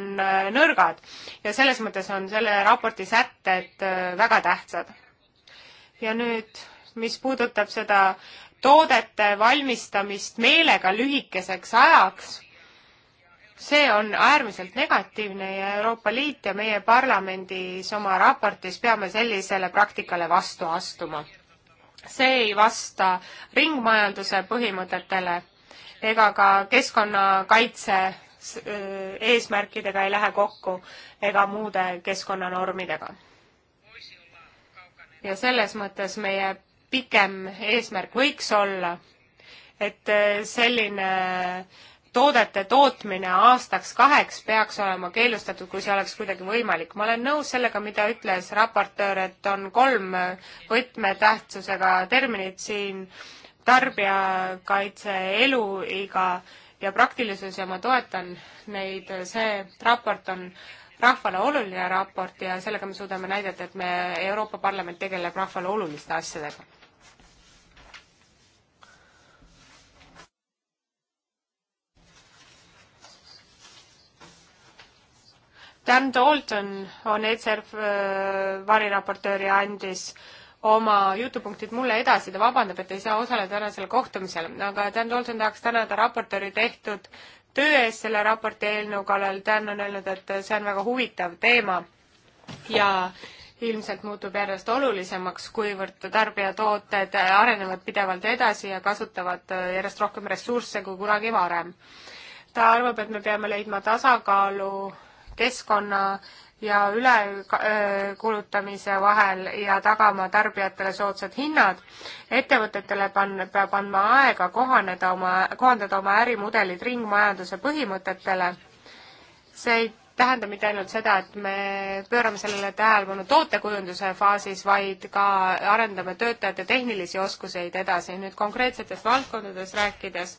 nõrgad. ja selles mõttes on selle raporti sätted väga tähtsad. ja nüüd, mis puudutab seda toodete valmistamist meelega lühikeseks ajaks see on äärmiselt negatiivne ja Euroopa Liit ja meie parlamendis oma raportis peame sellisele praktikale vastu astuma. see ei vasta ringmajanduse põhimõtetele ega ka keskkonnakaitse äh, eesmärkidega ei lähe kokku ega muude keskkonnanormidega. ja selles mõttes meie pikem eesmärk võiks olla, et äh, selline äh, toodete tootmine aastaks kaheks peaks olema keelustatud, kui see oleks kuidagi võimalik. ma olen nõus sellega, mida ütles raportöör, et on kolm võtmetähtsusega terminit siin, tarbijakaitse, eluiga ja praktilisus ja ma toetan neid, see raport on rahvale oluline raport ja sellega me suudame näidata, et me, Euroopa Parlament tegeleb rahvale oluliste asjadega Dan Dalton on ECR äh, variraportöör ja andis oma jutupunktid mulle edasi, ta vabandab, et ei saa osaleda tänasel kohtumisel, aga Dan Dalton tahaks tänada raportööri tehtud töö eest selle raporti eelnõu kallal. Dan on öelnud, et see on väga huvitav teema ja ilmselt muutub järjest olulisemaks, kuivõrd tarbijatooted arenevad pidevalt edasi ja kasutavad äh, järjest rohkem ressursse kui kunagi varem. ta arvab, et me peame leidma tasakaalu keskkonna ja ülekulutamise vahel ja tagama tarbijatele soodsad hinnad. ettevõtetele pan-, peab andma aega kohaneda oma, kohandada oma ärimudelid ringmajanduse põhimõtetele. see ei tähenda mitte ainult seda, et me pöörame sellele tähelepanu tootekujunduse faasis, vaid ka arendame töötajate tehnilisi oskuseid edasi. nüüd konkreetsetest valdkondadest rääkides,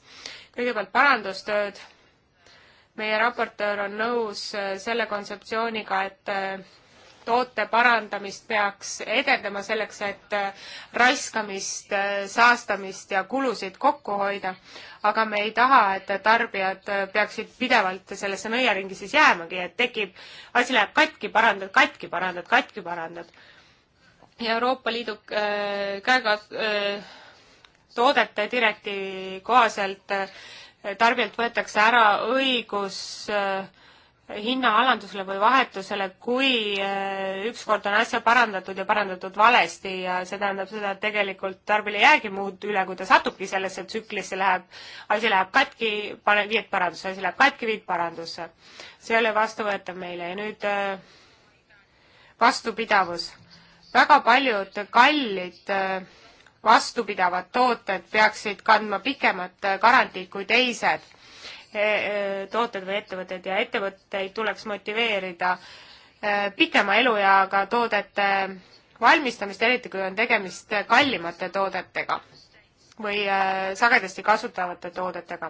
kõigepealt parandustööd meie raportöör on nõus äh, selle kontseptsiooniga, et äh, toote parandamist peaks edendama selleks, et äh, raiskamist, saastamist ja kulusid kokku hoida. aga me ei taha, et tarbijad peaksid pidevalt sellesse nõiaringi siis jäämagi, et tekib, asi läheb katki, parandad, katki, parandad, katki, parandad. ja Euroopa Liidu äh, käega äh, toodete direktiivi kohaselt äh, tarbijalt võetakse ära õigus äh, hinnaalandusele või vahetusele, kui äh, ükskord on asja parandatud ja parandatud valesti ja see tähendab seda, et tegelikult tarbijal ei jäägi muud üle, kui ta satubki sellesse tsüklisse, läheb, asi läheb katki, pane, viid parandusse, asi läheb katki, viid parandusse. see ei ole vastuvõetav meile ja nüüd äh, vastupidavus. väga paljud kallid äh, vastupidavad tooted peaksid kandma pikemat garantiid kui teised e, e, tooted või ettevõtted ja ettevõtteid tuleks motiveerida e, pikema elueaga toodete valmistamist, eriti kui on tegemist kallimate toodetega või äh, sagedasti kasutavate toodetega.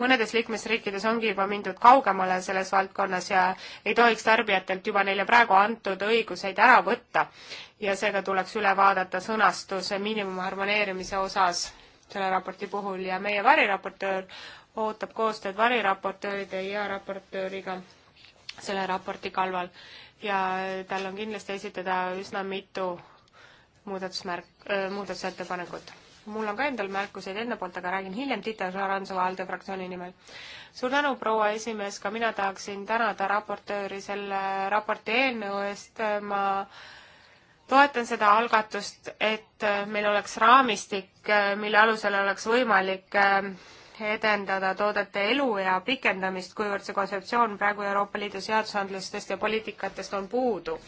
mõnedes liikmesriikides ongi juba mindud kaugemale selles valdkonnas ja ei tohiks tarbijatelt juba neile praegu antud õiguseid ära võtta ja seega tuleks üle vaadata sõnastus miinimumharmoneerimise osas selle raporti puhul ja meie variraportöör ootab koostööd variraportööride ja raportööriga selle raporti kalval ja tal on kindlasti esitada üsna mitu muudatusmärk äh,, muudatusettepanekut mul on ka endal märkuseid enda poolt, aga räägin hiljem Tiita Šaransova ALDE fraktsiooni nimel. suur tänu, proua esimees, ka mina tahaksin tänada raportööri selle raporti eelnõu eest, ma toetan seda algatust, et meil oleks raamistik, mille alusel oleks võimalik äh, edendada toodete elu ja pikendamist, kuivõrd see kontseptsioon praegu Euroopa Liidu seadusandlustest ja poliitikatest on puudu.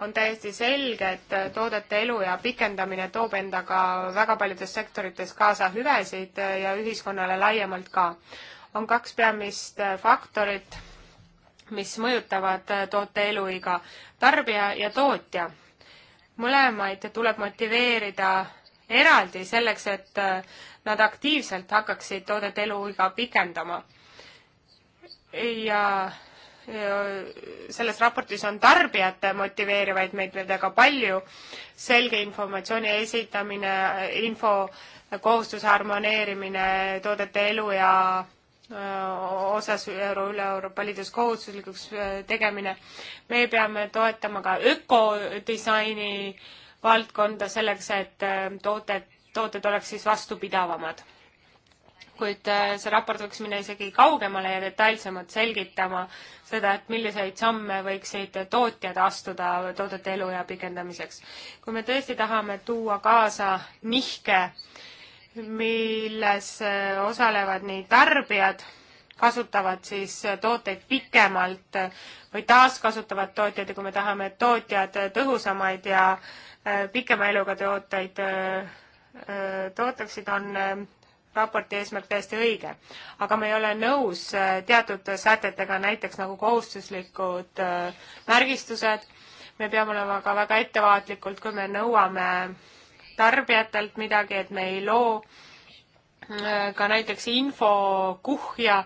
on täiesti selge, et toodete elu ja pikendamine toob endaga väga paljudes sektorites kaasa hüvesid ja ühiskonnale laiemalt ka. on kaks peamist faktorit, mis mõjutavad toote eluiga, tarbija ja tootja. mõlemaid tuleb motiveerida eraldi selleks, et nad aktiivselt hakkaksid toodet eluiga pikendama. ja selles raportis on tarbijate motiveerivaid meetmeid väga palju, selge informatsiooni esitamine, info kohustuse harmoneerimine, toodete elu ja osas euro üle Euroopa Liidus kohustuslikuks tegemine. me peame toetama ka ökodisaini valdkonda selleks, et tooted tooted oleks siis vastupidavamad. kuid äh, see raport võiks minna isegi kaugemale ja detailsemalt selgitama seda, et milliseid samme võiksid tootjad astuda toodete eluea pikendamiseks. kui me tõesti tahame tuua kaasa nihke, milles äh, osalevad nii tarbijad, kasutavad siis tooteid pikemalt või taaskasutavad tootjad ja kui me tahame, et tootjad tõhusamaid ja äh, pikema eluga tooteid Äh, tootaksid, on äh, raporti eesmärk täiesti õige. aga ma ei ole nõus äh, teatud sätetega, näiteks nagu kohustuslikud märgistused. me peame olema ka väga ettevaatlikult, kui me nõuame tarbijatelt midagi, et me ei loo ka näiteks infokuhja,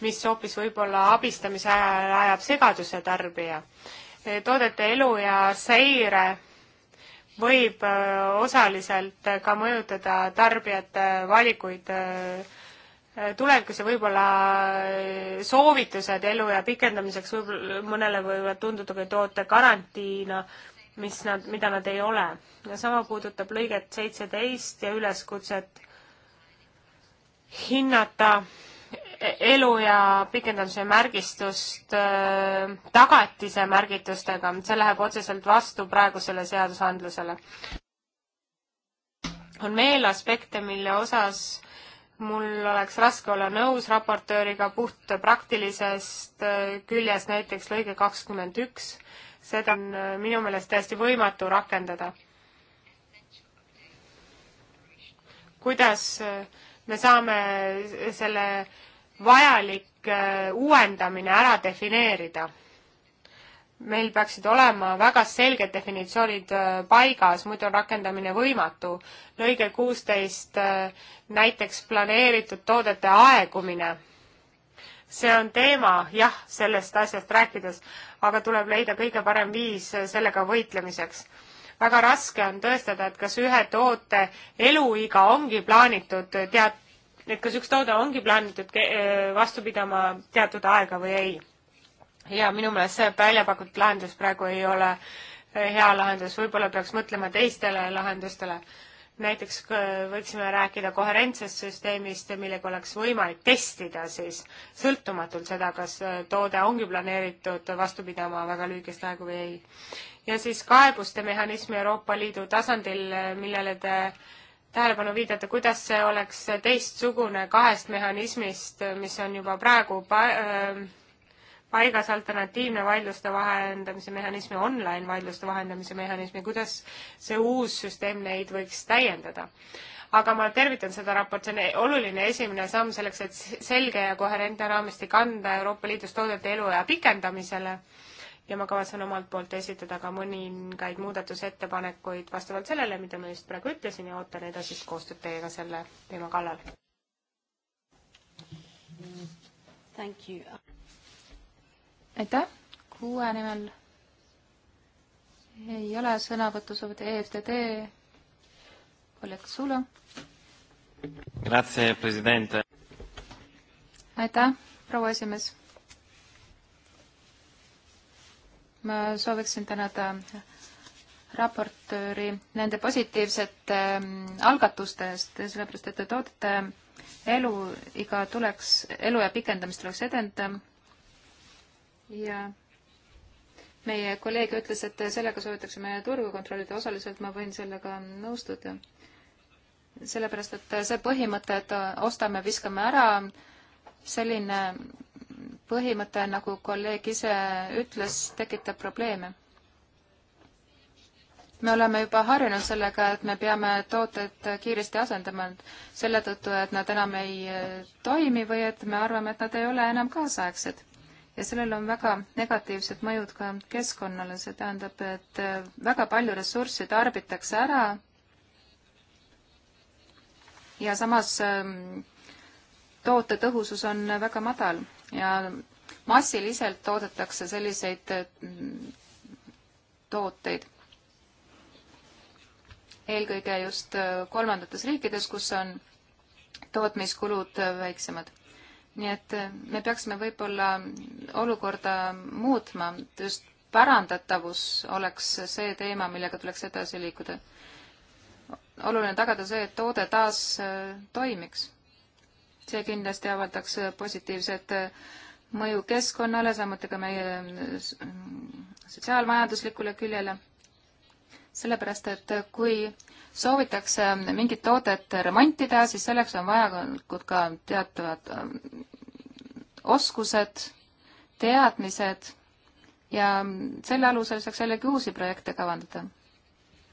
mis hoopis võib-olla abistamise ajal ajab segaduse tarbija. toodete elu ja seire võib äh, osaliselt äh, ka mõjutada tarbijate valikuid äh, tulevikus ja võib-olla soovitused elu ja pikendamiseks võib-olla mõnele võivad tunduda kui toote karantiina, mis nad, mida nad ei ole. ja sama puudutab lõiget seitseteist ja üleskutset hinnata eluea pikendamise märgistust äh, tagatise märgitustega, see läheb otseselt vastu praegusele seadusandlusele. on veel aspekte, mille osas mul oleks raske olla nõus raportööriga puht praktilisest äh, küljest, näiteks lõige kakskümmend üks, seda on äh, minu meelest täiesti võimatu rakendada. kuidas me saame selle vajalik äh, uuendamine ära defineerida. meil peaksid olema väga selged definitsioonid äh, paigas, muidu on rakendamine võimatu. lõige kuusteist, äh, näiteks planeeritud toodete aegumine. see on teema, jah, sellest asjast rääkides, aga tuleb leida kõige parem viis sellega võitlemiseks väga raske on tõestada, et kas ühe toote eluiga ongi plaanitud teat-, et kas üks toode ongi plaanitud vastu pidama teatud aega või ei. ja minu meelest see välja pakutud lahendus praegu ei ole äh, hea lahendus, võib-olla peaks mõtlema teistele lahendustele. näiteks äh, võiksime rääkida koherentsest süsteemist, millega oleks võimalik testida siis sõltumatult seda, kas äh, toode ongi planeeritud vastu pidama väga lühikest aega või ei. ja siis kaebuste mehhanism Euroopa Liidu tasandil, millele te tähelepanu viidata, kuidas see oleks teistsugune kahest mehhanismist, mis on juba praegu pa-, ähm, paigas alternatiivne vaidluste vahendamise mehhanism ja online vaidluste vahendamise mehhanism ja kuidas see uus süsteem neid võiks täiendada. aga ma tervitan seda raportit, see on oluline esimene samm selleks, et selge ja koherentne raamistik anda Euroopa Liidus toodete eluea pikendamisele ja ma kavatsen omalt poolt esitada ka mõningaid muudatusettepanekuid vastavalt sellele, mida ma just praegu ütlesin ja ootan edasist koostööd teiega selle teema kallal. aitäh, kuue nimel ei ole sõnavõtusoovide EFTD, kolleeg Sulo. aitäh, proua esimees ma sooviksin tänada raportööri nende positiivsete ähm, algatuste eest, sellepärast et te toodate eluiga tuleks, eluea pikendamist tuleks edenda ja meie kolleeg ütles, et sellega soovitakse meie turgu kontrollida, osaliselt ma võin sellega nõustuda. sellepärast, et see põhimõte, et ostame, viskame ära, selline põhimõte, nagu kolleeg ise ütles, tekitab probleeme. me oleme juba harjunud sellega, et me peame tooted kiiresti asendama selle tõttu, et nad enam ei äh, toimi või et me arvame, et nad ei ole enam kaasaegsed. ja sellel on väga negatiivsed mõjud ka keskkonnale, see tähendab, et äh, väga palju ressurssi tarbitakse ära ja samas ähm, toote tõhusus on väga madal ja massiliselt toodetakse selliseid mm, tooteid. eelkõige just äh, kolmandates riikides, kus on tootmiskulud äh, väiksemad. nii et äh, me peaksime võib-olla olukorda muutma, just pärandatavus oleks see teema, millega tuleks edasi liikuda. oluline tagada see, et toode taas toimiks see kindlasti avaldaks positiivset mõju keskkonnale, samuti ka meie sotsiaalmajanduslikule küljele. sellepärast, et kui soovitakse mingit toodet remontida, siis selleks on vajalikud ka teatavad äh, oskused, teadmised ja selle alusel saaks jällegi uusi projekte kavandada.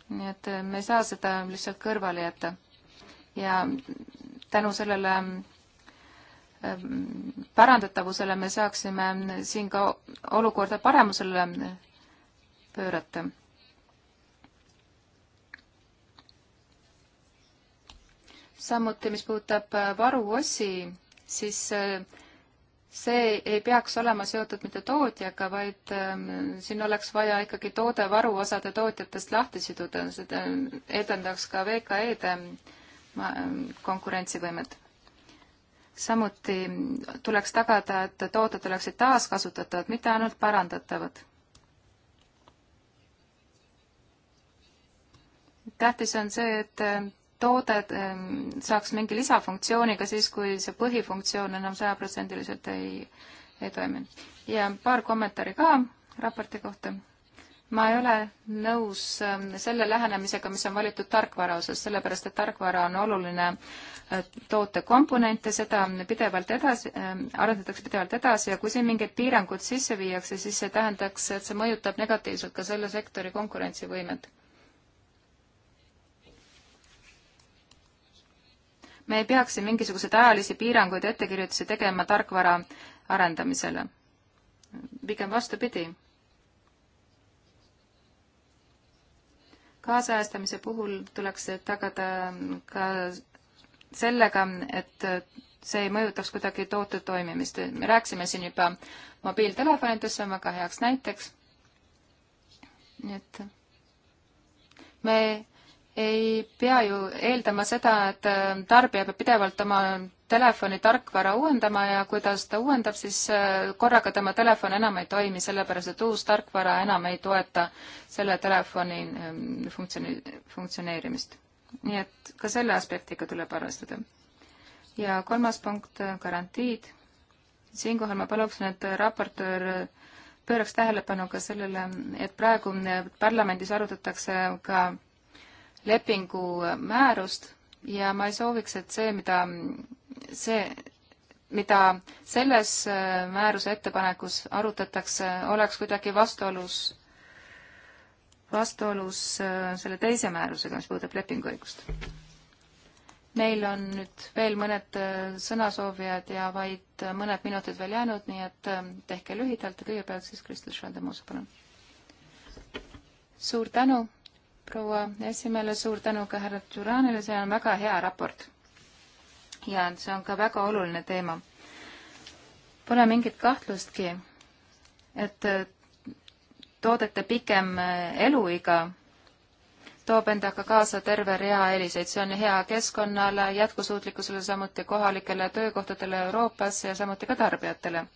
nii et äh, me ei saa seda lihtsalt kõrvale jätta. ja tänu sellele Ehm, pärandatavusele me saaksime siin ka olukorda paremusele pöörata. samuti, mis puudutab äh, varuosi, siis äh, see ei peaks olema seotud mitte tootjaga, vaid ähm, siin oleks vaja ikkagi toode varuosade tootjatest lahti siduda, seda edendaks ka VKE-de konkurentsivõimet samuti tuleks tagada, et tooted oleksid taaskasutatavad, mitte ainult parandatavad. tähtis on see, et toode ehm, saaks mingi lisafunktsiooni ka siis, kui see põhifunktsioon enam sajaprotsendiliselt ei, ei toimi. ja paar kommentaari ka raporti kohta ma ei ole nõus ähm, selle lähenemisega, mis on valitud tarkvara osas, sellepärast et tarkvara on oluline äh, toote komponent ja seda pidevalt edasi, ähm, arendatakse pidevalt edasi ja kui siin mingid piirangud sisse viiakse, siis see tähendaks, et see mõjutab negatiivselt ka selle sektori konkurentsivõimet. me ei peaks siin mingisuguseid ajalisi piiranguid ja ettekirjutusi tegema tarkvara arendamisele. pigem vastupidi kaasajastamise puhul tuleks tagada ka sellega, et see ei mõjutaks kuidagi toote toimimist. me rääkisime siin juba mobiiltelefonidest, see on väga heaks näiteks. nii et me ei pea ju eeldama seda, et äh, tarbija peab pidevalt oma telefoni tarkvara uuendama ja kui ta seda uuendab, siis äh, korraga tema telefon enam ei toimi, sellepärast et uus tarkvara enam ei toeta selle telefoni ähm, funktsiooni, funktsioneerimist. nii et ka selle aspektiga tuleb arvestada. ja kolmas punkt, äh, garantiid. siinkohal ma paluksin, et raportöör pööraks tähelepanu ka sellele, et praegu parlamendis arutatakse ka lepingu määrust ja ma ei sooviks, et see, mida see, mida selles äh, määruse ettepanekus arutatakse, oleks kuidagi vastuolus, vastuolus äh, selle teise määrusega, mis puudutab lepinguõigust. meil on nüüd veel mõned äh, sõnasoovijad ja vaid mõned minutid veel jäänud, nii et tehke lühidalt ja kõigepealt siis Kristel Schaldemose, palun. suur tänu proua esimehele, suur tänu ka härra Turanile, see on väga hea raport. ja see on ka väga oluline teema. Pole mingit kahtlustki, et toodete pikem eluiga toob endaga kaasa terve rea eeliseid, see on hea keskkonnale, jätkusuutlikkusele, samuti kohalikele töökohtadele Euroopas ja samuti ka tarbijatele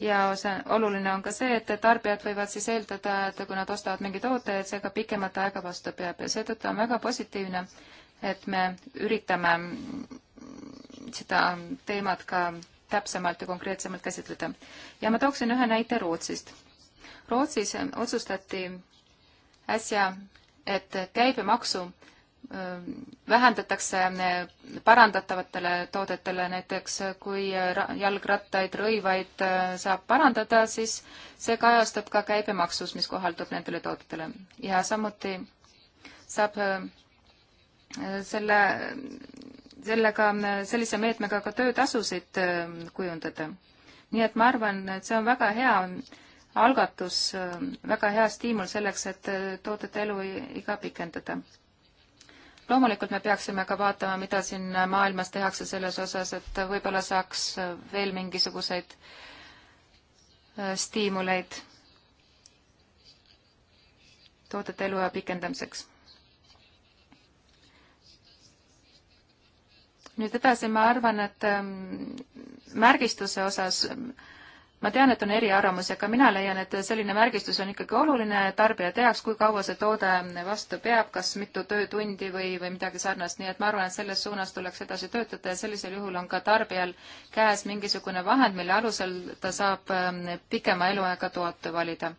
ja see, oluline on ka see, et tarbijad võivad siis eeldada, et kui nad ostavad mingi toote, et see ka pikemat aega vastu peab ja seetõttu on väga positiivne, et me üritame seda teemat ka täpsemalt ja konkreetsemalt käsitleda. ja ma tooksin ühe näite Rootsist. Rootsis otsustati äsja, et käibemaksu vähendatakse parandatavatele toodetele, näiteks kui jalgrattaid, rõivaid äh, saab parandada, siis see kajastub ka käibemaksus, mis kohaldub nendele toodetele. ja samuti saab äh, selle, sellega, sellise meetmega ka töötasusid äh, kujundada. nii et ma arvan, et see on väga hea algatus, väga hea stiimul selleks, et toodete eluiga pikendada loomulikult me peaksime ka vaatama, mida siin maailmas tehakse selles osas, et võib-olla saaks veel mingisuguseid äh, stiimuleid toodete eluea pikendamiseks. nüüd edasi, ma arvan, et ähm, märgistuse osas ma tean, et on eriarvamusi, aga mina leian, et selline märgistus on ikkagi oluline, tarbija teaks, kui kaua see toode vastu peab, kas mitu töötundi või, või midagi sarnast, nii et ma arvan, et selles suunas tuleks edasi töötada ja sellisel juhul on ka tarbijal käes mingisugune vahend, mille alusel ta saab ähm, pikema eluaega toot valida.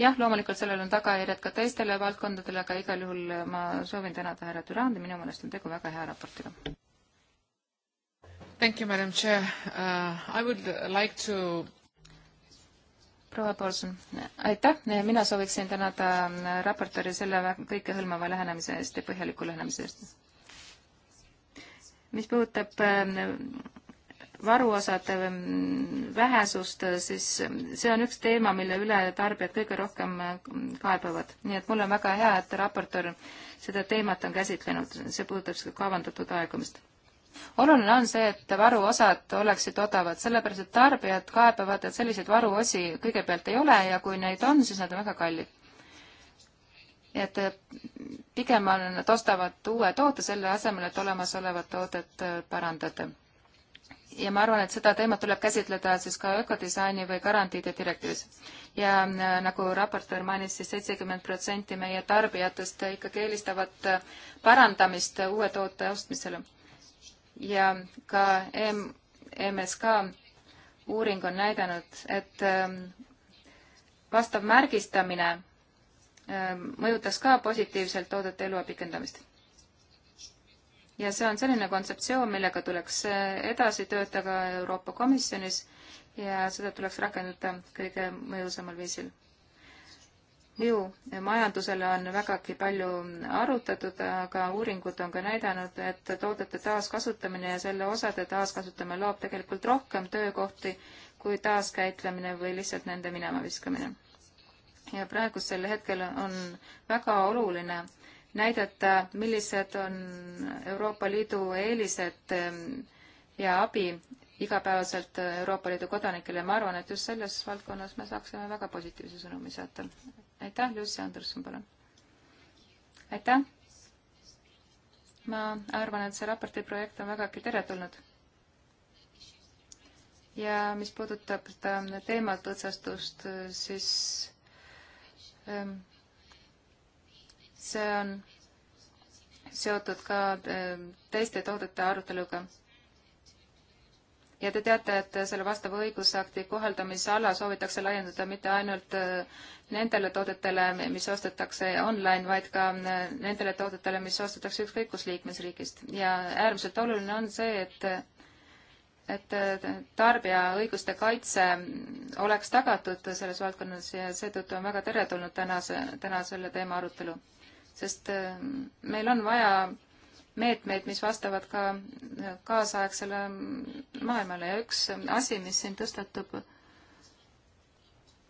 jah, loomulikult sellel on tagajärjed ka teistele valdkondadele, aga igal juhul ma soovin tänada härra Türandi, minu meelest on tegu väga hea raportiga. Thank you, Madam Chair. Uh, I would like to proua Paulson, aitäh, mina sooviksin tänada ähm, raportööri selle kõikehõlmava lähenemise eest ja põhjaliku lähenemise eest. mis puudutab ähm, varuosade ähm, vähesust, siis see on üks teema, mille üle tarbijad kõige rohkem kaebavad. nii et mul on väga hea, et raportöör seda teemat on käsitlenud, see puudutab seda kavandatud aegumist oluline on see, et varuosad oleksid odavad, sellepärast et tarbijad kaebavad, et selliseid varuosi kõigepealt ei ole ja kui neid on, siis nad on väga kallid. et eh, pigem on, nad ostavad uue toote selle asemel, et olemasolevat toodet eh, parandada. ja ma arvan, et seda teemat tuleb käsitleda siis ka ökodisaini või garantiide direktiivis. ja eh, nagu raportöör mainis, siis seitsekümmend protsenti meie tarbijatest ikkagi eelistavad parandamist uue toote ostmisele ja ka M MSK uuring on näidanud, et ähm, vastav märgistamine ähm, mõjutas ka positiivselt toodete eluea pikendamist. ja see on selline kontseptsioon, millega tuleks äh, edasi töötada Euroopa Komisjonis ja seda tuleks rakendada kõige mõjusamal viisil mõju majandusele on vägagi palju arutatud, aga uuringud on ka näidanud, et toodete taaskasutamine ja selle osade taaskasutamine loob tegelikult rohkem töökohti kui taaskäitlemine või lihtsalt nende minema viskamine. ja praegusel hetkel on väga oluline näidata, millised on Euroopa Liidu eelised ja abi igapäevaselt Euroopa Liidu kodanikele ja ma arvan, et just selles valdkonnas me saaksime väga positiivse sõnumi saata. aitäh, Lucy Anderson, palun! aitäh! ma arvan, et see raporti projekt on vägagi teretulnud. ja mis puudutab seda teemat otsastust, siis ähm, see on seotud ka ähm, teiste toodete aruteluga ja te teate, et selle vastava õigusakti kohaldamisala soovitakse laiendada mitte ainult äh, nendele toodetele, mis ostetakse online, vaid ka äh, nendele toodetele, mis ostetakse ükskõik kus liikmesriigist. ja äärmiselt oluline on see, et et äh, tarbija õiguste kaitse oleks tagatud selles valdkonnas ja seetõttu on väga teretulnud tänase, täna selle teema arutelu. sest meil on vaja meetmeid, mis vastavad ka äh, kaasaegsele mm, maailmale ja üks äh, asi, mis siin tõstatub,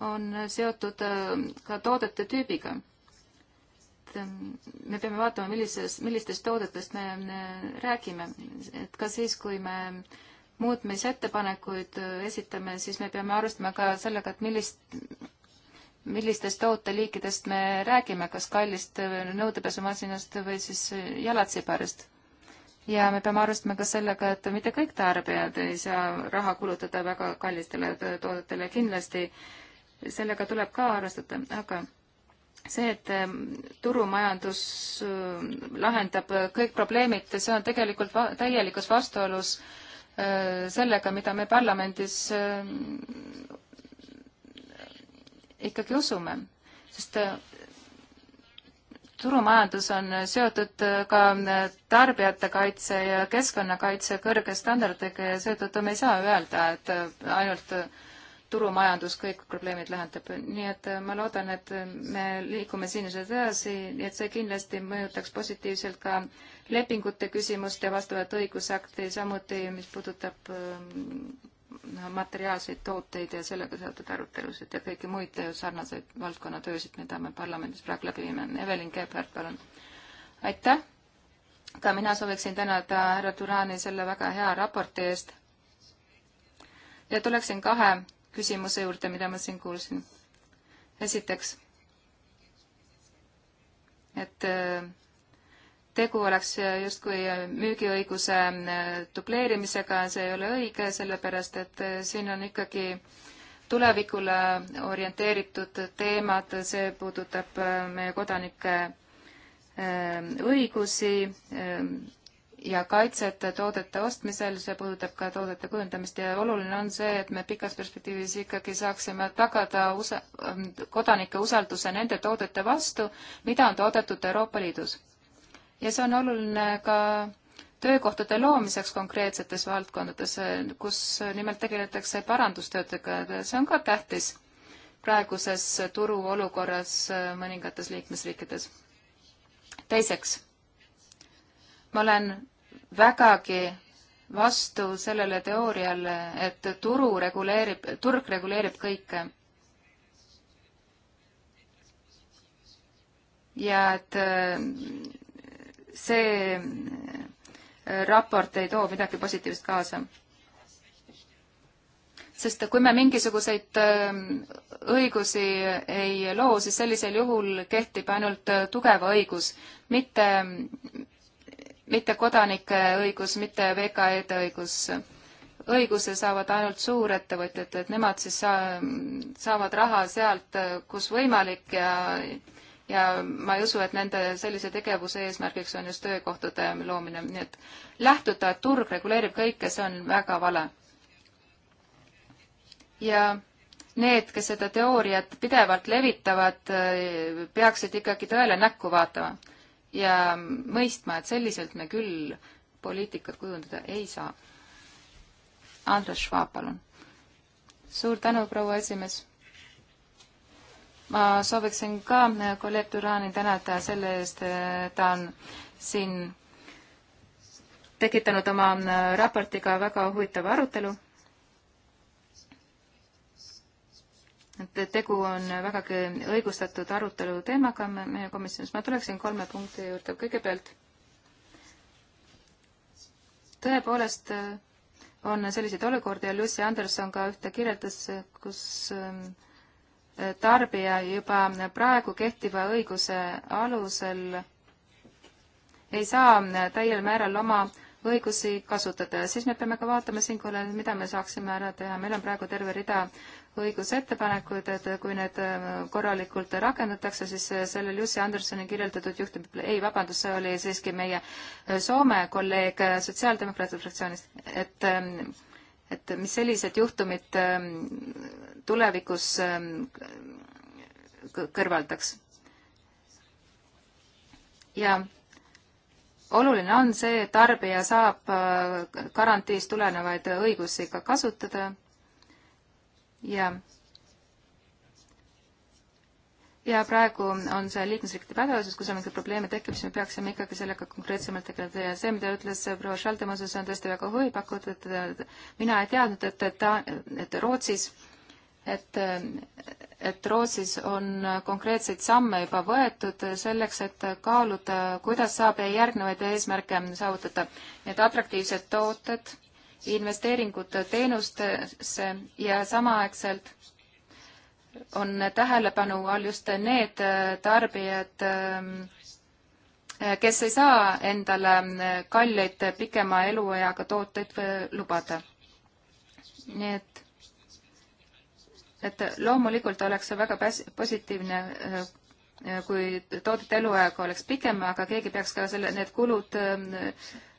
on äh, seotud ka toodete tüübiga. me peame vaatama, millises, millistest toodetest me räägime, et ka siis, kui me muutmisettepanekuid esitame, siis me peame arvestama ka sellega, et millist millistest tooteliikidest me räägime, kas kallist nõudepesumasinast või siis jalatsiparist. ja me peame arvestama ka sellega, et mitte kõik tarbijad ei saa raha kulutada väga kallistele toodetele, kindlasti sellega tuleb ka arvestada, aga see, et ähm, turumajandus äh, lahendab kõik probleemid, see on tegelikult va täielikus vastuolus äh, sellega, mida me parlamendis äh, ikkagi usume, sest äh, turumajandus on äh, seotud äh, ka tarbijate kaitse ja keskkonnakaitse kõrge standardiga ja seetõttu me ei saa öelda, et ainult turumajandus kõik probleemid lahendab. nii et ma loodan, et me liigume siin edasi, nii et see kindlasti mõjutaks positiivselt ka lepingute küsimust ja vastavat õigusakti, samuti mis puudutab ähm, materiaalseid tooteid ja sellega seotud arutelusid ja kõiki muid sarnaseid valdkonnatöösid, mida me parlamendis praegu läbi viime. Evelin Gebhardt, palun. aitäh! ka mina sooviksin tänada härra Turani selle väga hea raporti eest. ja tuleksin kahe küsimuse juurde, mida ma siin kuulsin. esiteks, et äh, tegu oleks justkui müügiõiguse äh, dubleerimisega, see ei ole õige, sellepärast et äh, siin on ikkagi tulevikule orienteeritud teemad, see puudutab äh, meie kodanike õigusi ja kaitset toodete ostmisel, see puudutab ka toodete kujundamist ja oluline on see, et me pikas perspektiivis ikkagi saaksime tagada usa-, kodanike usalduse nende toodete vastu, mida on toodetud Euroopa Liidus ja see on oluline ka töökohtade loomiseks konkreetsetes valdkondades, kus nimelt tegeletakse parandustöödega, see on ka tähtis praeguses turuolukorras mõningates liikmesriikides. teiseks, ma olen vägagi vastu sellele teooriale, et turu reguleerib, turg reguleerib kõike. ja et see äh, raport ei too midagi positiivset kaasa. sest kui me mingisuguseid äh, õigusi ei loo, siis sellisel juhul kehtib ainult äh, tugev õigus, mitte, mitte kodanike õigus, mitte VKE-de õigus. õiguse saavad ainult suurettevõtjad, et nemad siis saa, saavad raha sealt, kus võimalik ja ja ma ei usu, et nende sellise tegevuse eesmärgiks on just töökohtade loomine, nii et lähtuda, et turg reguleerib kõike, see on väga vale. ja need, kes seda teooriat pidevalt levitavad, peaksid ikkagi tõele näkku vaatama ja mõistma, et selliselt me küll poliitikat kujundada ei saa. Andres Švaab, palun. suur tänu, proua esimees ma sooviksin ka äh, kolleeg Türani tänada selle eest, äh, ta on siin tekitanud oma äh, raportiga väga huvitava arutelu. et tegu on vägagi õigustatud arutelu teemaga meie komisjonis. ma tuleksin kolme punkti juurde. kõigepealt tõepoolest on selliseid olukordi ja Lucy Anderson ka ühte kirjeldas, kus ähm, tarbija juba praegu kehtiva õiguse alusel ei saa täiel määral oma õigusi kasutada ja siis me peame ka vaatama siinkohal, mida me saaksime ära teha. meil on praegu terve rida õigusettepanekuid, et kui need korralikult rakendatakse, siis sellel Jussi Andersoni kirjeldatud juhtum, ei vabandust, see oli siiski meie Soome kolleeg Sotsiaaldemokraatide fraktsioonist, et et mis sellised juhtumid tulevikus ähm, kõrvaldaks. ja oluline on see, et tarbija saab äh, garantiist tulenevaid õigusi ka kasutada ja ja praegu on see liikmesriikide pädevuses, kui seal mingeid probleeme tekib, siis me peaksime ikkagi sellega konkreetsemalt tegeleda ja see, mida ütles proua Schaldemose, see on tõesti väga huvipakkuv, et mina ei teadnud, et, et, et Rootsis äh, et, et Rootsis on konkreetseid samme juba võetud selleks, et kaaluda, kuidas saab e järgnevaid eesmärke saavutada. Need atraktiivsed tooted, investeeringud teenustesse ja samaaegselt on tähelepanu all just need tarbijad, kes ei saa endale kalleid pikema elueaga tooteid lubada. nii et et loomulikult oleks see väga positiivne, äh, kui toodete eluaeg oleks pikem, aga keegi peaks ka selle, need kulud äh,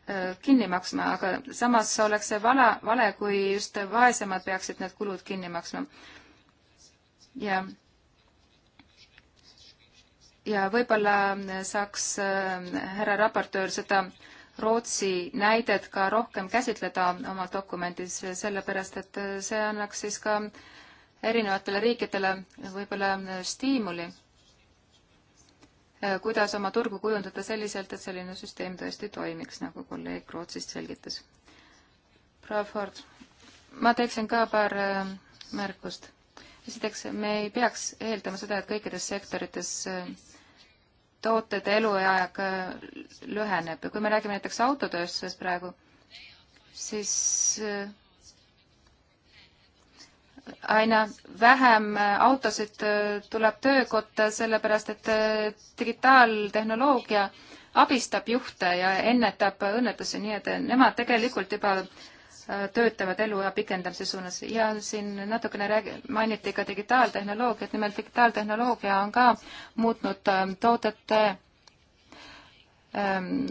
äh, kinni maksma, aga samas oleks see vale, vale, kui just vaesemad peaksid need kulud kinni maksma. ja, ja võib-olla saaks härra raportöör seda Rootsi näidet ka rohkem käsitleda oma dokumendis, sellepärast et see annaks siis ka äh, erinevatele riikidele võib-olla äh, stiimuli, äh, kuidas oma turgu kujundada selliselt, et selline süsteem tõesti toimiks, nagu kolleeg Rootsist selgitas. proua Ford, ma teeksin ka paar äh, märkust. esiteks, me ei peaks eeldama seda, et kõikides sektorites tootede elueaeg lüheneb ja kui me räägime näiteks autotööstusest praegu, siis aina vähem autosid äh, tuleb töökotta, sellepärast et äh, digitaaltehnoloogia abistab juhte ja ennetab õnnetusi, nii et nemad tegelikult juba äh, töötavad eluea pikendamise suunas ja siin natukene räägi-, mainiti ka digitaaltehnoloogiat, nimelt digitaaltehnoloogia on ka muutnud ähm, toodete ähm,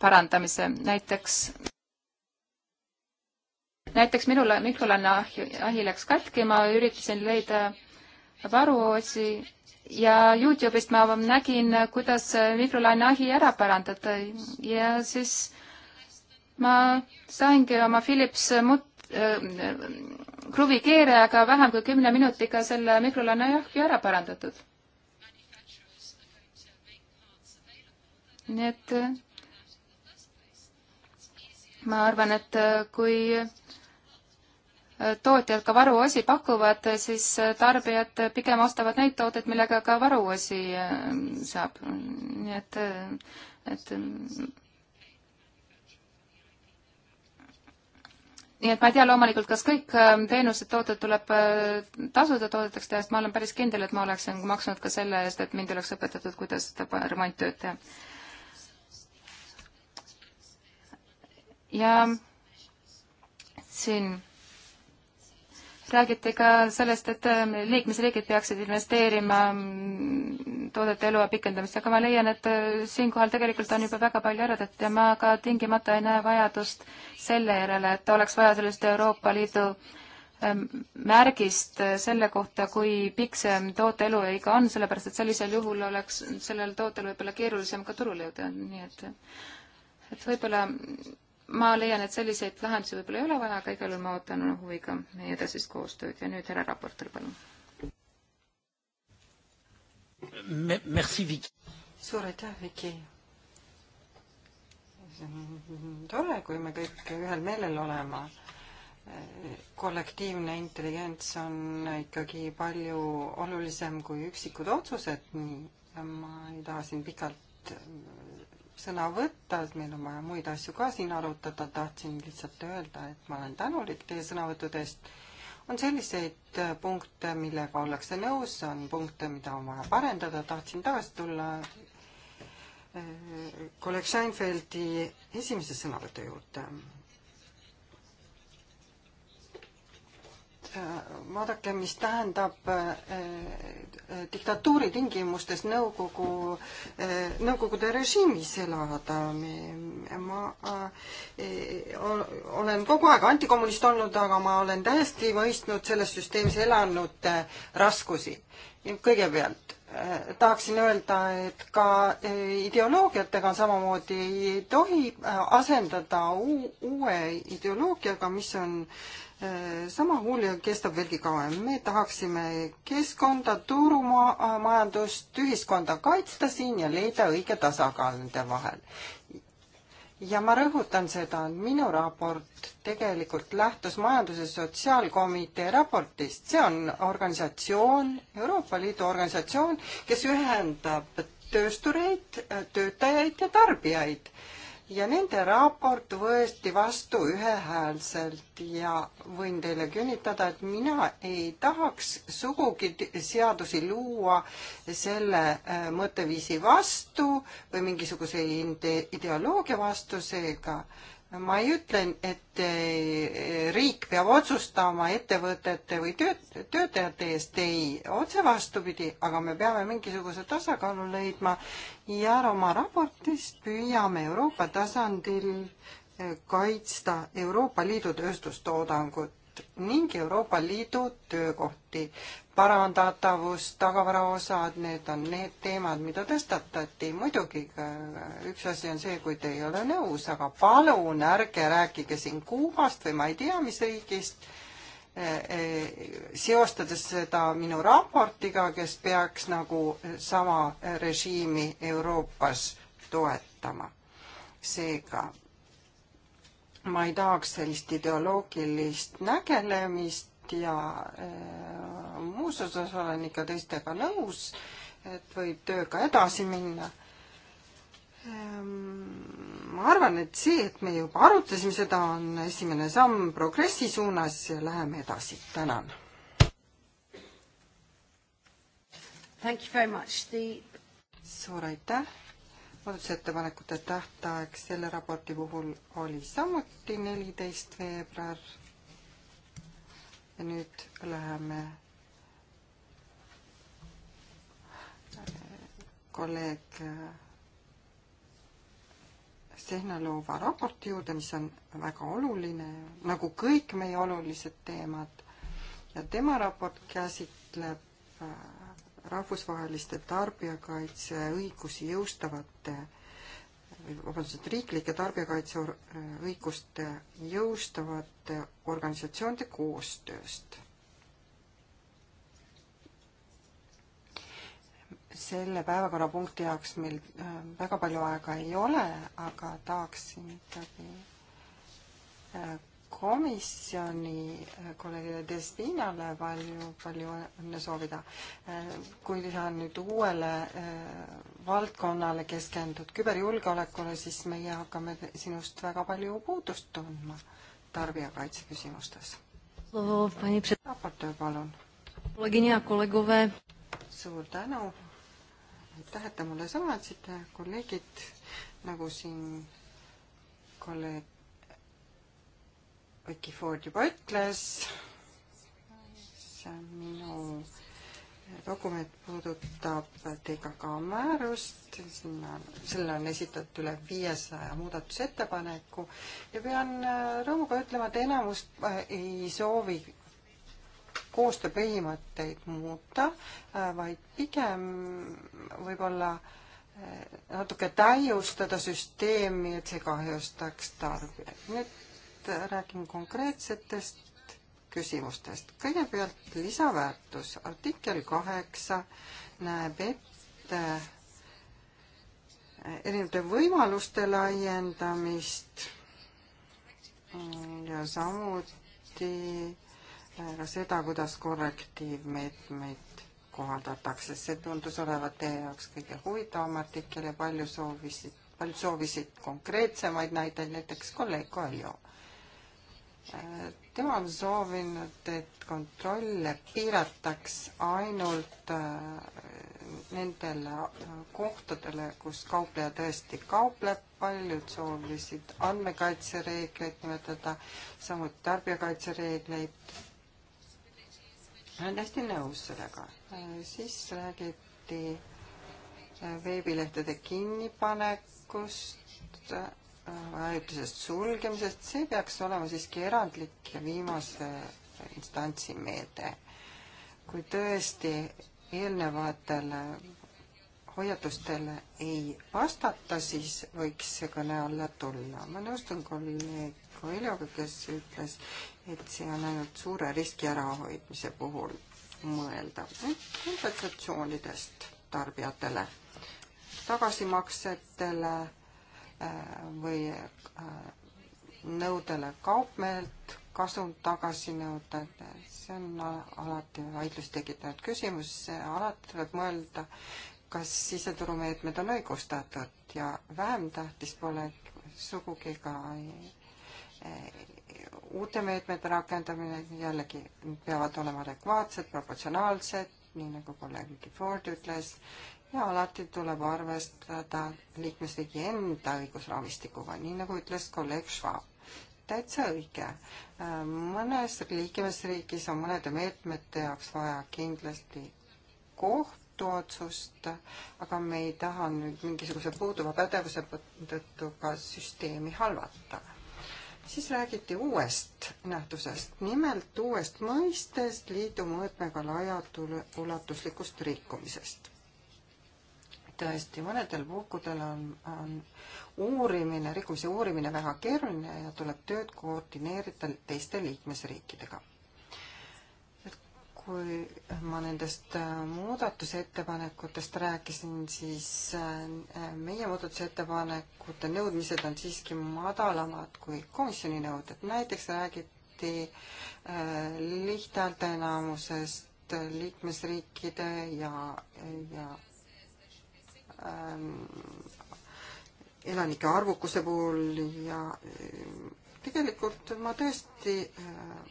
parandamise, näiteks näiteks minul, minul on ah, ahi läks katki, ma üritasin leida varuotsi ja Youtube'ist ma nägin, kuidas mikrolaineahi ära parandada ja siis ma saingi oma Philips mut- äh,, kruvikeerajaga vähem kui kümne minutiga selle mikrolaineahi ära parandatud. nii et äh, ma arvan, et äh, kui tootjad ka varuosi pakuvad, siis äh, tarbijad pigem ostavad neid tooteid, millega ka varuosi äh, saab. nii et, äh, et nii et ma ei tea loomulikult, kas kõik teenused, tooted tuleb tasuda toodeteks teha, sest ma olen päris kindel, et ma oleksin maksnud ka selle eest, et mind oleks õpetatud, kuidas seda remonttööd teha. ja siin räägiti ka sellest, et ähm, liikmesriigid peaksid investeerima mm, toodete eluea pikendamist, aga ma leian, et äh, siinkohal tegelikult on juba väga palju ära tehtud ja ma ka tingimata ei näe vajadust selle järele, et oleks vaja sellist Euroopa Liidu ähm, märgist äh, selle kohta, kui pikk see ähm, toote eluiga on, sellepärast et sellisel juhul oleks sellel tootel võib-olla keerulisem ka turule jõuda, nii et et võib-olla ma leian, et selliseid lahendusi võib-olla ei ole vaja, aga igal juhul ma ootan huviga meie edasist koostööd ja nüüd härra raportöör, palun. Merci, Viki. suur aitäh, Viki. tore, kui me kõik ühel meelel oleme kollektiivne intelligents on ikkagi palju olulisem kui üksikud otsused, nii ma ei taha siin pikalt sõna võtta, meil on vaja muid asju ka siin arutada, tahtsin lihtsalt öelda, et ma olen tänulik teie sõnavõttude eest. on selliseid punkte, millega ollakse nõus, on punkte, mida on vaja parendada, tahtsin tagasi tulla eh, kolleeg Scheinfeldi esimese sõnavõtu juurde. vaadake, mis tähendab eh, diktatuuri tingimustes nõukogu, eh, nõukogude režiimis elada. ma eh, olen kogu aeg antikommunist olnud, aga ma olen täiesti mõistnud selles süsteemis elanute raskusi. kõigepealt tahaksin öelda, et ka ideoloogiatega samamoodi ei tohi asendada uue ideoloogiaga, mis on äh, sama huuliga kestab veelgi kauem. me tahaksime keskkonda, turumajandust, ühiskonda kaitsta siin ja leida õige tasakaal nende vahel. ja ma rõhutan seda, et minu raport tegelikult lähtus Majanduse Sotsiaalkomitee raportist. see on organisatsioon, Euroopa Liidu organisatsioon, kes ühendab tööstureid, töötajaid ja tarbijaid ja nende raport võeti vastu ühehäälselt ja võin teile kinnitada, et mina ei tahaks sugugi seadusi luua selle äh, mõtteviisi vastu või mingisuguse ideoloogia vastu, seega äh, ma ei ütle, et eh, riik peab otsustama ettevõtete või tööt-, töötajate eest, ei, otse vastupidi, aga me peame mingisuguse tasakaalu leidma ja oma raportis püüame Euroopa tasandil eh, kaitsta Euroopa Liidu tööstustoodangut ning Euroopa Liidu töökohti. parandatavus, tagavaraosad, need on need teemad, mida tõstatati. muidugi üks asi on see, kui te ei ole nõus, aga palun ärge rääkige siin Kuubast või ma ei tea, mis riigist eh, eh, seostades seda minu raportiga, kes peaks nagu sama režiimi Euroopas toetama. seega ma ei tahaks sellist ideoloogilist nägelemist ja äh, muus osas olen ikka teistega nõus, et võib tööga edasi minna ähm,. ma arvan, et see, et me juba arutasime seda, on esimene samm progressi suunas ja läheme edasi. tänan. The... suur aitäh muudatusettepanekute tähtaeg selle raporti puhul oli samuti neliteist veebruar. ja nüüd läheme äh, kolleeg äh, Sehnalova raporti juurde, mis on väga oluline, nagu kõik meie olulised teemad ja tema raport käsitleb äh, rahvusvaheliste tarbijakaitseõigusi jõustavate või vabandust, riiklike tarbijakaitseõiguste jõustavate organisatsioonide koostööst. selle päevakorrapunkti jaoks meil äh, väga palju aega ei ole, aga tahaksin ikkagi äh, komisjoni äh, kolleegile Despinale palju, palju õnne soovida. Äh, kui sa nüüd uuele äh, valdkonnale keskendud, küberjulgeolekule, siis meie hakkame sinust väga palju puudust tundma tarbijakaitse küsimustes. raportöö, palun. suur tänu. aitäh, et te mulle sõna andsite, kolleegid, nagu siin kolleeg Vicky Ford juba ütles, see on minu dokument puudutab TKK määrust, sinna, selle on esitatud üle viiesaja muudatusettepaneku ja pean äh, rõõmuga ütlema, et enamus äh, ei soovi koostööpõhimõtteid muuta, äh, vaid pigem võib-olla natuke täiustada süsteemi, et see kahjustaks tarbijaid. nüüd et räägime konkreetsetest küsimustest. kõigepealt lisaväärtus. artikkel kaheksa näeb ette erinevate võimaluste laiendamist ja samuti ka seda, kuidas korrektiivmeetmeid kohaldatakse. see tundus olevat teie jaoks kõige huvitavam artikkel ja palju soovisid, paljud soovisid konkreetsemaid näiteid, näiteks kolleeg Kaljo tema on soovinud, et kontrolle piirataks ainult äh, nendele äh, kohtadele, kus kaupleja tõesti kaupleb, paljud soovisid andmekaitsereegleid nimetada, samuti tarbijakaitsereegleid. olen täiesti nõus sellega. Äh, siis räägiti veebilehtede kinnipanekust ajutisest sulgemisest, see peaks olema siiski erandlik ja viimase instantsi meede. kui tõesti eelnevatele hoiatustele ei vastata, siis võiks see kõne alla tulla. ma nõustun kolleeg Koiljoga, kes ütles, et see on ainult suure riski ärahoidmise puhul mõeldav. nüüd kompensatsioonidest tarbijatele, tagasimaksetele Äh, või äh, nõudele kaupmehelt kasum tagasi nõuda, et see on alati vaidlust tekitanud küsimus, alati tuleb mõelda, kas siseturumeetmed on õigustatud ja vähem tähtis pole sugugi ka äh, uute meetmete rakendamine, jällegi peavad olema adekvaatsed, proportsionaalsed, nii nagu kolleeg Ford ütles, ja alati tuleb arvestada liikmesriigi enda õigusraamistikuga, nii nagu ütles kolleeg Schwab. täitsa õige. Äh, mõnes liikmesriigis on mõnede meetmete jaoks vaja kindlasti kohtuotsust, aga me ei taha nüüd mingisuguse puuduva pädevuse tõttu ka süsteemi halvata siis räägiti uuest nähtusest, nimelt uuest mõistest liidu mõõtmega laialt ulatuslikust rikkumisest tõesti, mõnedel puhkudel on, on uurimine, rikkumise uurimine väga keeruline ja tuleb tööd koordineerida teiste liikmesriikidega. kui ma nendest äh, muudatusettepanekutest rääkisin, siis äh, meie muudatusettepanekute nõudmised on siiski madalamad kui komisjoni nõuded, näiteks räägiti äh, lihthäälteenamusest liikmesriikide ja, ja Ähm, elanike arvukuse puhul ja äh, tegelikult ma tõesti äh,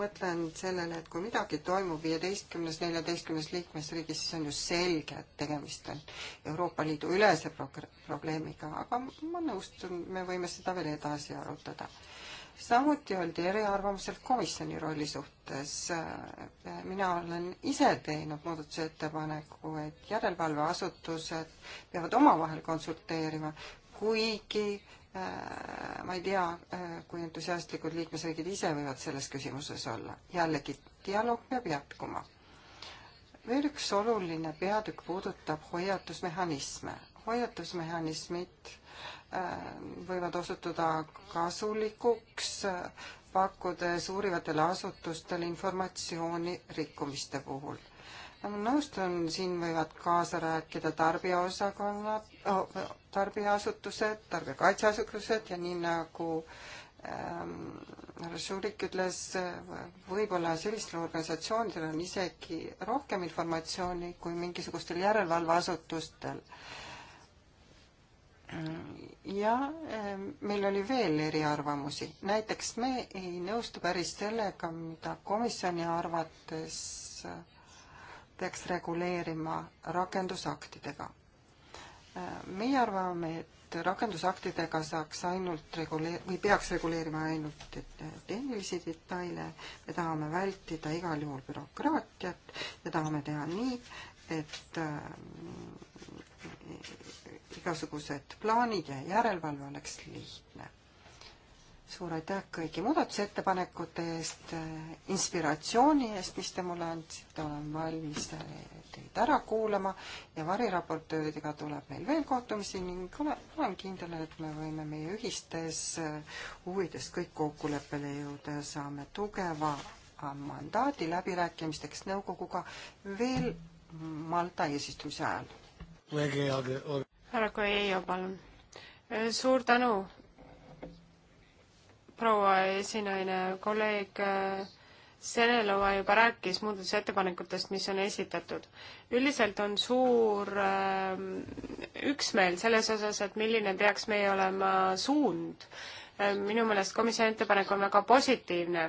mõtlen sellele, et kui midagi toimub viieteistkümnes, neljateistkümnes liikmesriigis, siis on ju selge, et tegemist on Euroopa Liidu ülese probleemiga, aga ma nõustun, me võime seda veel edasi arutada samuti oldi eriarvamusel komisjoni rolli suhtes. mina olen ise teinud muudatusettepaneku, et järelevalveasutused peavad omavahel konsulteerima, kuigi äh, ma ei tea, äh, kui entusiastlikud liikmesriigid ise võivad selles küsimuses olla. jällegi, dialoog peab jätkuma. veel üks oluline peatükk puudutab hoiatusmehhanisme. hoiatusmehhanismid Äh, võivad osutuda kasulikuks, pakkudes uurivatele asutustele informatsiooni rikkumiste puhul. ma nõustun, siin võivad kaasa rääkida tarbijaosakonnad, oh, tarbijaasutused, tarbijakaitseasutused ja nii nagu ähm, härra Šurik ütles, võib-olla sellistel organisatsioonidel on isegi rohkem informatsiooni kui mingisugustel järelevalveasutustel ja eh, meil oli veel eriarvamusi, näiteks me ei nõustu päris sellega, mida komisjoni arvates eh, peaks reguleerima rakendusaktidega. Eh, meie arvame, et rakendusaktidega saaks ainult reguleer- või peaks reguleerima ainult tehnilisi detaile, me tahame vältida igal juhul bürokraatiat ja tahame teha nii, et igasugused plaanid ja järelevalve oleks lihtne. suur aitäh kõigi muudatusettepanekute eest, inspiratsiooni eest, mis te mulle andsite, olen valmis teid ära kuulama ja variraportööridega tuleb meil veel kohtumisi ning olen kindel, et me võime meie ühistes äh, huvides kõik kokkuleppele jõuda ja saame tugeva äh, mandaadi läbirääkimisteks nõukoguga veel Malta eesistumise ajal härra Koeio, palun. suur tänu, proua esinaine, kolleeg äh, Senelova juba rääkis muudatusettepanekutest, mis on esitatud. üldiselt on suur äh, üksmeel selles osas, et milline peaks meie olema suund Äh, minu meelest komisjoni ettepanek on väga positiivne,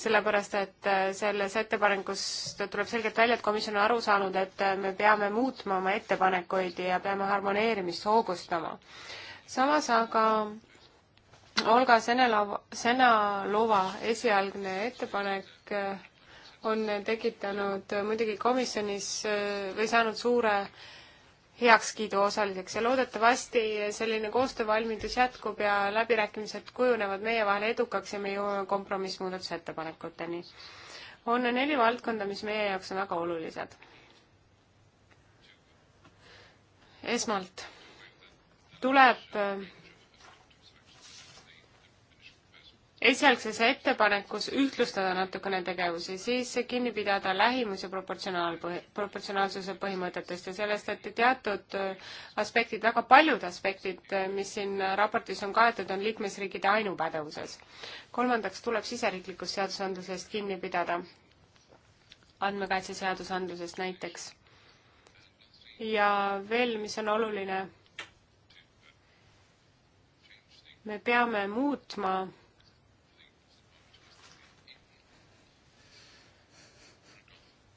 sellepärast et äh, selles ettepanekus tuleb selgelt välja, et komisjon on aru saanud, et äh, me peame muutma oma ettepanekuid ja peame harmoneerimist hoogustama. samas aga Olga Senelova, Senalova esialgne ettepanek on tekitanud muidugi komisjonis või saanud suure heakskiidu osaliseks ja loodetavasti selline koostöövalmidus jätkub ja läbirääkimised kujunevad meie vahel edukaks ja me jõuame kompromissmuudatusettepanekuteni. on neli valdkonda, mis meie jaoks on väga olulised. esmalt tuleb esialgses ettepanekus ühtlustada natukene tegevusi, siis kinni pidada lähimus- ja proportsionaal, proportsionaalsuse põhimõtetest ja sellest, et teatud äh, aspektid, väga paljud aspektid, äh, mis siin raportis on kaetud, on liikmesriikide ainupädevuses. kolmandaks tuleb siseriiklikust seadusandlusest kinni pidada, andmekaitse seadusandlusest näiteks. ja veel, mis on oluline, me peame muutma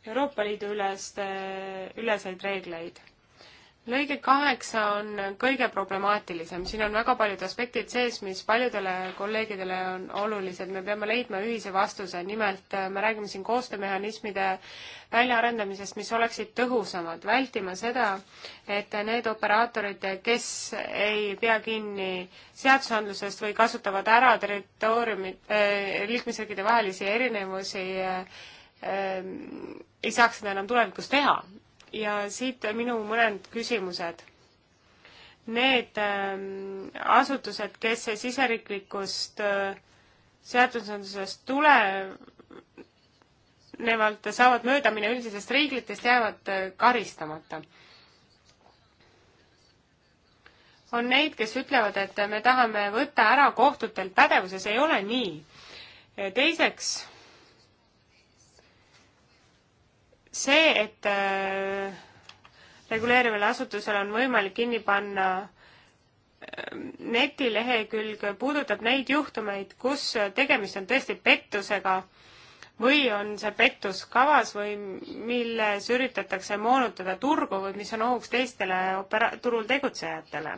Euroopa Liidu üleste, üleseid reegleid. lõige kaheksa on kõige problemaatilisem, siin on väga paljud aspektid sees, mis paljudele kolleegidele on olulised, me peame leidma ühise vastuse, nimelt äh, me räägime siin koostöömehhanismide väljaarendamisest, mis oleksid tõhusamad, vältima seda, et need operaatorid, kes ei pea kinni seadusandlusest või kasutavad ära territooriumi äh,, liikmesriikide vahelisi erinevusi äh, Ähm, ei saaks seda enam tulevikus teha. ja siit minu mõned küsimused. Need ähm, asutused, kes siseriiklikust äh, seadusandlusest tulenevalt saavad möödaminna üldisest reeglitest, jäävad äh, karistamata on neid, kes ütlevad, et me tahame võtta ära kohtutelt pädevuse, see ei ole nii. teiseks, see, et äh, reguleerival asutusel on võimalik kinni panna ähm, netilehekülg puudutab neid juhtumeid, kus tegemist on tõesti pettusega või on see pettus kavas või milles üritatakse moonutada turgu või mis on ohuks teistele opera-, turul tegutsejatele.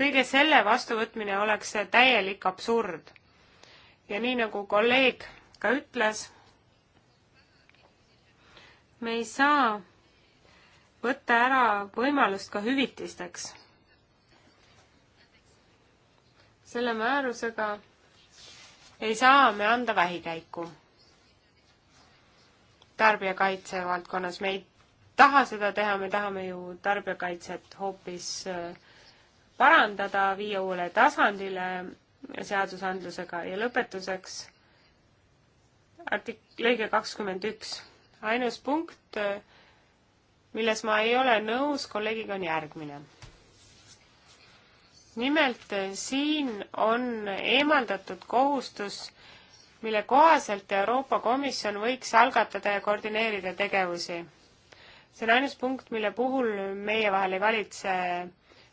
kõige selle vastuvõtmine oleks täielik absurd. ja nii nagu kolleeg ka ütles, me ei saa võtta ära võimalust ka hüvitisteks. selle määrusega ei saa me anda vähikäiku tarbijakaitse valdkonnas, me ei taha seda teha, me tahame ju tarbijakaitset hoopis äh, parandada, viia uuele tasandile seadusandlusega ja lõpetuseks artik-, lõige kakskümmend üks. ainus punkt, milles ma ei ole nõus kolleegiga, on järgmine. nimelt siin on eemaldatud kohustus, mille kohaselt Euroopa Komisjon võiks algatada ja koordineerida tegevusi. see on ainus punkt, mille puhul meie vahel ei valitse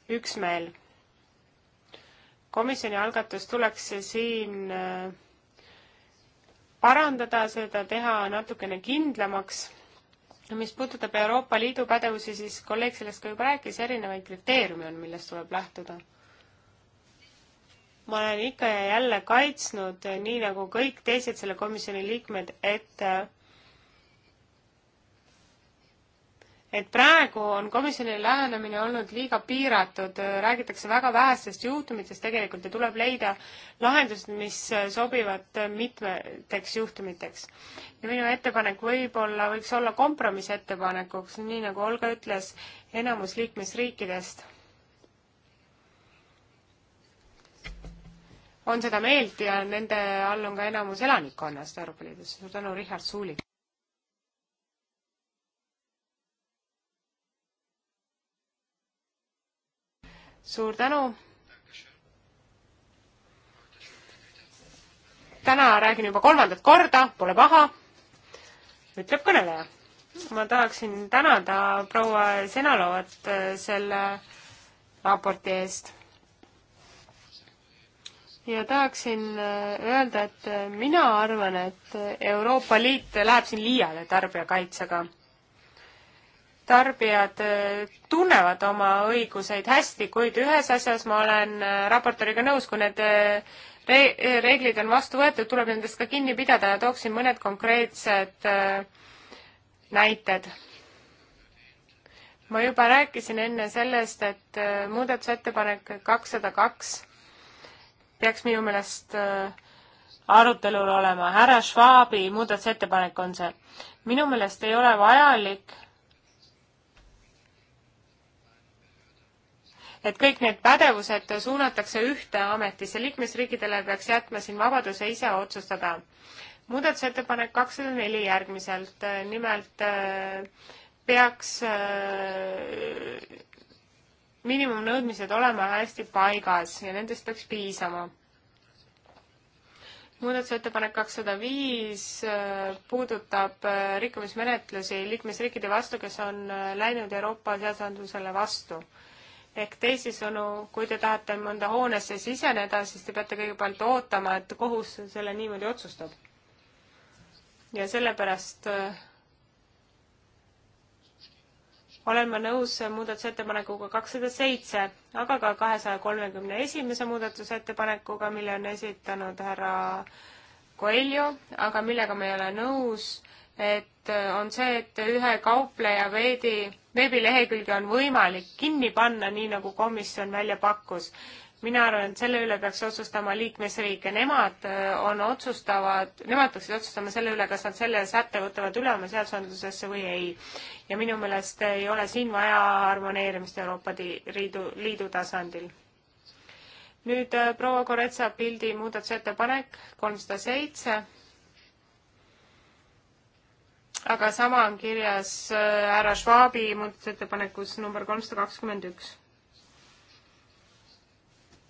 üksmeel. komisjoni algatus tuleks siin äh, parandada, seda teha natukene kindlamaks. mis puudutab Euroopa Liidu pädevusi, siis kolleeg sellest ka juba rääkis, erinevaid kriteeriume on, millest tuleb lähtuda. ma olen ikka ja jälle kaitsnud, nii nagu kõik teised selle komisjoni liikmed, et et praegu on komisjoni lähenemine olnud liiga piiratud, räägitakse väga vähestest juhtumitest tegelikult ja tuleb leida lahendused, mis sobivad mitmeteks juhtumiteks. ja minu ettepanek võib-olla võiks olla kompromissettepanekuks, nii nagu Olga ütles, enamus liikmesriikidest on seda meelt ja nende all on ka enamus elanikkonnast Euroopa Liidus. suur tänu, Richard Suulik! suur tänu. täna räägin juba kolmandat korda, pole paha, ütleb kõneleja. ma tahaksin tänada proua Senalovat äh, selle raporti eest. ja tahaksin äh, öelda, et äh, mina arvan, et Euroopa Liit läheb siin liiale tarbijakaitsega tarbijad äh, tunnevad oma õiguseid hästi, kuid ühes asjas ma olen äh, raportööriga nõus, kui need äh, re-, reeglid on vastu võetud, tuleb nendest ka kinni pidada ja tooksin mõned konkreetsed näited. ma juba rääkisin enne sellest, et muudatusettepanek kakssada kaks peaks minu meelest arutelul olema, härra Schwabi muudatusettepanek on see. minu meelest ei ole vajalik et kõik need pädevused suunatakse ühte ametisse, liikmesriikidele peaks jätma siin vabaduse ise otsustada. muudatusettepanek kakssada neli järgmiselt, nimelt äh, peaks äh, miinimumnõudmised olema hästi paigas ja nendest peaks piisama muudatusettepanek kakssada viis äh, puudutab rikkumismenetlusi liikmesriikide vastu, kes on läinud Euroopa seadusandlusele vastu ehk teisisõnu, kui te tahate mõnda hoonesse siseneda, siis te peate kõigepealt ootama, et kohus selle niimoodi otsustab. ja sellepärast äh, olen ma nõus muudatusettepanekuga kakssada seitse, aga ka kahesaja kolmekümne esimese muudatusettepanekuga, mille on esitanud härra Coelho, aga millega ma ei ole nõus, et äh, on see, et ühe kaupleja veedi, veebilehekülge on võimalik kinni panna, nii nagu komisjon välja pakkus. mina arvan, et selle üle peaks otsustama liikmesriik ja nemad äh, on otsustavad, nemad peaksid otsustama selle üle, kas nad selle sätte võtavad üle oma seadusandlusesse või ei. ja minu meelest ei ole siin vaja harmoneerimist Euroopa Liidu, Liidu tasandil nüüd äh, proua Koretsa pildi muudatusettepanek kolmsada seitse aga sama on kirjas äh, härra Schwabi muudatusettepanekus number kolmsada kakskümmend üks.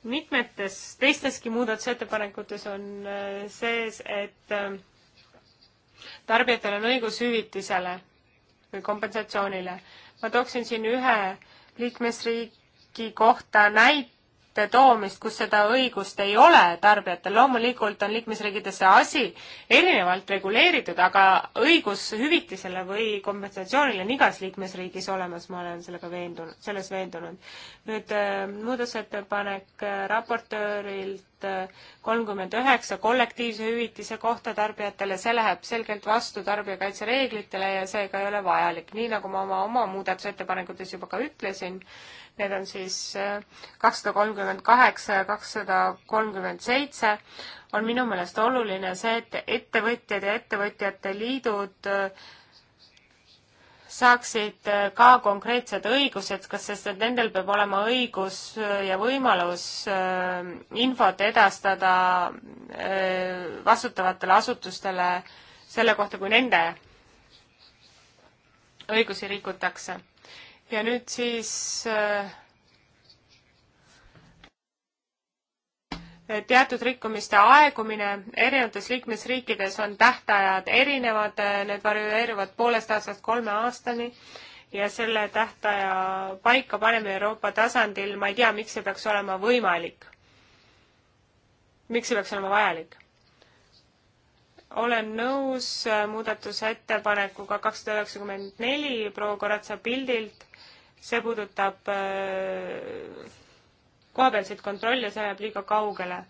mitmetes teisteski muudatusettepanekutes on äh, sees, et äh, tarbijatel on õigus hüvitisele või kompensatsioonile. ma tooksin siin ühe liikmesriigi kohta näite, toodete toomist, kus seda õigust ei ole tarbijatel. loomulikult on liikmesriikides see asi erinevalt reguleeritud, aga õigus hüvitisele või kompensatsioonile on igas liikmesriigis olemas, ma olen sellega veendunud, selles veendunud. nüüd äh, muudatusettepanek äh, raportöörilt äh, kolmkümmend üheksa kollektiivse hüvitise kohta tarbijatele, see läheb selgelt vastu tarbijakaitsereeglitele ja seega ei ole vajalik, nii nagu ma oma, oma muudatusettepanekutes juba ka ütlesin Need on siis äh, kakssada kolmkümmend kaheksa ja kakssada kolmkümmend seitse. on minu meelest oluline see, et ettevõtjad ja ettevõtjate liidud äh, saaksid äh, ka konkreetsed õigused, kas, sest et nendel peab olema õigus ja võimalus infot edastada vastutavatele asutustele selle kohta, kui nende õigusi rikutakse ja nüüd siis äh, teatud rikkumiste aegumine erinevates liikmesriikides on tähtajad erinevad, äh, need varieeruvad poolest aastast kolme aastani ja selle tähtaja paikapanemine Euroopa tasandil, ma ei tea, miks see peaks olema võimalik. miks see peaks olema vajalik? olen nõus äh, muudatusettepanekuga kakssada üheksakümmend neli proua Koratsa pildilt see puudutab äh, kohapealseid kontrolle, see läheb liiga kaugele.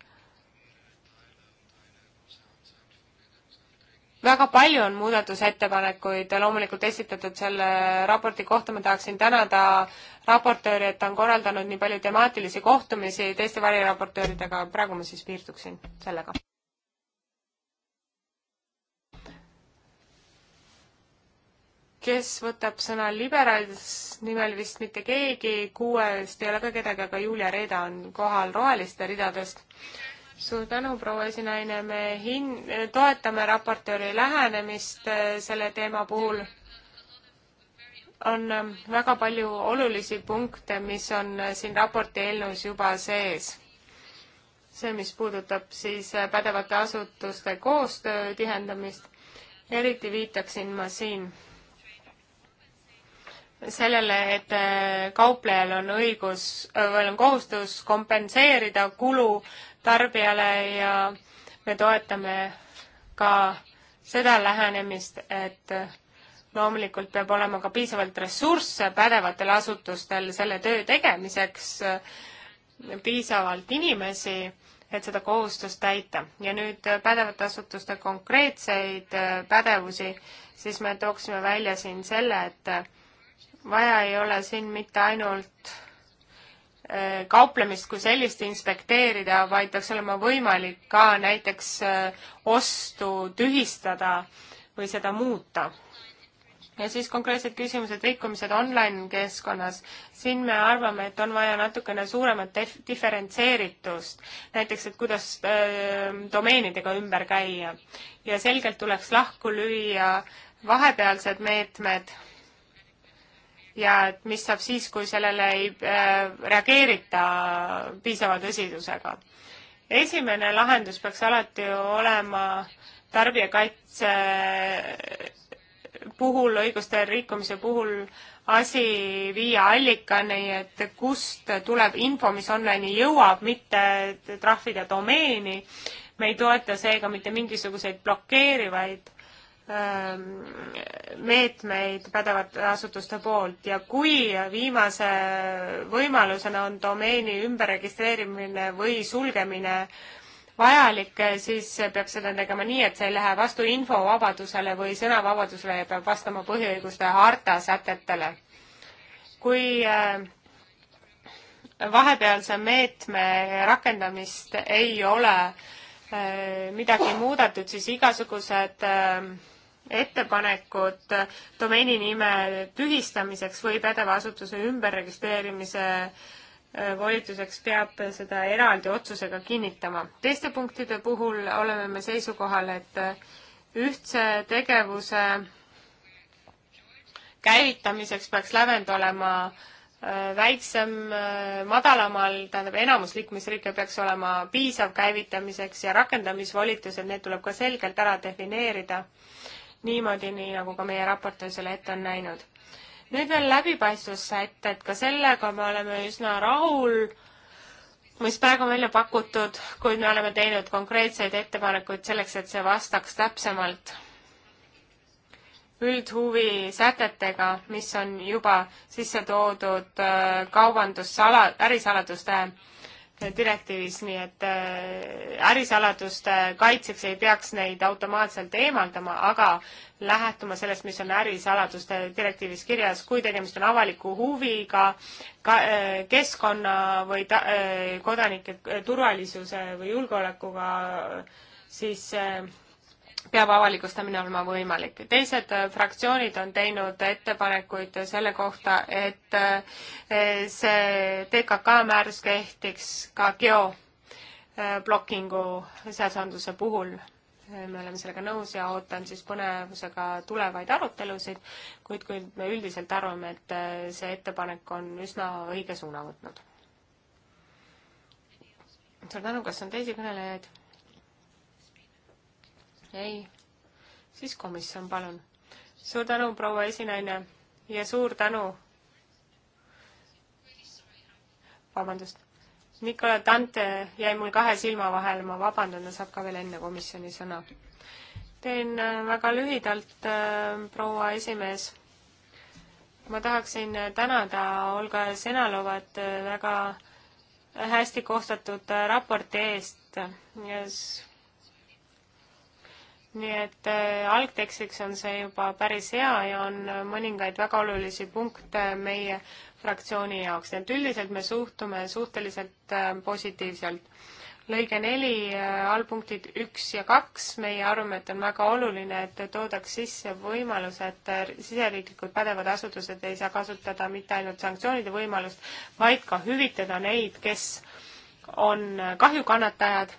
väga palju on muudatusettepanekuid loomulikult esitatud selle raporti kohta, ma tahaksin tänada raportööri, et ta on korraldanud nii palju temaatilisi kohtumisi teiste variraportööridega, praegu ma siis piirduksin sellega. kes võtab sõna liberaalidest nimel vist mitte keegi, kuuest ei ole ka kedagi, aga Julia Reeda on kohal roheliste ridadest. suur tänu, proua esinaine, me hin-, toetame raportööri lähenemist äh, selle teema puhul. on ähm, väga palju olulisi punkte, mis on äh, siin raporti eelnõus juba sees see, mis puudutab siis äh, pädevate asutuste koostöö tihendamist eriti viitaksin ma siin sellele, et äh, kauplejal on õigus äh, või on kohustus kompenseerida kulu tarbijale ja me toetame ka seda lähenemist, et äh, loomulikult peab olema ka piisavalt ressursse pädevatel asutustel selle töö tegemiseks, piisavalt inimesi, et seda kohustust täita. ja nüüd pädevate asutuste konkreetseid pädevusi, siis me tooksime välja siin selle, et vaja ei ole siin mitte ainult äh, kauplemist kui sellist inspekteerida, vaid peaks olema võimalik ka näiteks äh, ostu tühistada või seda muuta. ja siis konkreetsed küsimused, rikkumised online-keskkonnas. siin me arvame, et on vaja natukene suuremat dif-, diferentseeritust, näiteks et kuidas äh, domeenidega ümber käia. ja selgelt tuleks lahku lüüa vahepealsed meetmed ja et mis saab siis, kui sellele ei äh, reageerita piisava tõsidusega. esimene lahendus peaks alati olema tarbijakaitse puhul, õiguste rikkumise puhul asi viia allikani, et kust tuleb info, mis online'i jõuab, mitte trahvida domeeni. me ei toeta seega mitte mingisuguseid blokeerivaid Ähm, meetmeid pädevate asutuste poolt ja kui viimase võimalusena on domeeni ümberregistreerimine või sulgemine vajalik, siis peab seda tegema nii, et see ei lähe vastu infovabadusele või sõnavabadusele ja peab vastama põhiõiguste harta sätetele. kui äh, vahepealse meetme rakendamist ei ole äh, midagi muudetud, siis igasugused äh, ettepanekut domeeni nime tühistamiseks või pädeva asutuse ümberregistreerimise äh, volituseks peab seda eraldi otsusega kinnitama. teiste punktide puhul oleme me seisukohal, et äh, ühtse tegevuse käivitamiseks peaks lävend olema äh, väiksem, madalamal, tähendab enamus liikmesriike peaks olema piisav käivitamiseks ja rakendamisvolitused, need tuleb ka selgelt ära defineerida niimoodi, nii nagu ka meie raportöö selle ette on näinud. nüüd veel läbipaistvussätted, ka sellega me oleme üsna rahul, mis praegu on välja pakutud, kuid me oleme teinud konkreetseid ettepanekuid selleks, et see vastaks täpsemalt üldhuvi sätetega, mis on juba sisse toodud kaubandussala, ärisaladuste äh, direktiivis, nii et äh, ärisaladuste kaitseks ei peaks neid automaatselt eemaldama, aga lähtuma sellest, mis on ärisaladuste direktiivis kirjas, kui tegemist on avaliku huviga, ka äh, keskkonna või ta, äh, kodanike turvalisuse või julgeolekuga, siis peab avalikustamine olema võimalik. teised äh, fraktsioonid on teinud ettepanekuid selle kohta, et äh, see TKK määrus kehtiks ka geoblokingu seadusandluse puhul. me oleme sellega nõus ja ootan siis põnevusega tulevaid arutelusid, kuid kui me üldiselt arvame, et äh, see ettepanek on üsna õige suuna võtnud. suur tänu, kas on teisi kõnelejaid? ei? siis komisjon, palun. suur tänu, proua esinaine ja suur tänu. vabandust. Nicola Dante jäi mul kahe silma vahele, ma vabandan, ta saab ka veel enne komisjoni sõna. teen äh, väga lühidalt, äh, proua esimees. ma tahaksin tänada Olga Senalovat äh, väga hästi koostatud raporti eest ja yes nii et äh, algtekstiks on see juba päris hea ja on äh, mõningaid väga olulisi punkte meie fraktsiooni jaoks, nii et üldiselt me suhtume suhteliselt äh, positiivselt. lõige neli, allpunktid üks ja kaks, meie arvame, et on väga oluline, et toodaks sisse võimalus, et siseriiklikud pädevad asutused ei saa kasutada mitte ainult sanktsioonide võimalust, vaid ka hüvitada neid, kes on kahjukannatajad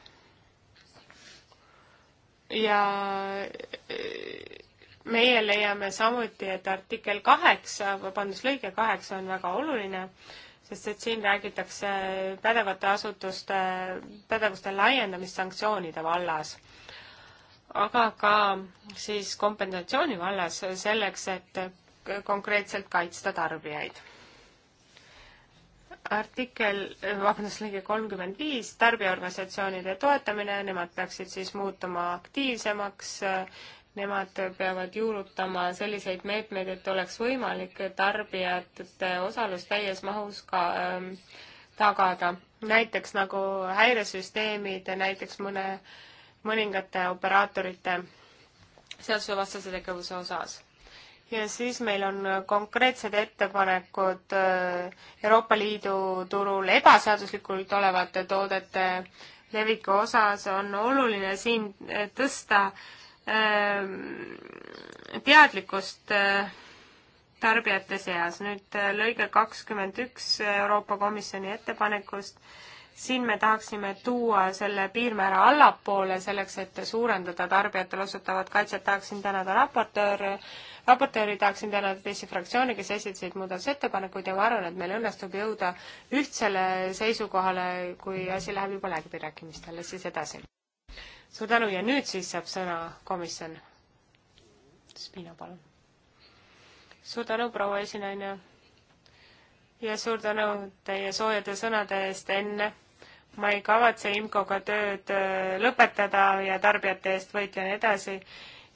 ja e, meie leiame samuti, et artikkel kaheksa, vabandust, lõige kaheksa on väga oluline, sest et siin räägitakse pädevate asutuste pädevuste laiendamist sanktsioonide vallas, aga ka siis kompensatsiooni vallas selleks, et konkreetselt kaitsta tarbijaid artikkel, vabandust, lõige kolmkümmend viis, tarbijaorganisatsioonide toetamine, nemad peaksid siis muutuma aktiivsemaks, nemad peavad juurutama selliseid meetmeid, et oleks võimalik tarbijate osalus täies mahus ka ähm, tagada. näiteks nagu häiresüsteemid, näiteks mõne, mõningate operaatorite seadusevastase tegevuse osas ja siis meil on konkreetsed ettepanekud äh, Euroopa Liidu turul ebaseaduslikult olevate toodete leviku osas on oluline siin äh, tõsta äh, teadlikkust tarbijate seas. nüüd lõige kakskümmend üks Euroopa Komisjoni ettepanekust siin me tahaksime tuua selle piirmäära allapoole, selleks et suurendada tarbijatele osutavat kaitset, tahaksin tänada raportööre, raportööri tahaksin tänada teisi fraktsioone, kes esitasid muudatusettepanekuid ja ma arvan, et meil õnnestub jõuda ühtsele seisukohale, kui asi läheb juba läbirääkimistele siis edasi. suur tänu ja nüüd siis saab sõna komisjon. Spina, palun. suur tänu, proua esinaine ja suur tänu teie soojade sõnade eest enne ma ei kavatse IMCO-ga tööd äh, lõpetada ja tarbijate eest võitlen edasi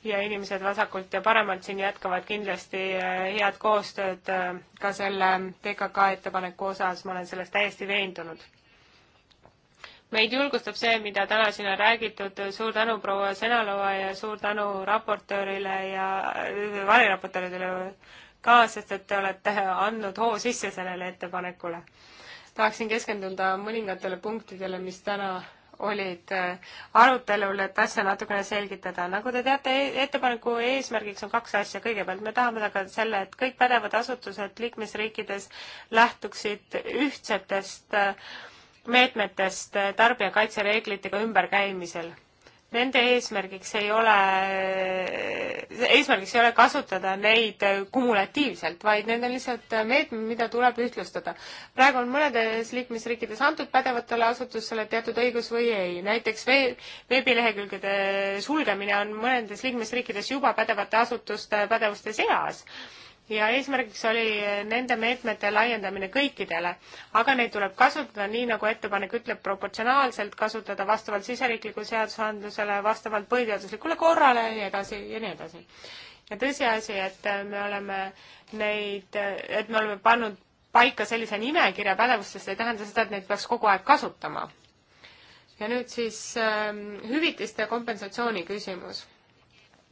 ja inimesed vasakult ja paremalt siin jätkavad kindlasti äh, head koostööd äh, ka selle TKK ettepaneku osas, ma olen selles täiesti veendunud. meid julgustab see, mida täna siin on räägitud, suur tänu proua Senalova ja suur tänu raportöörile ja variraportööridele ka, sest et te olete andnud hoo sisse sellele ettepanekule tahaksin keskenduda mõningatele punktidele, mis täna olid äh, arutelul, et asja natukene selgitada. nagu te teate, e-, ettepaneku eesmärgiks on kaks asja. kõigepealt me tahame tagada selle, et kõik pädevad asutused liikmesriikides lähtuksid ühtsetest äh, meetmetest äh, tarbijakaitsereeglitega ümberkäimisel Nende eesmärgiks ei ole, eesmärgiks ei ole kasutada neid kumulatiivselt, vaid need on lihtsalt meetmed, mida tuleb ühtlustada. praegu on mõnedes liikmesriikides antud pädevatele asutusele teatud õigus või ei. näiteks veebilehekülgede sulgemine on mõnedes liikmesriikides juba pädevate asutuste pädevuste seas ja eesmärgiks oli nende meetmete laiendamine kõikidele, aga neid tuleb kasutada nii, nagu ettepanek ütleb, proportsionaalselt kasutada vastavalt siseriiklikule seadusandlusele, vastavalt põhiseaduslikule korrale ja nii edasi ja nii edasi. ja tõsiasi, et me oleme neid, et me oleme pannud paika sellise nimekirja pädevustest, ei tähenda seda, et neid peaks kogu aeg kasutama. ja nüüd siis äh, hüvitiste kompensatsiooni küsimus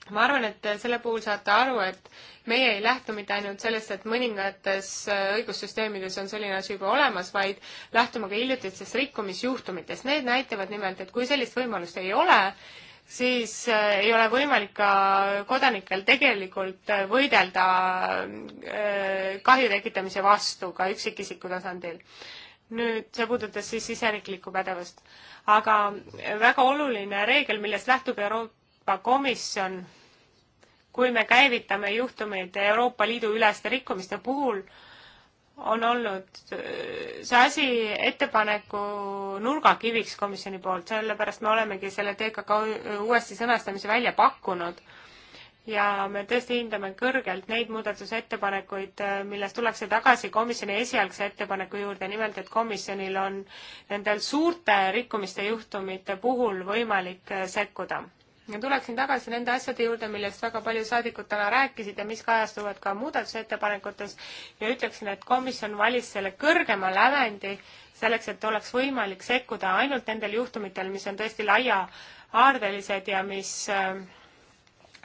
ma arvan, et selle puhul saate aru, et meie ei lähtu mitte ainult sellest, et mõningates äh, õigussüsteemides on selline asi juba olemas, vaid lähtume ka hiljutistest rikkumisjuhtumitest. Need näitavad nimelt, et kui sellist võimalust ei ole, siis äh, ei ole võimalik ka kodanikel tegelikult äh, võidelda kahju tekitamise vastu ka üksikisiku tasandil nüüd see puudutas siis siseriiklikku pädevust. aga väga oluline reegel, millest lähtub Euroopa Euroopa Komisjon, kui me käivitame juhtumeid Euroopa Liidu üleste rikkumiste puhul, on olnud äh, see asi ettepaneku nurgakiviks komisjoni poolt, sellepärast me olemegi selle TKK uuesti sõnastamise välja pakkunud. ja me tõesti hindame kõrgelt neid muudatusettepanekuid, äh, milles tullakse tagasi komisjoni esialgse ettepaneku juurde, nimelt et komisjonil on nendel suurte rikkumiste juhtumite puhul võimalik äh, sekkuda ma tuleksin tagasi nende asjade juurde, millest väga palju saadikud täna rääkisid ja mis kajastuvad ka muudatusettepanekutes ja ütleksin, et komisjon valis selle kõrgema lävendi selleks, et oleks võimalik sekkuda ainult nendel juhtumitel, mis on tõesti laiahaardelised ja mis äh,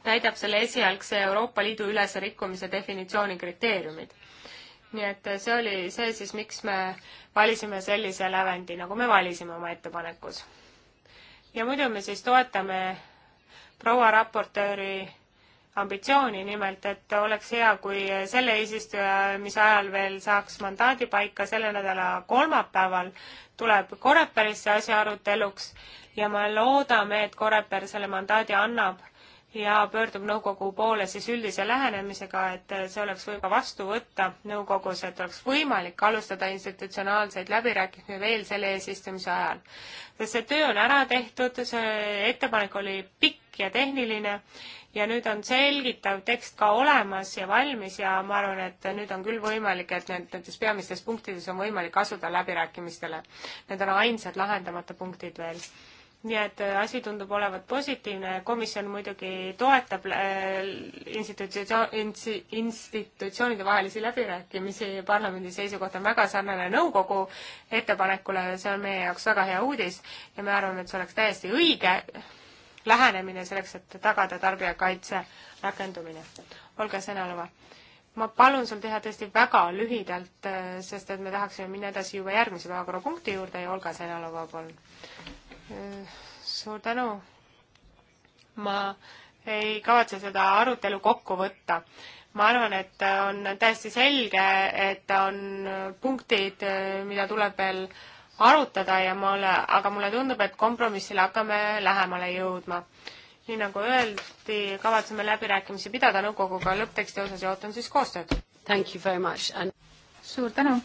täidab selle esialgse Euroopa Liidu ülese rikkumise definitsiooni kriteeriumid. nii et see oli see siis, miks me valisime sellise lävendi, nagu me valisime oma ettepanekus. ja muidu me siis toetame proua raportööri ambitsiooni, nimelt et oleks hea, kui selle eesistuja, mis ajal veel saaks mandaadi paika, selle nädala kolmapäeval tuleb Koreperisse asja aruteluks ja me loodame, et Koreper selle mandaadi annab ja pöördub nõukogu poole siis üldise lähenemisega, et see oleks võib ka vastu võtta nõukogus, et oleks võimalik alustada institutsionaalseid läbirääkimisi veel selle eesistumise ajal. sest see töö on ära tehtud, see ettepanek oli pikk, pikk ja tehniline ja nüüd on selgitav tekst ka olemas ja valmis ja ma arvan, et nüüd on küll võimalik, et need nendes peamistes punktides on võimalik asuda läbirääkimistele. Need on ainsad lahendamata punktid veel nii et äh, asi tundub olevat positiivne, komisjon muidugi toetab äh, institutsioon, institutsioonide vahelisi läbirääkimisi, parlamendi seisukoht on väga sarnane nõukogu ettepanekule, see on meie jaoks väga hea uudis ja me arvame, et see oleks täiesti õige lähenemine selleks, et tagada tarbijakaitse rakendumine. Olga Sõnalova, ma palun sul teha tõesti väga lühidalt, äh, sest et me tahaksime minna edasi juba järgmise päevakorrapunkti juurde ja Olga Sõnalova, palun. Äh, suur tänu. ma ei kavatse seda arutelu kokku võtta ma arvan, et on täiesti selge, et on punktid, äh, mida tuleb veel arutada ja mulle, aga mulle tundub, et kompromissile hakkame lähemale jõudma. nii nagu öeldi, kavatseme läbirääkimisi pidada nõukoguga lõppteksti osas ja ootan siis koostööd. Thank you very much and suur tänu!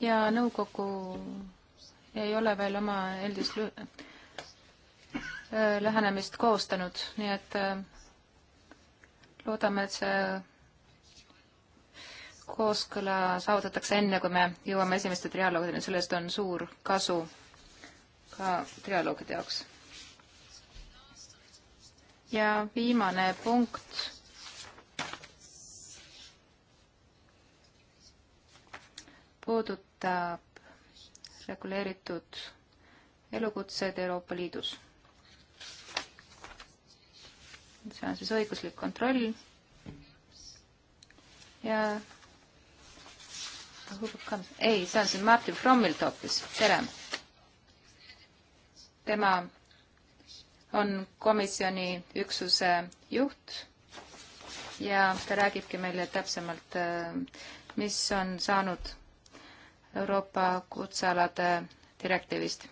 ja nõukogu ei ole veel oma eeldist lähenemist koostanud, nii et äh, loodame, et see kooskõla saavutatakse enne, kui me jõuame esimeste trialoogideni, sellest on suur kasu ka trialoogide jaoks. ja viimane punkt. puudutab reguleeritud elukutsed Euroopa Liidus. see on siis õiguslik kontroll ja ei, see on siin Martin Frommilt hoopis, tere. tema on komisjoni üksuse juht ja ta räägibki meile täpsemalt, äh, mis on saanud Euroopa kutsealade direktiivist.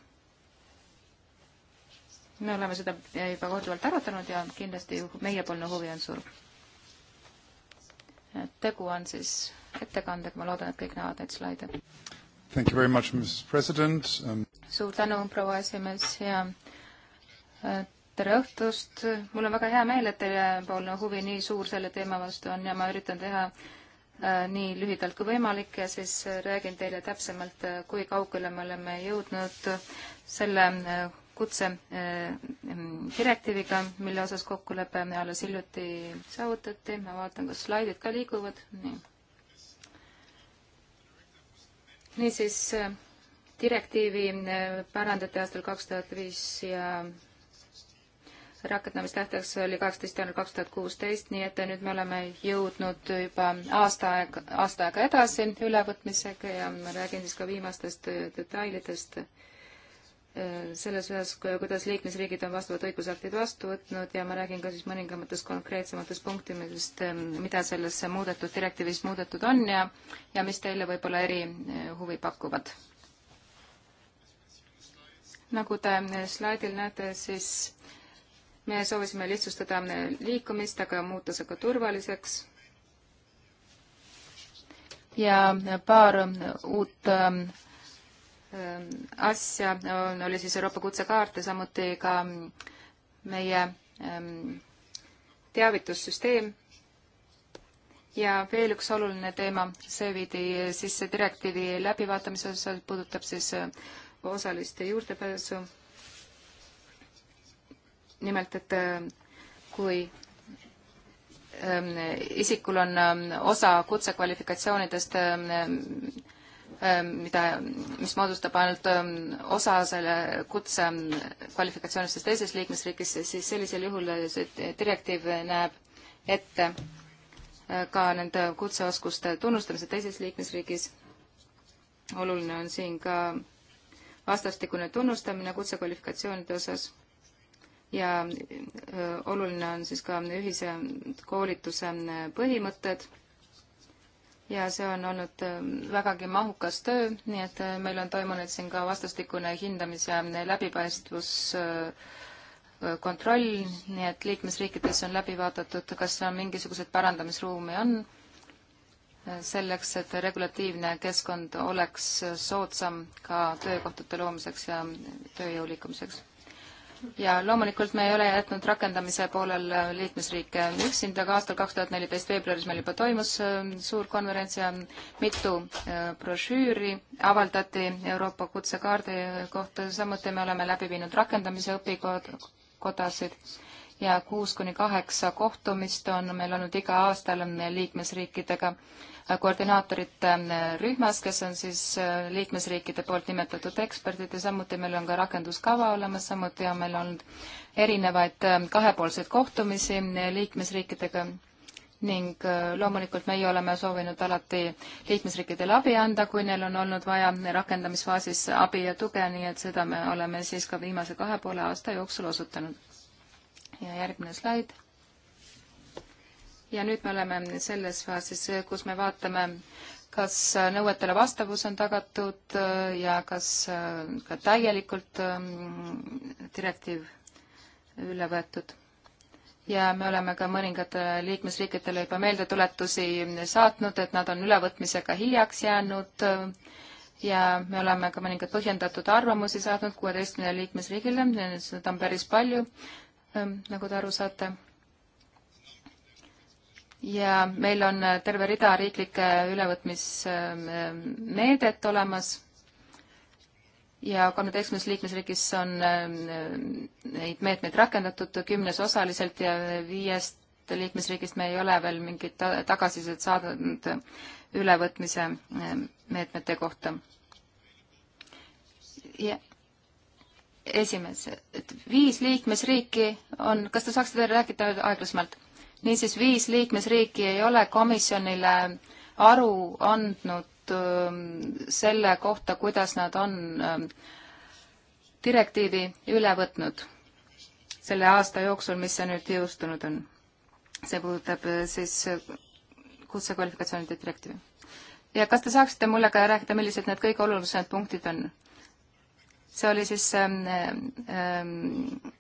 me oleme seda juba korduvalt arutanud ja kindlasti meiepoolne huvi on suur. tegu on siis ettekandega, ma loodan, et kõik näevad neid slaide. Um... suur tänu, proua esimees ja äh, tere õhtust, mul on väga hea meel, et teiepoolne huvi nii suur selle teema vastu on ja ma üritan teha äh, nii lühidalt kui võimalik ja siis äh, räägin teile täpsemalt, kui kaugele me oleme jõudnud selle kutse direktiiviga, mille osas kokkulepe alles hiljuti saavutati. ma vaatan, kas slaidid ka liiguvad. nii niisiis äh, direktiivi äh, parandati aastal kaks tuhat viis ja rakendamistähtajaks oli kaksteist jaanuar kaks tuhat kuusteist, nii et nüüd me oleme jõudnud juba aasta aega, aasta aega edasi ülevõtmisega ja ma räägin siis ka viimastest äh, detailidest selles osas, kuidas liikmesriigid on vastavad õigusaktid vastu võtnud ja ma räägin ka siis mõningamatest konkreetsematest punktimidest, ähm, mida selles muudetud direktiivis muudetud on ja, ja mis teile võib-olla eri äh, huvi pakuvad. nagu te äh, slaidil näete, siis me soovisime lihtsustada äh, liikumist, aga muuta see ka turvaliseks ja paar uut ähm, Ehm, asja, oli siis Euroopa kutsekaart ja samuti ka meie ehm, teavitussüsteem. ja veel üks oluline teema, see viidi sisse direktiivi läbivaatamise osas, puudutab siis äh, osaliste juurdepääsu. nimelt, et äh, kui ehm, isikul on äh, osa kutsekvalifikatsioonidest, Ähm, mida, mis moodustab ainult ähm, osa selle kutse ähm, kvalifikatsioonist teises liikmesriigis, siis sellisel juhul äh, see direktiiv näeb ette äh, ka nende kutseoskuste tunnustamise teises liikmesriigis. oluline on siin ka vastastikune tunnustamine kutsekvalifikatsioonide osas ja äh, oluline on siis ka ühise koolituse põhimõtted ja see on olnud ähm, vägagi mahukas töö, nii et äh, meil on toimunud siin ka vastastikune hindamise läbipaistvus äh, äh, kontroll, nii et liikmesriikides on läbi vaadatud, kas seal mingisuguseid parandamisruumi on, selleks, et regulatiivne keskkond oleks soodsam ka töökohtade loomiseks ja tööjõu liikumiseks ja loomulikult me ei ole jätnud rakendamise poolel äh, liikmesriike üksinda, aga aastal kaks tuhat neliteist veebruaris meil juba toimus äh, suur konverents ja mitu äh, brošüüri avaldati Euroopa kutsekaardi kohta, samuti me oleme läbi viinud rakendamise õpikodasid ja kuus kuni kaheksa kohtumist on meil olnud iga aastal liikmesriikidega koordinaatorite ähm, rühmas, kes on siis äh, liikmesriikide poolt nimetatud eksperdid ja samuti meil on ka rakenduskava olemas, samuti on meil olnud erinevaid ähm, kahepoolseid kohtumisi äh, liikmesriikidega ning äh, loomulikult meie oleme soovinud alati liikmesriikidele abi anda, kui neil on olnud vaja rakendamisfaasis abi ja tuge, nii et seda me oleme siis ka viimase kahe poole aasta jooksul osutanud. ja järgmine slaid ja nüüd me oleme selles faasis, kus me vaatame, kas nõuetele vastavus on tagatud äh, ja kas äh, ka täielikult ähm, direktiiv üle võetud. ja me oleme ka mõningatele liikmesriikidele juba meeldetuletusi saatnud, et nad on ülevõtmisega hiljaks jäänud äh, ja me oleme ka mõningaid põhjendatud arvamusi saatnud kuueteistkümnele liikmesriigile, seda on päris palju, ähm, nagu te aru saate ja meil on äh, terve rida riiklikke ülevõtmismeedet äh, olemas ja kolmeteistkümnes liikmesriigis on äh, neid meetmeid rakendatud kümnes osaliselt ja viiest liikmesriigist me ei ole veel mingit tagasisidet saadud ülevõtmise meetmete kohta. ja esimees, et viis liikmesriiki on, kas te saaksite rääkida aeglasemalt? niisiis viis liikmesriiki ei ole komisjonile aru andnud ähm, selle kohta, kuidas nad on ähm, direktiivi üle võtnud selle aasta jooksul, mis see nüüd jõustunud on. see puudutab äh, siis äh, kutsekvalifikatsioonide direktiivi. ja kas te saaksite mulle ka rääkida, millised need kõige olulisemad punktid on? see oli siis ähm, äh, ähm,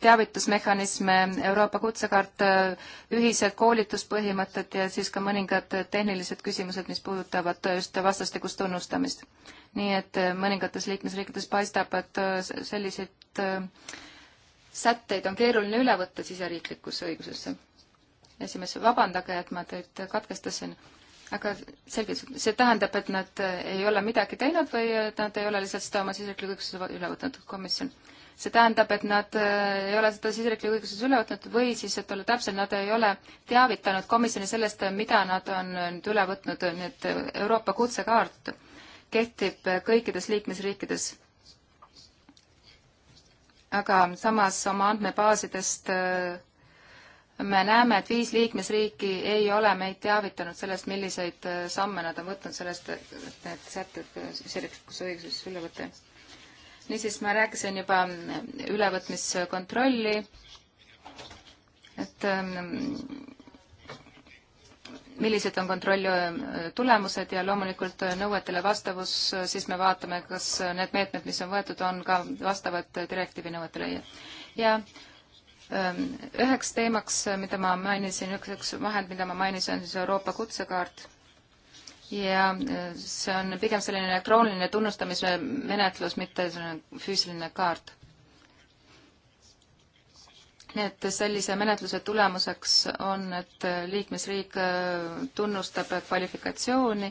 teavitusmehhanisme, Euroopa kutsekaart, ühised koolituspõhimõtted ja siis ka mõningad tehnilised küsimused, mis puudutavad just vastastikust tunnustamist. nii et äh, mõningates liikmesriikides paistab, et äh, selliseid äh, sätteid on keeruline üle võtta siseriiklikusse õigusesse. esimees, vabandage, et ma teid katkestasin, aga selge, see tähendab, et nad ei ole midagi teinud või nad ei ole lihtsalt seda oma siseriiklikku üksuse üle võtnud, komisjon see tähendab, et nad äh, ei ole seda siseriikliku õiguses üle võtnud või siis, et olla täpsem, nad ei ole teavitanud komisjoni sellest, mida nad on nüüd üle võtnud, nii et äh, Euroopa kutsekaart kehtib kõikides liikmesriikides. aga samas oma andmebaasidest äh, me näeme, et viis liikmesriiki ei ole meid teavitanud sellest, milliseid samme nad on võtnud sellest, et need sätted siseriiklikus õiguses üle võtta niisiis, ma rääkisin juba ülevõtmiskontrolli, et ähm, millised on kontrolli äh, tulemused ja loomulikult äh, nõuetele vastavus, äh, siis me vaatame, kas need meetmed, mis on võetud, on ka vastavad direktiivi nõuetele. ja ähm, üheks teemaks, mida ma mainisin, üks, üks vahend, mida ma mainisin, on siis Euroopa kutsekaart ja äh, see on pigem selline elektrooniline tunnustamise menetlus, mitte selline füüsiline kaart. nii et sellise menetluse tulemuseks on, et liikmesriik äh, tunnustab kvalifikatsiooni,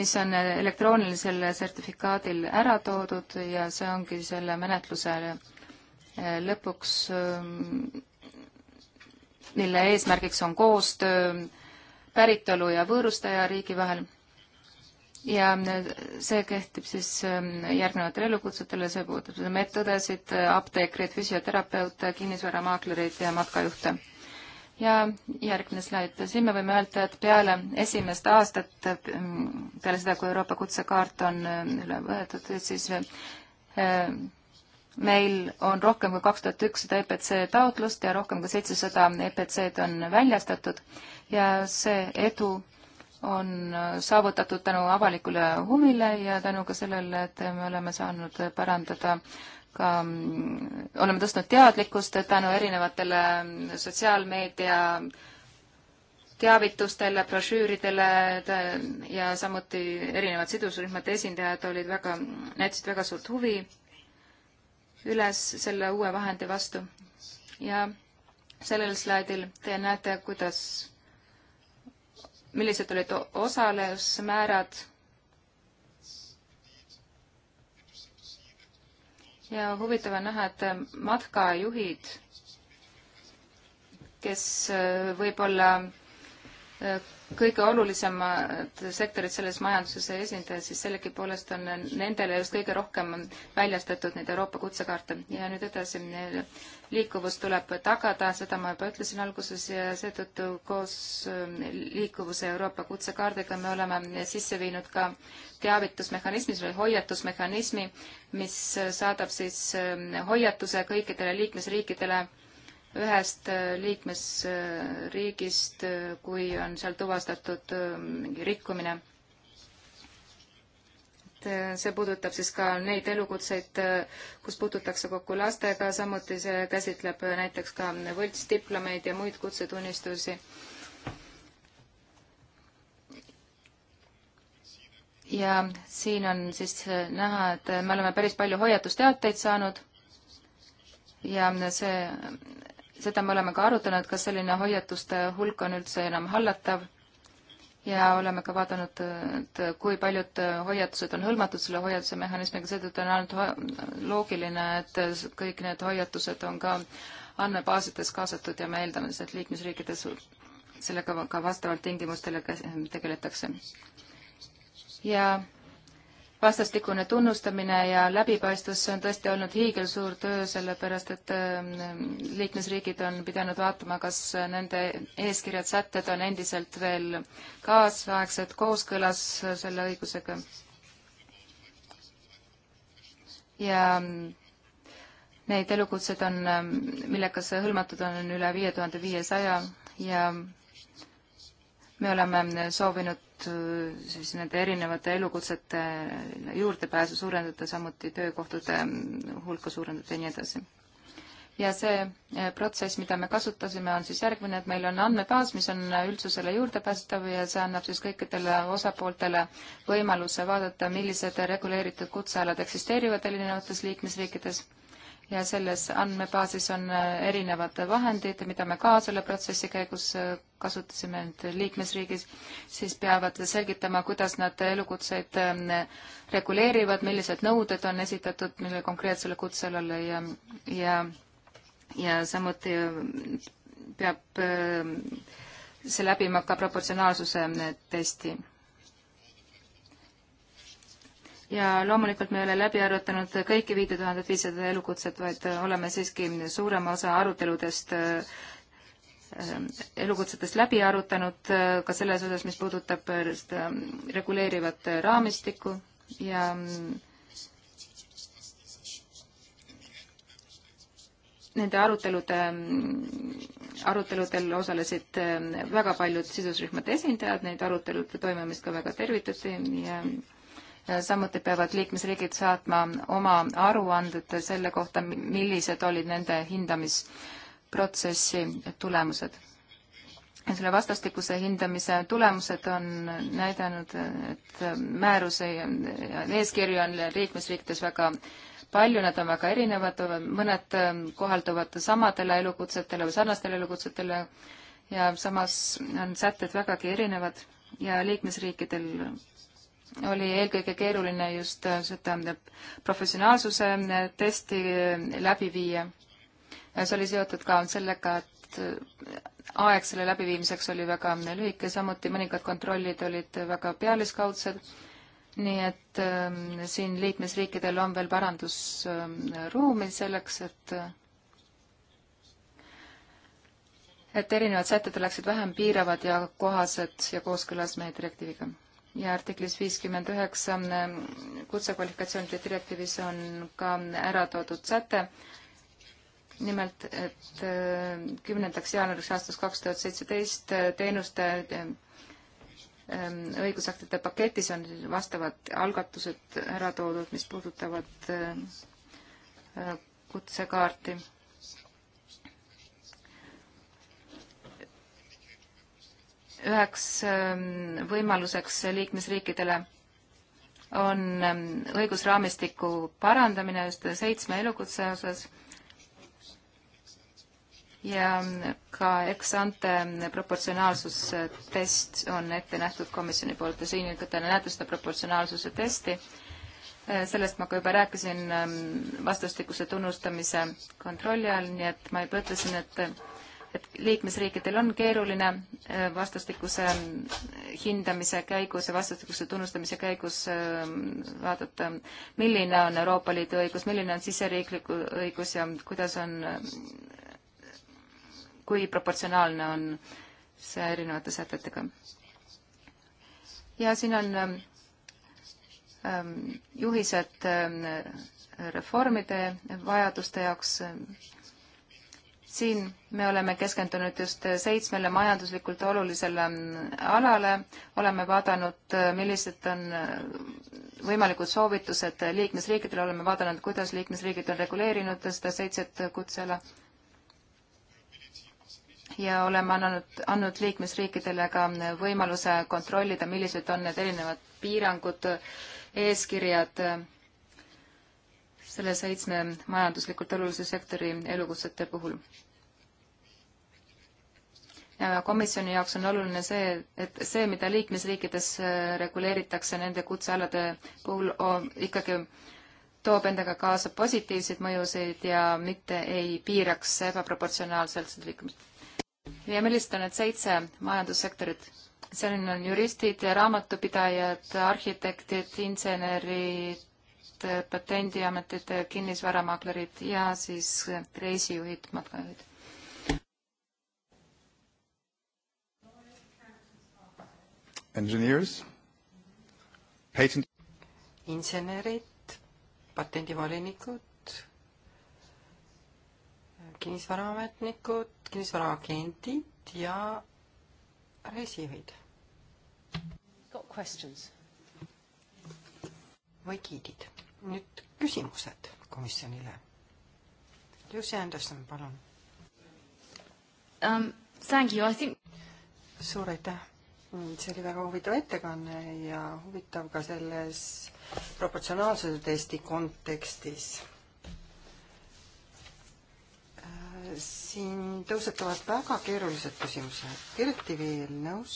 mis on elektroonilisel sertifikaadil ära toodud ja see ongi selle menetluse äh, lõpuks, mille eesmärgiks on koostöö päritolu ja võõrustaja riigi vahel ja mm, see kehtib siis mm, järgnevatele elukutsetele, see puudutab seda medõdesid, apteekreid, füsioterapeute, kinnisvaramaaklereid ja matkajuhte. ja järgmine slaid, siin me võime öelda, et peale esimest aastat, mm, peale seda, kui Euroopa kutsekaart on üle võetud, siis meil on rohkem kui kaks tuhat ükssada EPC taotlust ja rohkem kui seitsesada EPC-d on väljastatud ja see edu on saavutatud tänu avalikule huvile ja tänu ka sellele, et me oleme saanud parandada ka, oleme tõstnud teadlikkust tänu erinevatele sotsiaalmeedia teavitustele, brošüüridele ja samuti erinevad sidusrühmade esindajad olid väga, näitasid väga suurt huvi üles selle uue vahendi vastu. ja sellel slaidil te näete, kuidas millised olid osalusmäärad. ja huvitav on näha, et matkajuhid, kes äh, võib-olla äh, kõige olulisemad sektorid selles majanduses esindajad, siis sellegipoolest on nendele just kõige rohkem väljastatud neid Euroopa kutsekaarte ja nüüd edasi liikuvus tuleb tagada, seda ma juba ütlesin alguses ja seetõttu koos ähm, liikuvuse Euroopa kutsekaardiga me oleme sisse viinud ka teavitusmehhanismi, selle hoiatusmehhanismi, mis saadab siis ähm, hoiatuse kõikidele liikmesriikidele ühest äh, liikmesriigist, äh, kui on seal tuvastatud äh, mingi rikkumine Äh, see puudutab siis ka neid elukutseid, äh, kus puututakse kokku lastega, samuti see käsitleb äh, näiteks ka võltsdiplomeid ja muid kutsetunnistusi. ja siin on siis näha, et me oleme päris palju hoiatusteateid saanud ja see, seda me oleme ka arutanud, kas selline hoiatuste hulk on üldse enam hallatav ja oleme ka vaadanud, et kui paljud hoiatused on hõlmatud selle hoiatuse mehhanismiga, seetõttu on ainult loogiline, et kõik need hoiatused on ka andmebaasides kaasatud ja me eeldame, et liikmesriikides sellega ka vastavalt tingimustele tegeletakse. ja vastastikune tunnustamine ja läbipaistvus, see on tõesti olnud hiigelsuur töö, sellepärast et ähm, liikmesriigid on pidanud vaatama, kas nende eeskirjad, sätted on endiselt veel kaasaegsed, kooskõlas selle õigusega. ja ähm, neid elukutseid on, ähm, millega see hõlmatud on, on üle viie tuhande viiesaja ja me oleme soovinud Äh, siis nende erinevate elukutsete juurdepääsu suurendada, samuti töökohtade mm, hulka suurendada ja nii edasi. ja see äh, protsess, mida me kasutasime, on siis järgmine, et meil on andmebaas, mis on üldsusele juurdepääsetav ja see annab siis kõikidele osapooltele võimaluse vaadata, millised reguleeritud kutsealad eksisteerivad erinevates liikmesriikides ja selles andmebaasis on äh, erinevad vahendid, mida me ka selle protsessi käigus äh, kasutasime nüüd liikmesriigis, siis peavad selgitama, kuidas nad elukutseid ähm, reguleerivad, millised nõuded on esitatud millele konkreetsele kutsealale ja, ja, ja samuti äh, peab see läbima ka proportsionaalsuse testi ja loomulikult me ei ole läbi arutanud kõiki viite tuhandet viissada elukutset, vaid äh, oleme siiski suurema osa aruteludest äh, ähm, elukutsetest läbi arutanud äh, ka selles osas, mis puudutab seda ähm, reguleerivat raamistikku ja mm, nende arutelude, mm, aruteludel osalesid väga paljud sidusrühmade esindajad, neid arutelude toimumist ka väga tervitati ja mm, samuti peavad liikmesriigid saatma oma aruanded selle kohta, millised olid nende hindamisprotsessi tulemused. selle vastastikuse hindamise tulemused on näidanud, et määruse eeskirju on liikmesriikides väga palju, nad on väga erinevad, mõned kohalduvad samadele elukutsetele või sarnastele elukutsetele ja samas on sätted vägagi erinevad ja liikmesriikidel oli eelkõige keeruline just äh, seda professionaalsuse äh, testi äh, läbi viia. see oli seotud ka sellega, et aeg selle läbiviimiseks oli väga lühike, samuti mõningad kontrollid olid väga pealiskaudsed, nii et äh, siin liikmesriikidel on veel parandusruumi ähm, selleks, et et erinevad sätted oleksid vähem piiravad ja kohased ja kooskõlas meie direktiiviga ja artiklis viiskümmend üheksa kutsekvalifikatsioonide direktiivis on ka ära toodud säte, nimelt, et äh, kümnendaks jaanuariks aastast kaks tuhat seitseteist äh, teenuste äh, ähm, õigusaktide paketis on vastavad algatused ära toodud, mis puudutavad kutsekaarti üheks ähm, võimaluseks liikmesriikidele on ähm, õigusraamistiku parandamine just seitsme elukutse osas ja ähm, ka ex-ante proportsionaalsustest on ette nähtud komisjoni poolt ja siin te näete seda proportsionaalsuse testi. Äh, sellest ma ka juba rääkisin vastastikuse tunnustamise kontrolli all, nii et ma juba ütlesin, et et liikmesriikidel on keeruline äh, vastastikuse äh, hindamise käigus ja vastastikuse tunnustamise käigus ähm, vaadata, milline on Euroopa Liidu õigus, milline on siseriiklik õigus ja kuidas on, kui proportsionaalne on see erinevate sätetega. ja siin on ähm, ähm, juhised reformide vajaduste jaoks siin me oleme keskendunud just seitsmele majanduslikult olulisele mm, alale, oleme vaadanud, millised on mm, võimalikud soovitused liikmesriikidele, oleme vaadanud, kuidas liikmesriigid on reguleerinud seda seitset kutseala ja oleme annanud, andnud liikmesriikidele ka võimaluse kontrollida, millised on need erinevad piirangud, eeskirjad selle seitsme majanduslikult olulise sektori elukutsete puhul komisjoni jaoks on oluline see, et see, mida liikmesriikides äh, reguleeritakse nende kutsealade puhul, ikkagi toob endaga kaasa positiivseid mõjusid ja mitte ei piiraks ebaproportsionaalselt seda liikumist. ja millised on need seitse majandussektorit? selline on juristid, raamatupidajad, arhitektid, insenerid, patendiametid, kinnisvaramaaklerid ja siis reisijuhid, matkajuhid engineers, patent insenerid, patendivolinikud, kinnisvaraametnikud, kinnisvaraagendid ja reisijuhid. või giidid. nüüd küsimused komisjonile. Jussi Anderson, palun um,. Thank you, I think. suur aitäh Mm, see oli väga huvitav ettekanne ja huvitav ka selles proportsionaalsuse testi kontekstis äh, siin tõusetuvad väga keerulised küsimused. direktiivi eelnõus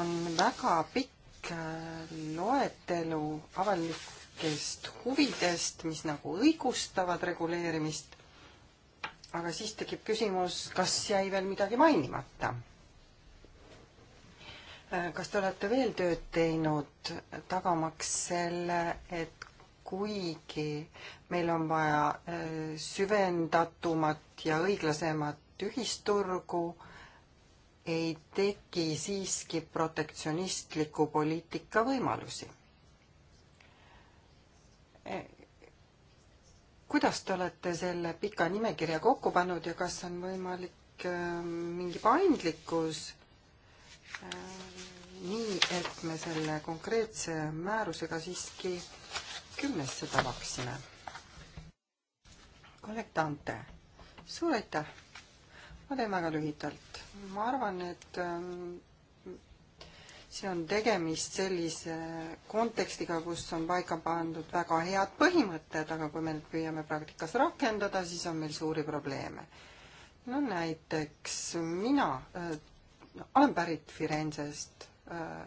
on väga pikk äh, loetelu avalikest huvidest, mis nagu õigustavad reguleerimist. aga siis tekib küsimus, kas jäi veel midagi mainimata kas te olete veel tööd teinud, tagamaks selle, et kuigi meil on vaja äh, süvendatumat ja õiglasemat ühisturgu, ei teki siiski protektsionistliku poliitika võimalusi. E, kuidas te olete selle pika nimekirja kokku pannud ja kas on võimalik äh, mingi paindlikkus nii, et me selle konkreetse määrusega siiski kümnesse tabaksime. kolleeg Dante, suur aitäh! ma teen väga lühidalt. ma arvan, et ähm, see on tegemist sellise kontekstiga, kus on paika pandud väga head põhimõtted, aga kui me nüüd püüame praktikas rakendada, siis on meil suuri probleeme. no näiteks mina äh, olen pärit Firenzest. Äh,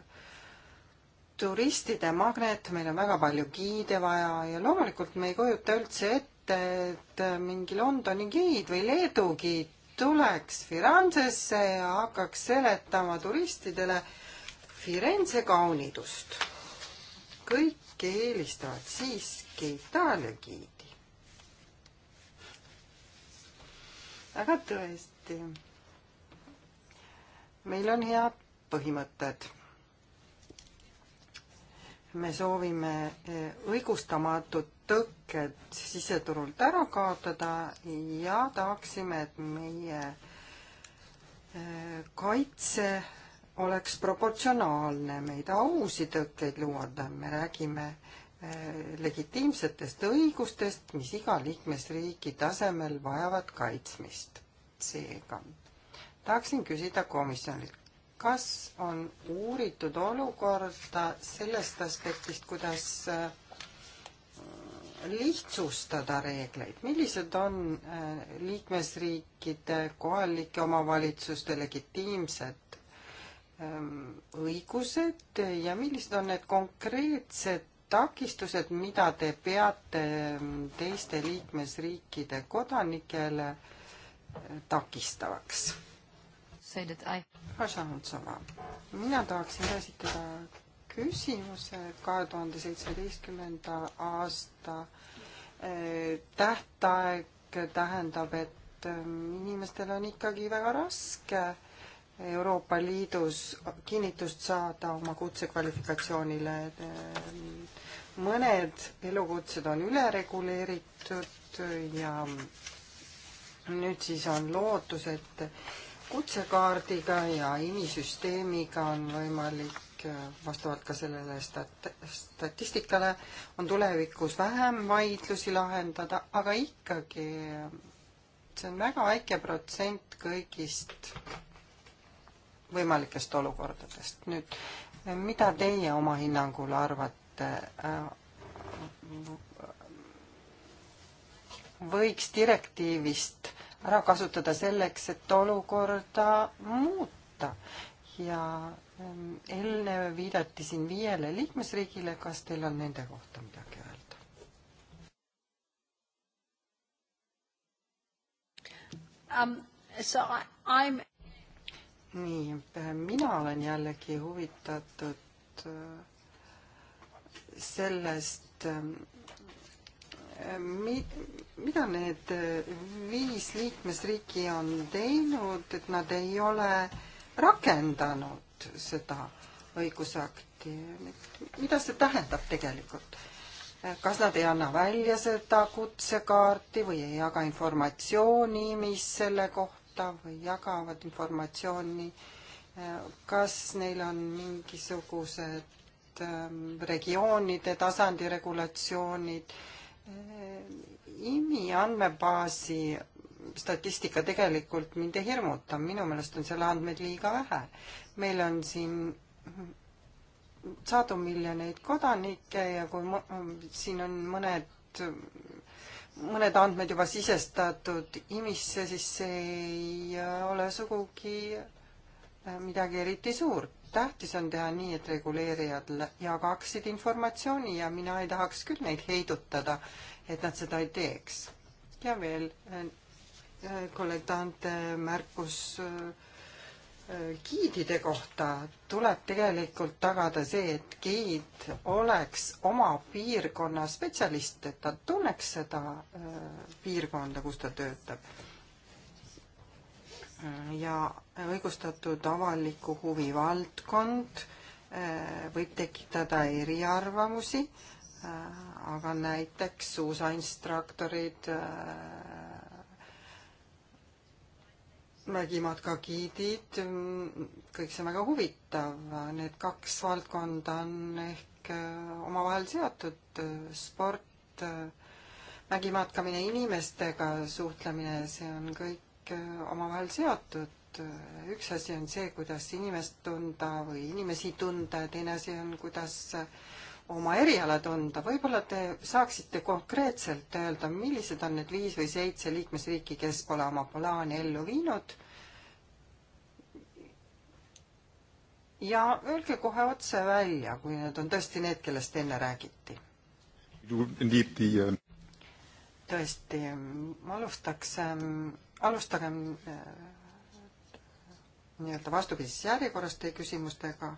turistide magnet, meil on väga palju giide vaja ja loomulikult me ei kujuta üldse ette, et äh, mingi Londoni giid või Leedu giid tuleks Firenzesse ja hakkaks seletama turistidele Firenze kaunidust. kõik eelistavad siiski Itaalia giidi. aga tõesti meil on head põhimõtted. me soovime e, õigustamatud tõkked siseturult ära kaotada ja tahaksime, et meie e, kaitse oleks proportsionaalne, me ei taha uusi tõkkeid luua, me räägime e, legitiimsetest õigustest, mis iga liikmesriigi tasemel vajavad kaitsmist. seega tahaksin küsida komisjonilt, kas on uuritud olukorda sellest aspektist, kuidas äh, lihtsustada reegleid, millised on äh, liikmesriikide, kohalike omavalitsuste legitiimsed ähm, õigused ja millised on need konkreetsed takistused, mida te peate ähm, teiste liikmesriikide kodanikele äh, takistavaks? say that I Asanud sama. mina tahaksin ka esitada küsimuse kahe tuhande seitsmeteistkümnenda aasta eh, tähtaeg tähendab, et eh, inimestel on ikkagi väga raske Euroopa Liidus kinnitust saada oma kutsekvalifikatsioonile. Eh, mõned elukutsed on ülereguleeritud ja nüüd siis on lootus, et kutsekaardiga ja imisüsteemiga on võimalik äh, vastavalt ka sellele stat-, statistikale, on tulevikus vähem vaidlusi lahendada, aga ikkagi see on väga väike protsent kõigist võimalikest olukordadest. nüüd, mida teie oma hinnangul arvate, äh, võiks direktiivist ära kasutada selleks, et olukorda muuta. ja ähm, enne viidati siin viiele liikmesriigile, kas teil on nende kohta midagi öelda? Um, so I, I'm nii, äh, mina olen jällegi huvitatud äh, sellest, ähm, mi-, mida need äh, viis liikmesriiki on teinud, et nad ei ole rakendanud seda õigusakti, mida see tähendab tegelikult? kas nad ei anna välja seda kutsekaarti või ei jaga informatsiooni, mis selle kohta või jagavad informatsiooni, kas neil on mingisugused ähm, regioonide tasandi regulatsioonid, IMI andmebaasi statistika tegelikult mind ei hirmuta, minu meelest on selle andmeid liiga vähe. meil on siin sadu miljoneid kodanikke ja kui siin on mõned, mõned andmed juba sisestatud IMI-sse, siis see ei ole sugugi äh, midagi eriti suurt tähtis on teha nii, et reguleerijad jagaksid informatsiooni ja mina ei tahaks küll neid heidutada, et nad seda ei teeks. ja veel äh, äh, kolledante märkus giidide äh, kohta tuleb tegelikult tagada see, et giid oleks oma piirkonna spetsialist, et ta tunneks seda piirkonda, kus ta töötab ja õigustatud avaliku huvi valdkond eh, võib tekitada eriarvamusi, eh, aga näiteks suusainstruktorid, vägimatkagiidid, eh, kõik see on väga huvitav, need kaks valdkonda on ehk omavahel seotud, sport, vägimatkamine inimestega suhtlemine, see on kõik kõik äh, omavahel seotud. üks asi on see, kuidas inimest tunda või inimesi tunda ja teine asi on, kuidas äh, oma eriala tunda. võib-olla te saaksite konkreetselt öelda, millised on need viis või seitse liikmesriiki, kes pole oma plaani ellu viinud ja öelge kohe otse välja, kui need on tõesti need, kellest enne räägiti. Äh, tõesti, ma alustaks ähm, alustagem äh, nii-öelda vastupidises järjekorras teie küsimustega.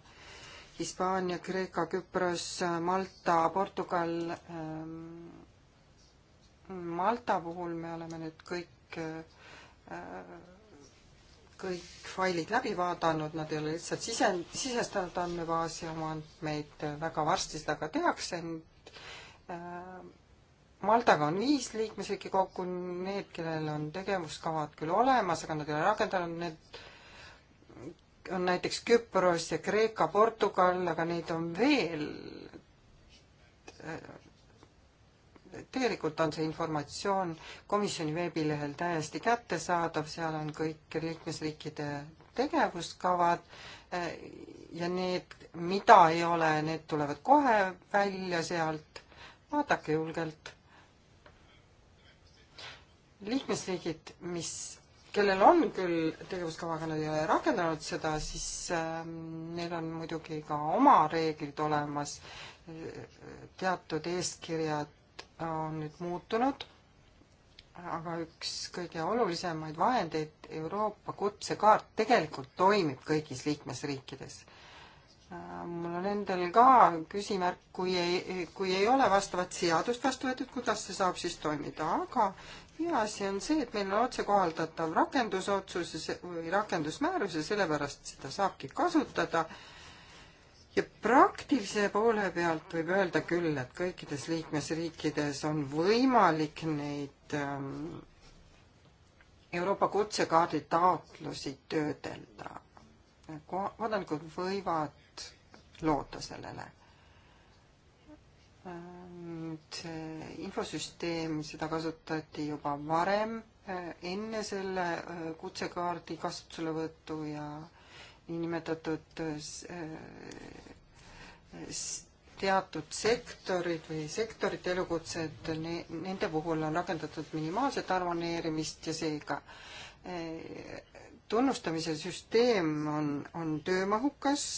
Hispaania, Kreeka, Küpros, Malta, Portugal. Ähm, Malta puhul me oleme nüüd kõik, äh, kõik failid läbi vaadanud, nad ei ole lihtsalt sise, sisestanud andmebaasi oma andmeid, väga varsti seda ka tehakse. Äh, Maltaga on viis liikmesriiki kokku, need, kellel on tegevuskavad küll olemas, aga nad ei ole rakendanud, need on näiteks Küpros ja Kreeka, Portugal, aga neid on veel. tegelikult on see informatsioon komisjoni veebilehel täiesti kättesaadav, seal on kõik liikmesriikide tegevuskavad eh, ja need, mida ei ole, need tulevad kohe välja sealt. vaadake julgelt liikmesriigid, mis, kellel on küll tegevuskava, aga nad ei ole rakendanud seda, siis äh, neil on muidugi ka oma reeglid olemas. teatud eeskirjad on nüüd muutunud, aga üks kõige olulisemaid vahendeid, Euroopa kutsekaart, tegelikult toimib kõigis liikmesriikides mul on endal ka küsimärk, kui ei, kui ei ole vastavat seadust vastu võetud, kuidas see saab siis toimida, aga hea asi on see, et meil on otsekohaldatav rakendusotsus või rakendusmäärus ja sellepärast seda saabki kasutada. ja praktilise poole pealt võib öelda küll, et kõikides liikmesriikides on võimalik neid ähm, Euroopa kutsekaardi taotlusi töödelda kodanikud võivad loota sellele. see äh, infosüsteem, seda kasutati juba varem, äh, enne selle äh, kutsekaardi kasutuselevõttu ja niinimetatud teatud sektorid või sektorite elukutsed ne,, nende puhul on rakendatud minimaalset harmoneerimist ja seega tunnustamise süsteem on, on töömahukas,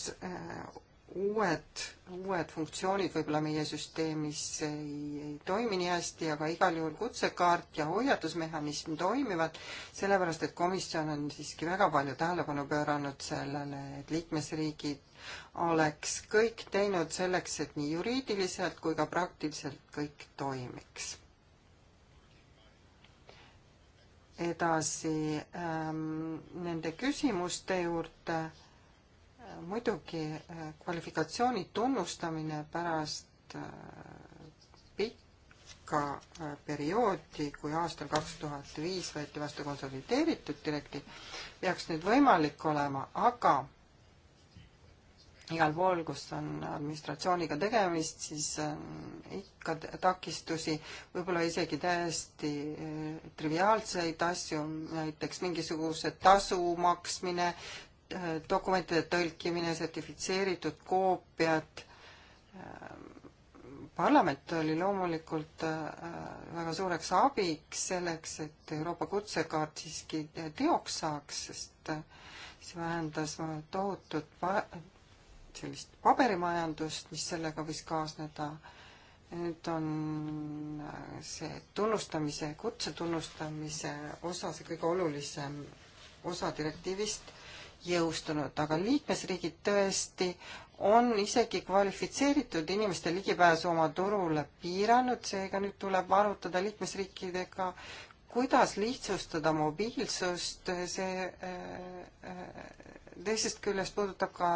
uued, uued funktsioonid võib-olla meie süsteemis ei, ei toimi nii hästi, aga igal juhul kutsekaart ja hoiatusmehhanism toimivad, sellepärast et komisjon on siiski väga palju tähelepanu pööranud sellele, et liikmesriigid oleks kõik teinud selleks, et nii juriidiliselt kui ka praktiliselt kõik toimiks. edasi ähm, nende küsimuste juurde muidugi äh, kvalifikatsiooni tunnustamine pärast äh, pikka äh, perioodi, kui aastal kaks tuhat viis võeti vastu konsolideeritud direktiiv, peaks nüüd võimalik olema, aga igal pool, kus on administratsiooniga tegemist, siis on ikka takistusi, võib-olla isegi täiesti triviaalseid asju, näiteks mingisuguse tasu maksmine dokumentide tõlkimine, sertifitseeritud koopiad. parlament oli loomulikult äh, väga suureks abiks selleks, et Euroopa kutsekaart siiski teoks saaks, sest äh, see vähendas tohutut pa sellist paberimajandust, mis sellega võis kaasneda. nüüd on äh, see tunnustamise, kutse tunnustamise osa, see kõige olulisem osa direktiivist jõustunud, aga liikmesriigid tõesti on isegi kvalifitseeritud inimeste ligipääsu oma turule piiranud, seega nüüd tuleb arutada liikmesriikidega, kuidas lihtsustada mobiilsust, see äh, äh, teisest küljest puudutab ka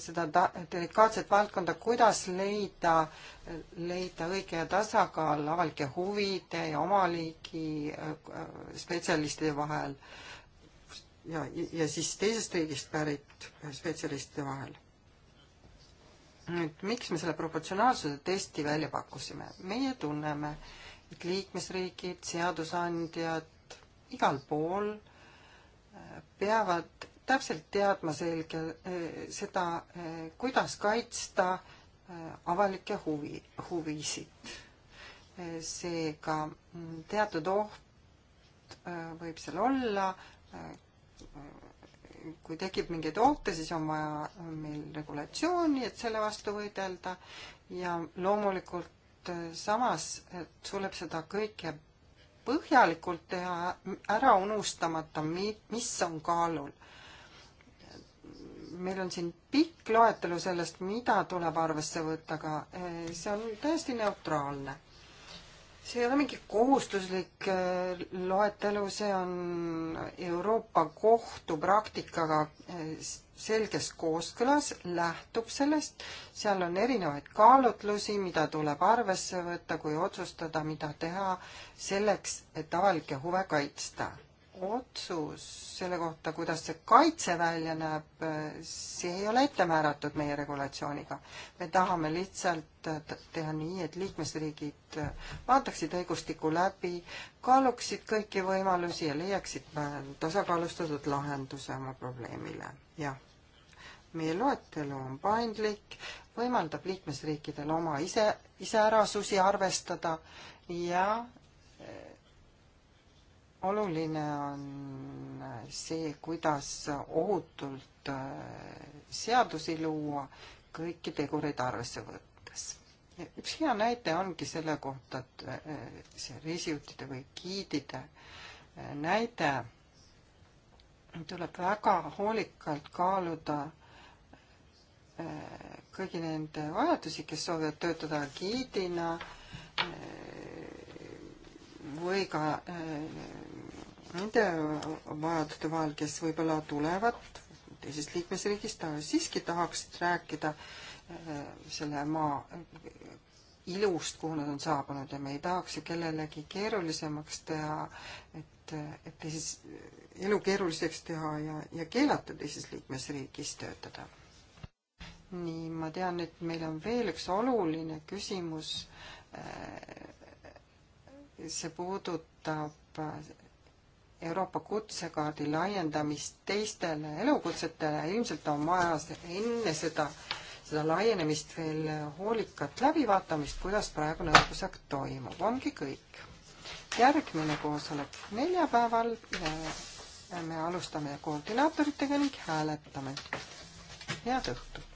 seda delikaatset valdkonda, kuidas leida, leida õige tasakaal avalike huvide ja omaliigi äh, spetsialistide vahel ja, ja siis teisest riigist pärit spetsialistide vahel. nüüd miks me selle proportsionaalsuse testi välja pakkusime? meie tunneme, et liikmesriigid, seadusandjad igal pool äh, peavad täpselt teadma selge äh, seda, äh, kuidas kaitsta avalikke huvi, huvisid. seega mm, teatud oht võib seal olla, kui tekib mingeid ohte, siis on vaja meil regulatsiooni, et selle vastu võidelda ja loomulikult äh, samas tuleb seda kõike põhjalikult teha, ära unustamata, mis on kaalul. meil on siin pikk loetelu sellest, mida tuleb arvesse võtta, aga äh, see on täiesti neutraalne see ei ole mingi kohustuslik äh, loetelu, see on Euroopa Kohtu praktikaga äh, selges kooskõlas, lähtub sellest, seal on erinevaid kaalutlusi, mida tuleb arvesse võtta, kui otsustada, mida teha selleks, et avalikke huve kaitsta otsus selle kohta, kuidas see kaitse välja näeb, see ei ole ette määratud meie regulatsiooniga. me tahame lihtsalt teha nii, et liikmesriigid vaataksid õigustiku läbi, kaaluksid kõiki võimalusi ja leiaksid tasakaalustatud lahenduse oma probleemile, jah. meie loetelu on paindlik, võimaldab liikmesriikidel oma ise, iseärasusi arvestada ja oluline on see, kuidas ohutult äh, seadusi luua, kõiki tegureid arvesse võttes. üks hea näide ongi selle kohta, et äh, see reisijuhtide või giidide äh, näide tuleb väga hoolikalt kaaluda kõigi nende vajadusi, kes soovivad töötada giidina või ka nende vajaduste vahel, kes võib-olla tulevad teisest liikmesriigist, aga siiski tahaksid rääkida äh, selle maa äh, ilust, kuhu nad on saabunud ja me ei tahaks ju kellelegi keerulisemaks teha, et, et teises, elu keeruliseks teha ja, ja keelata teises liikmesriigis töötada. nii, ma tean, et meil on veel üks oluline küsimus. Äh, see puudutab Euroopa kutsekaardi laiendamist teistele elukutsetele, ilmselt on vaja enne seda, seda laienemist veel hoolikat läbivaatamist, kuidas praegune õigusakt toimub, ongi kõik. järgmine koosolek neljapäeval, me alustame koordinaatoritega ning hääletame. head õhtut!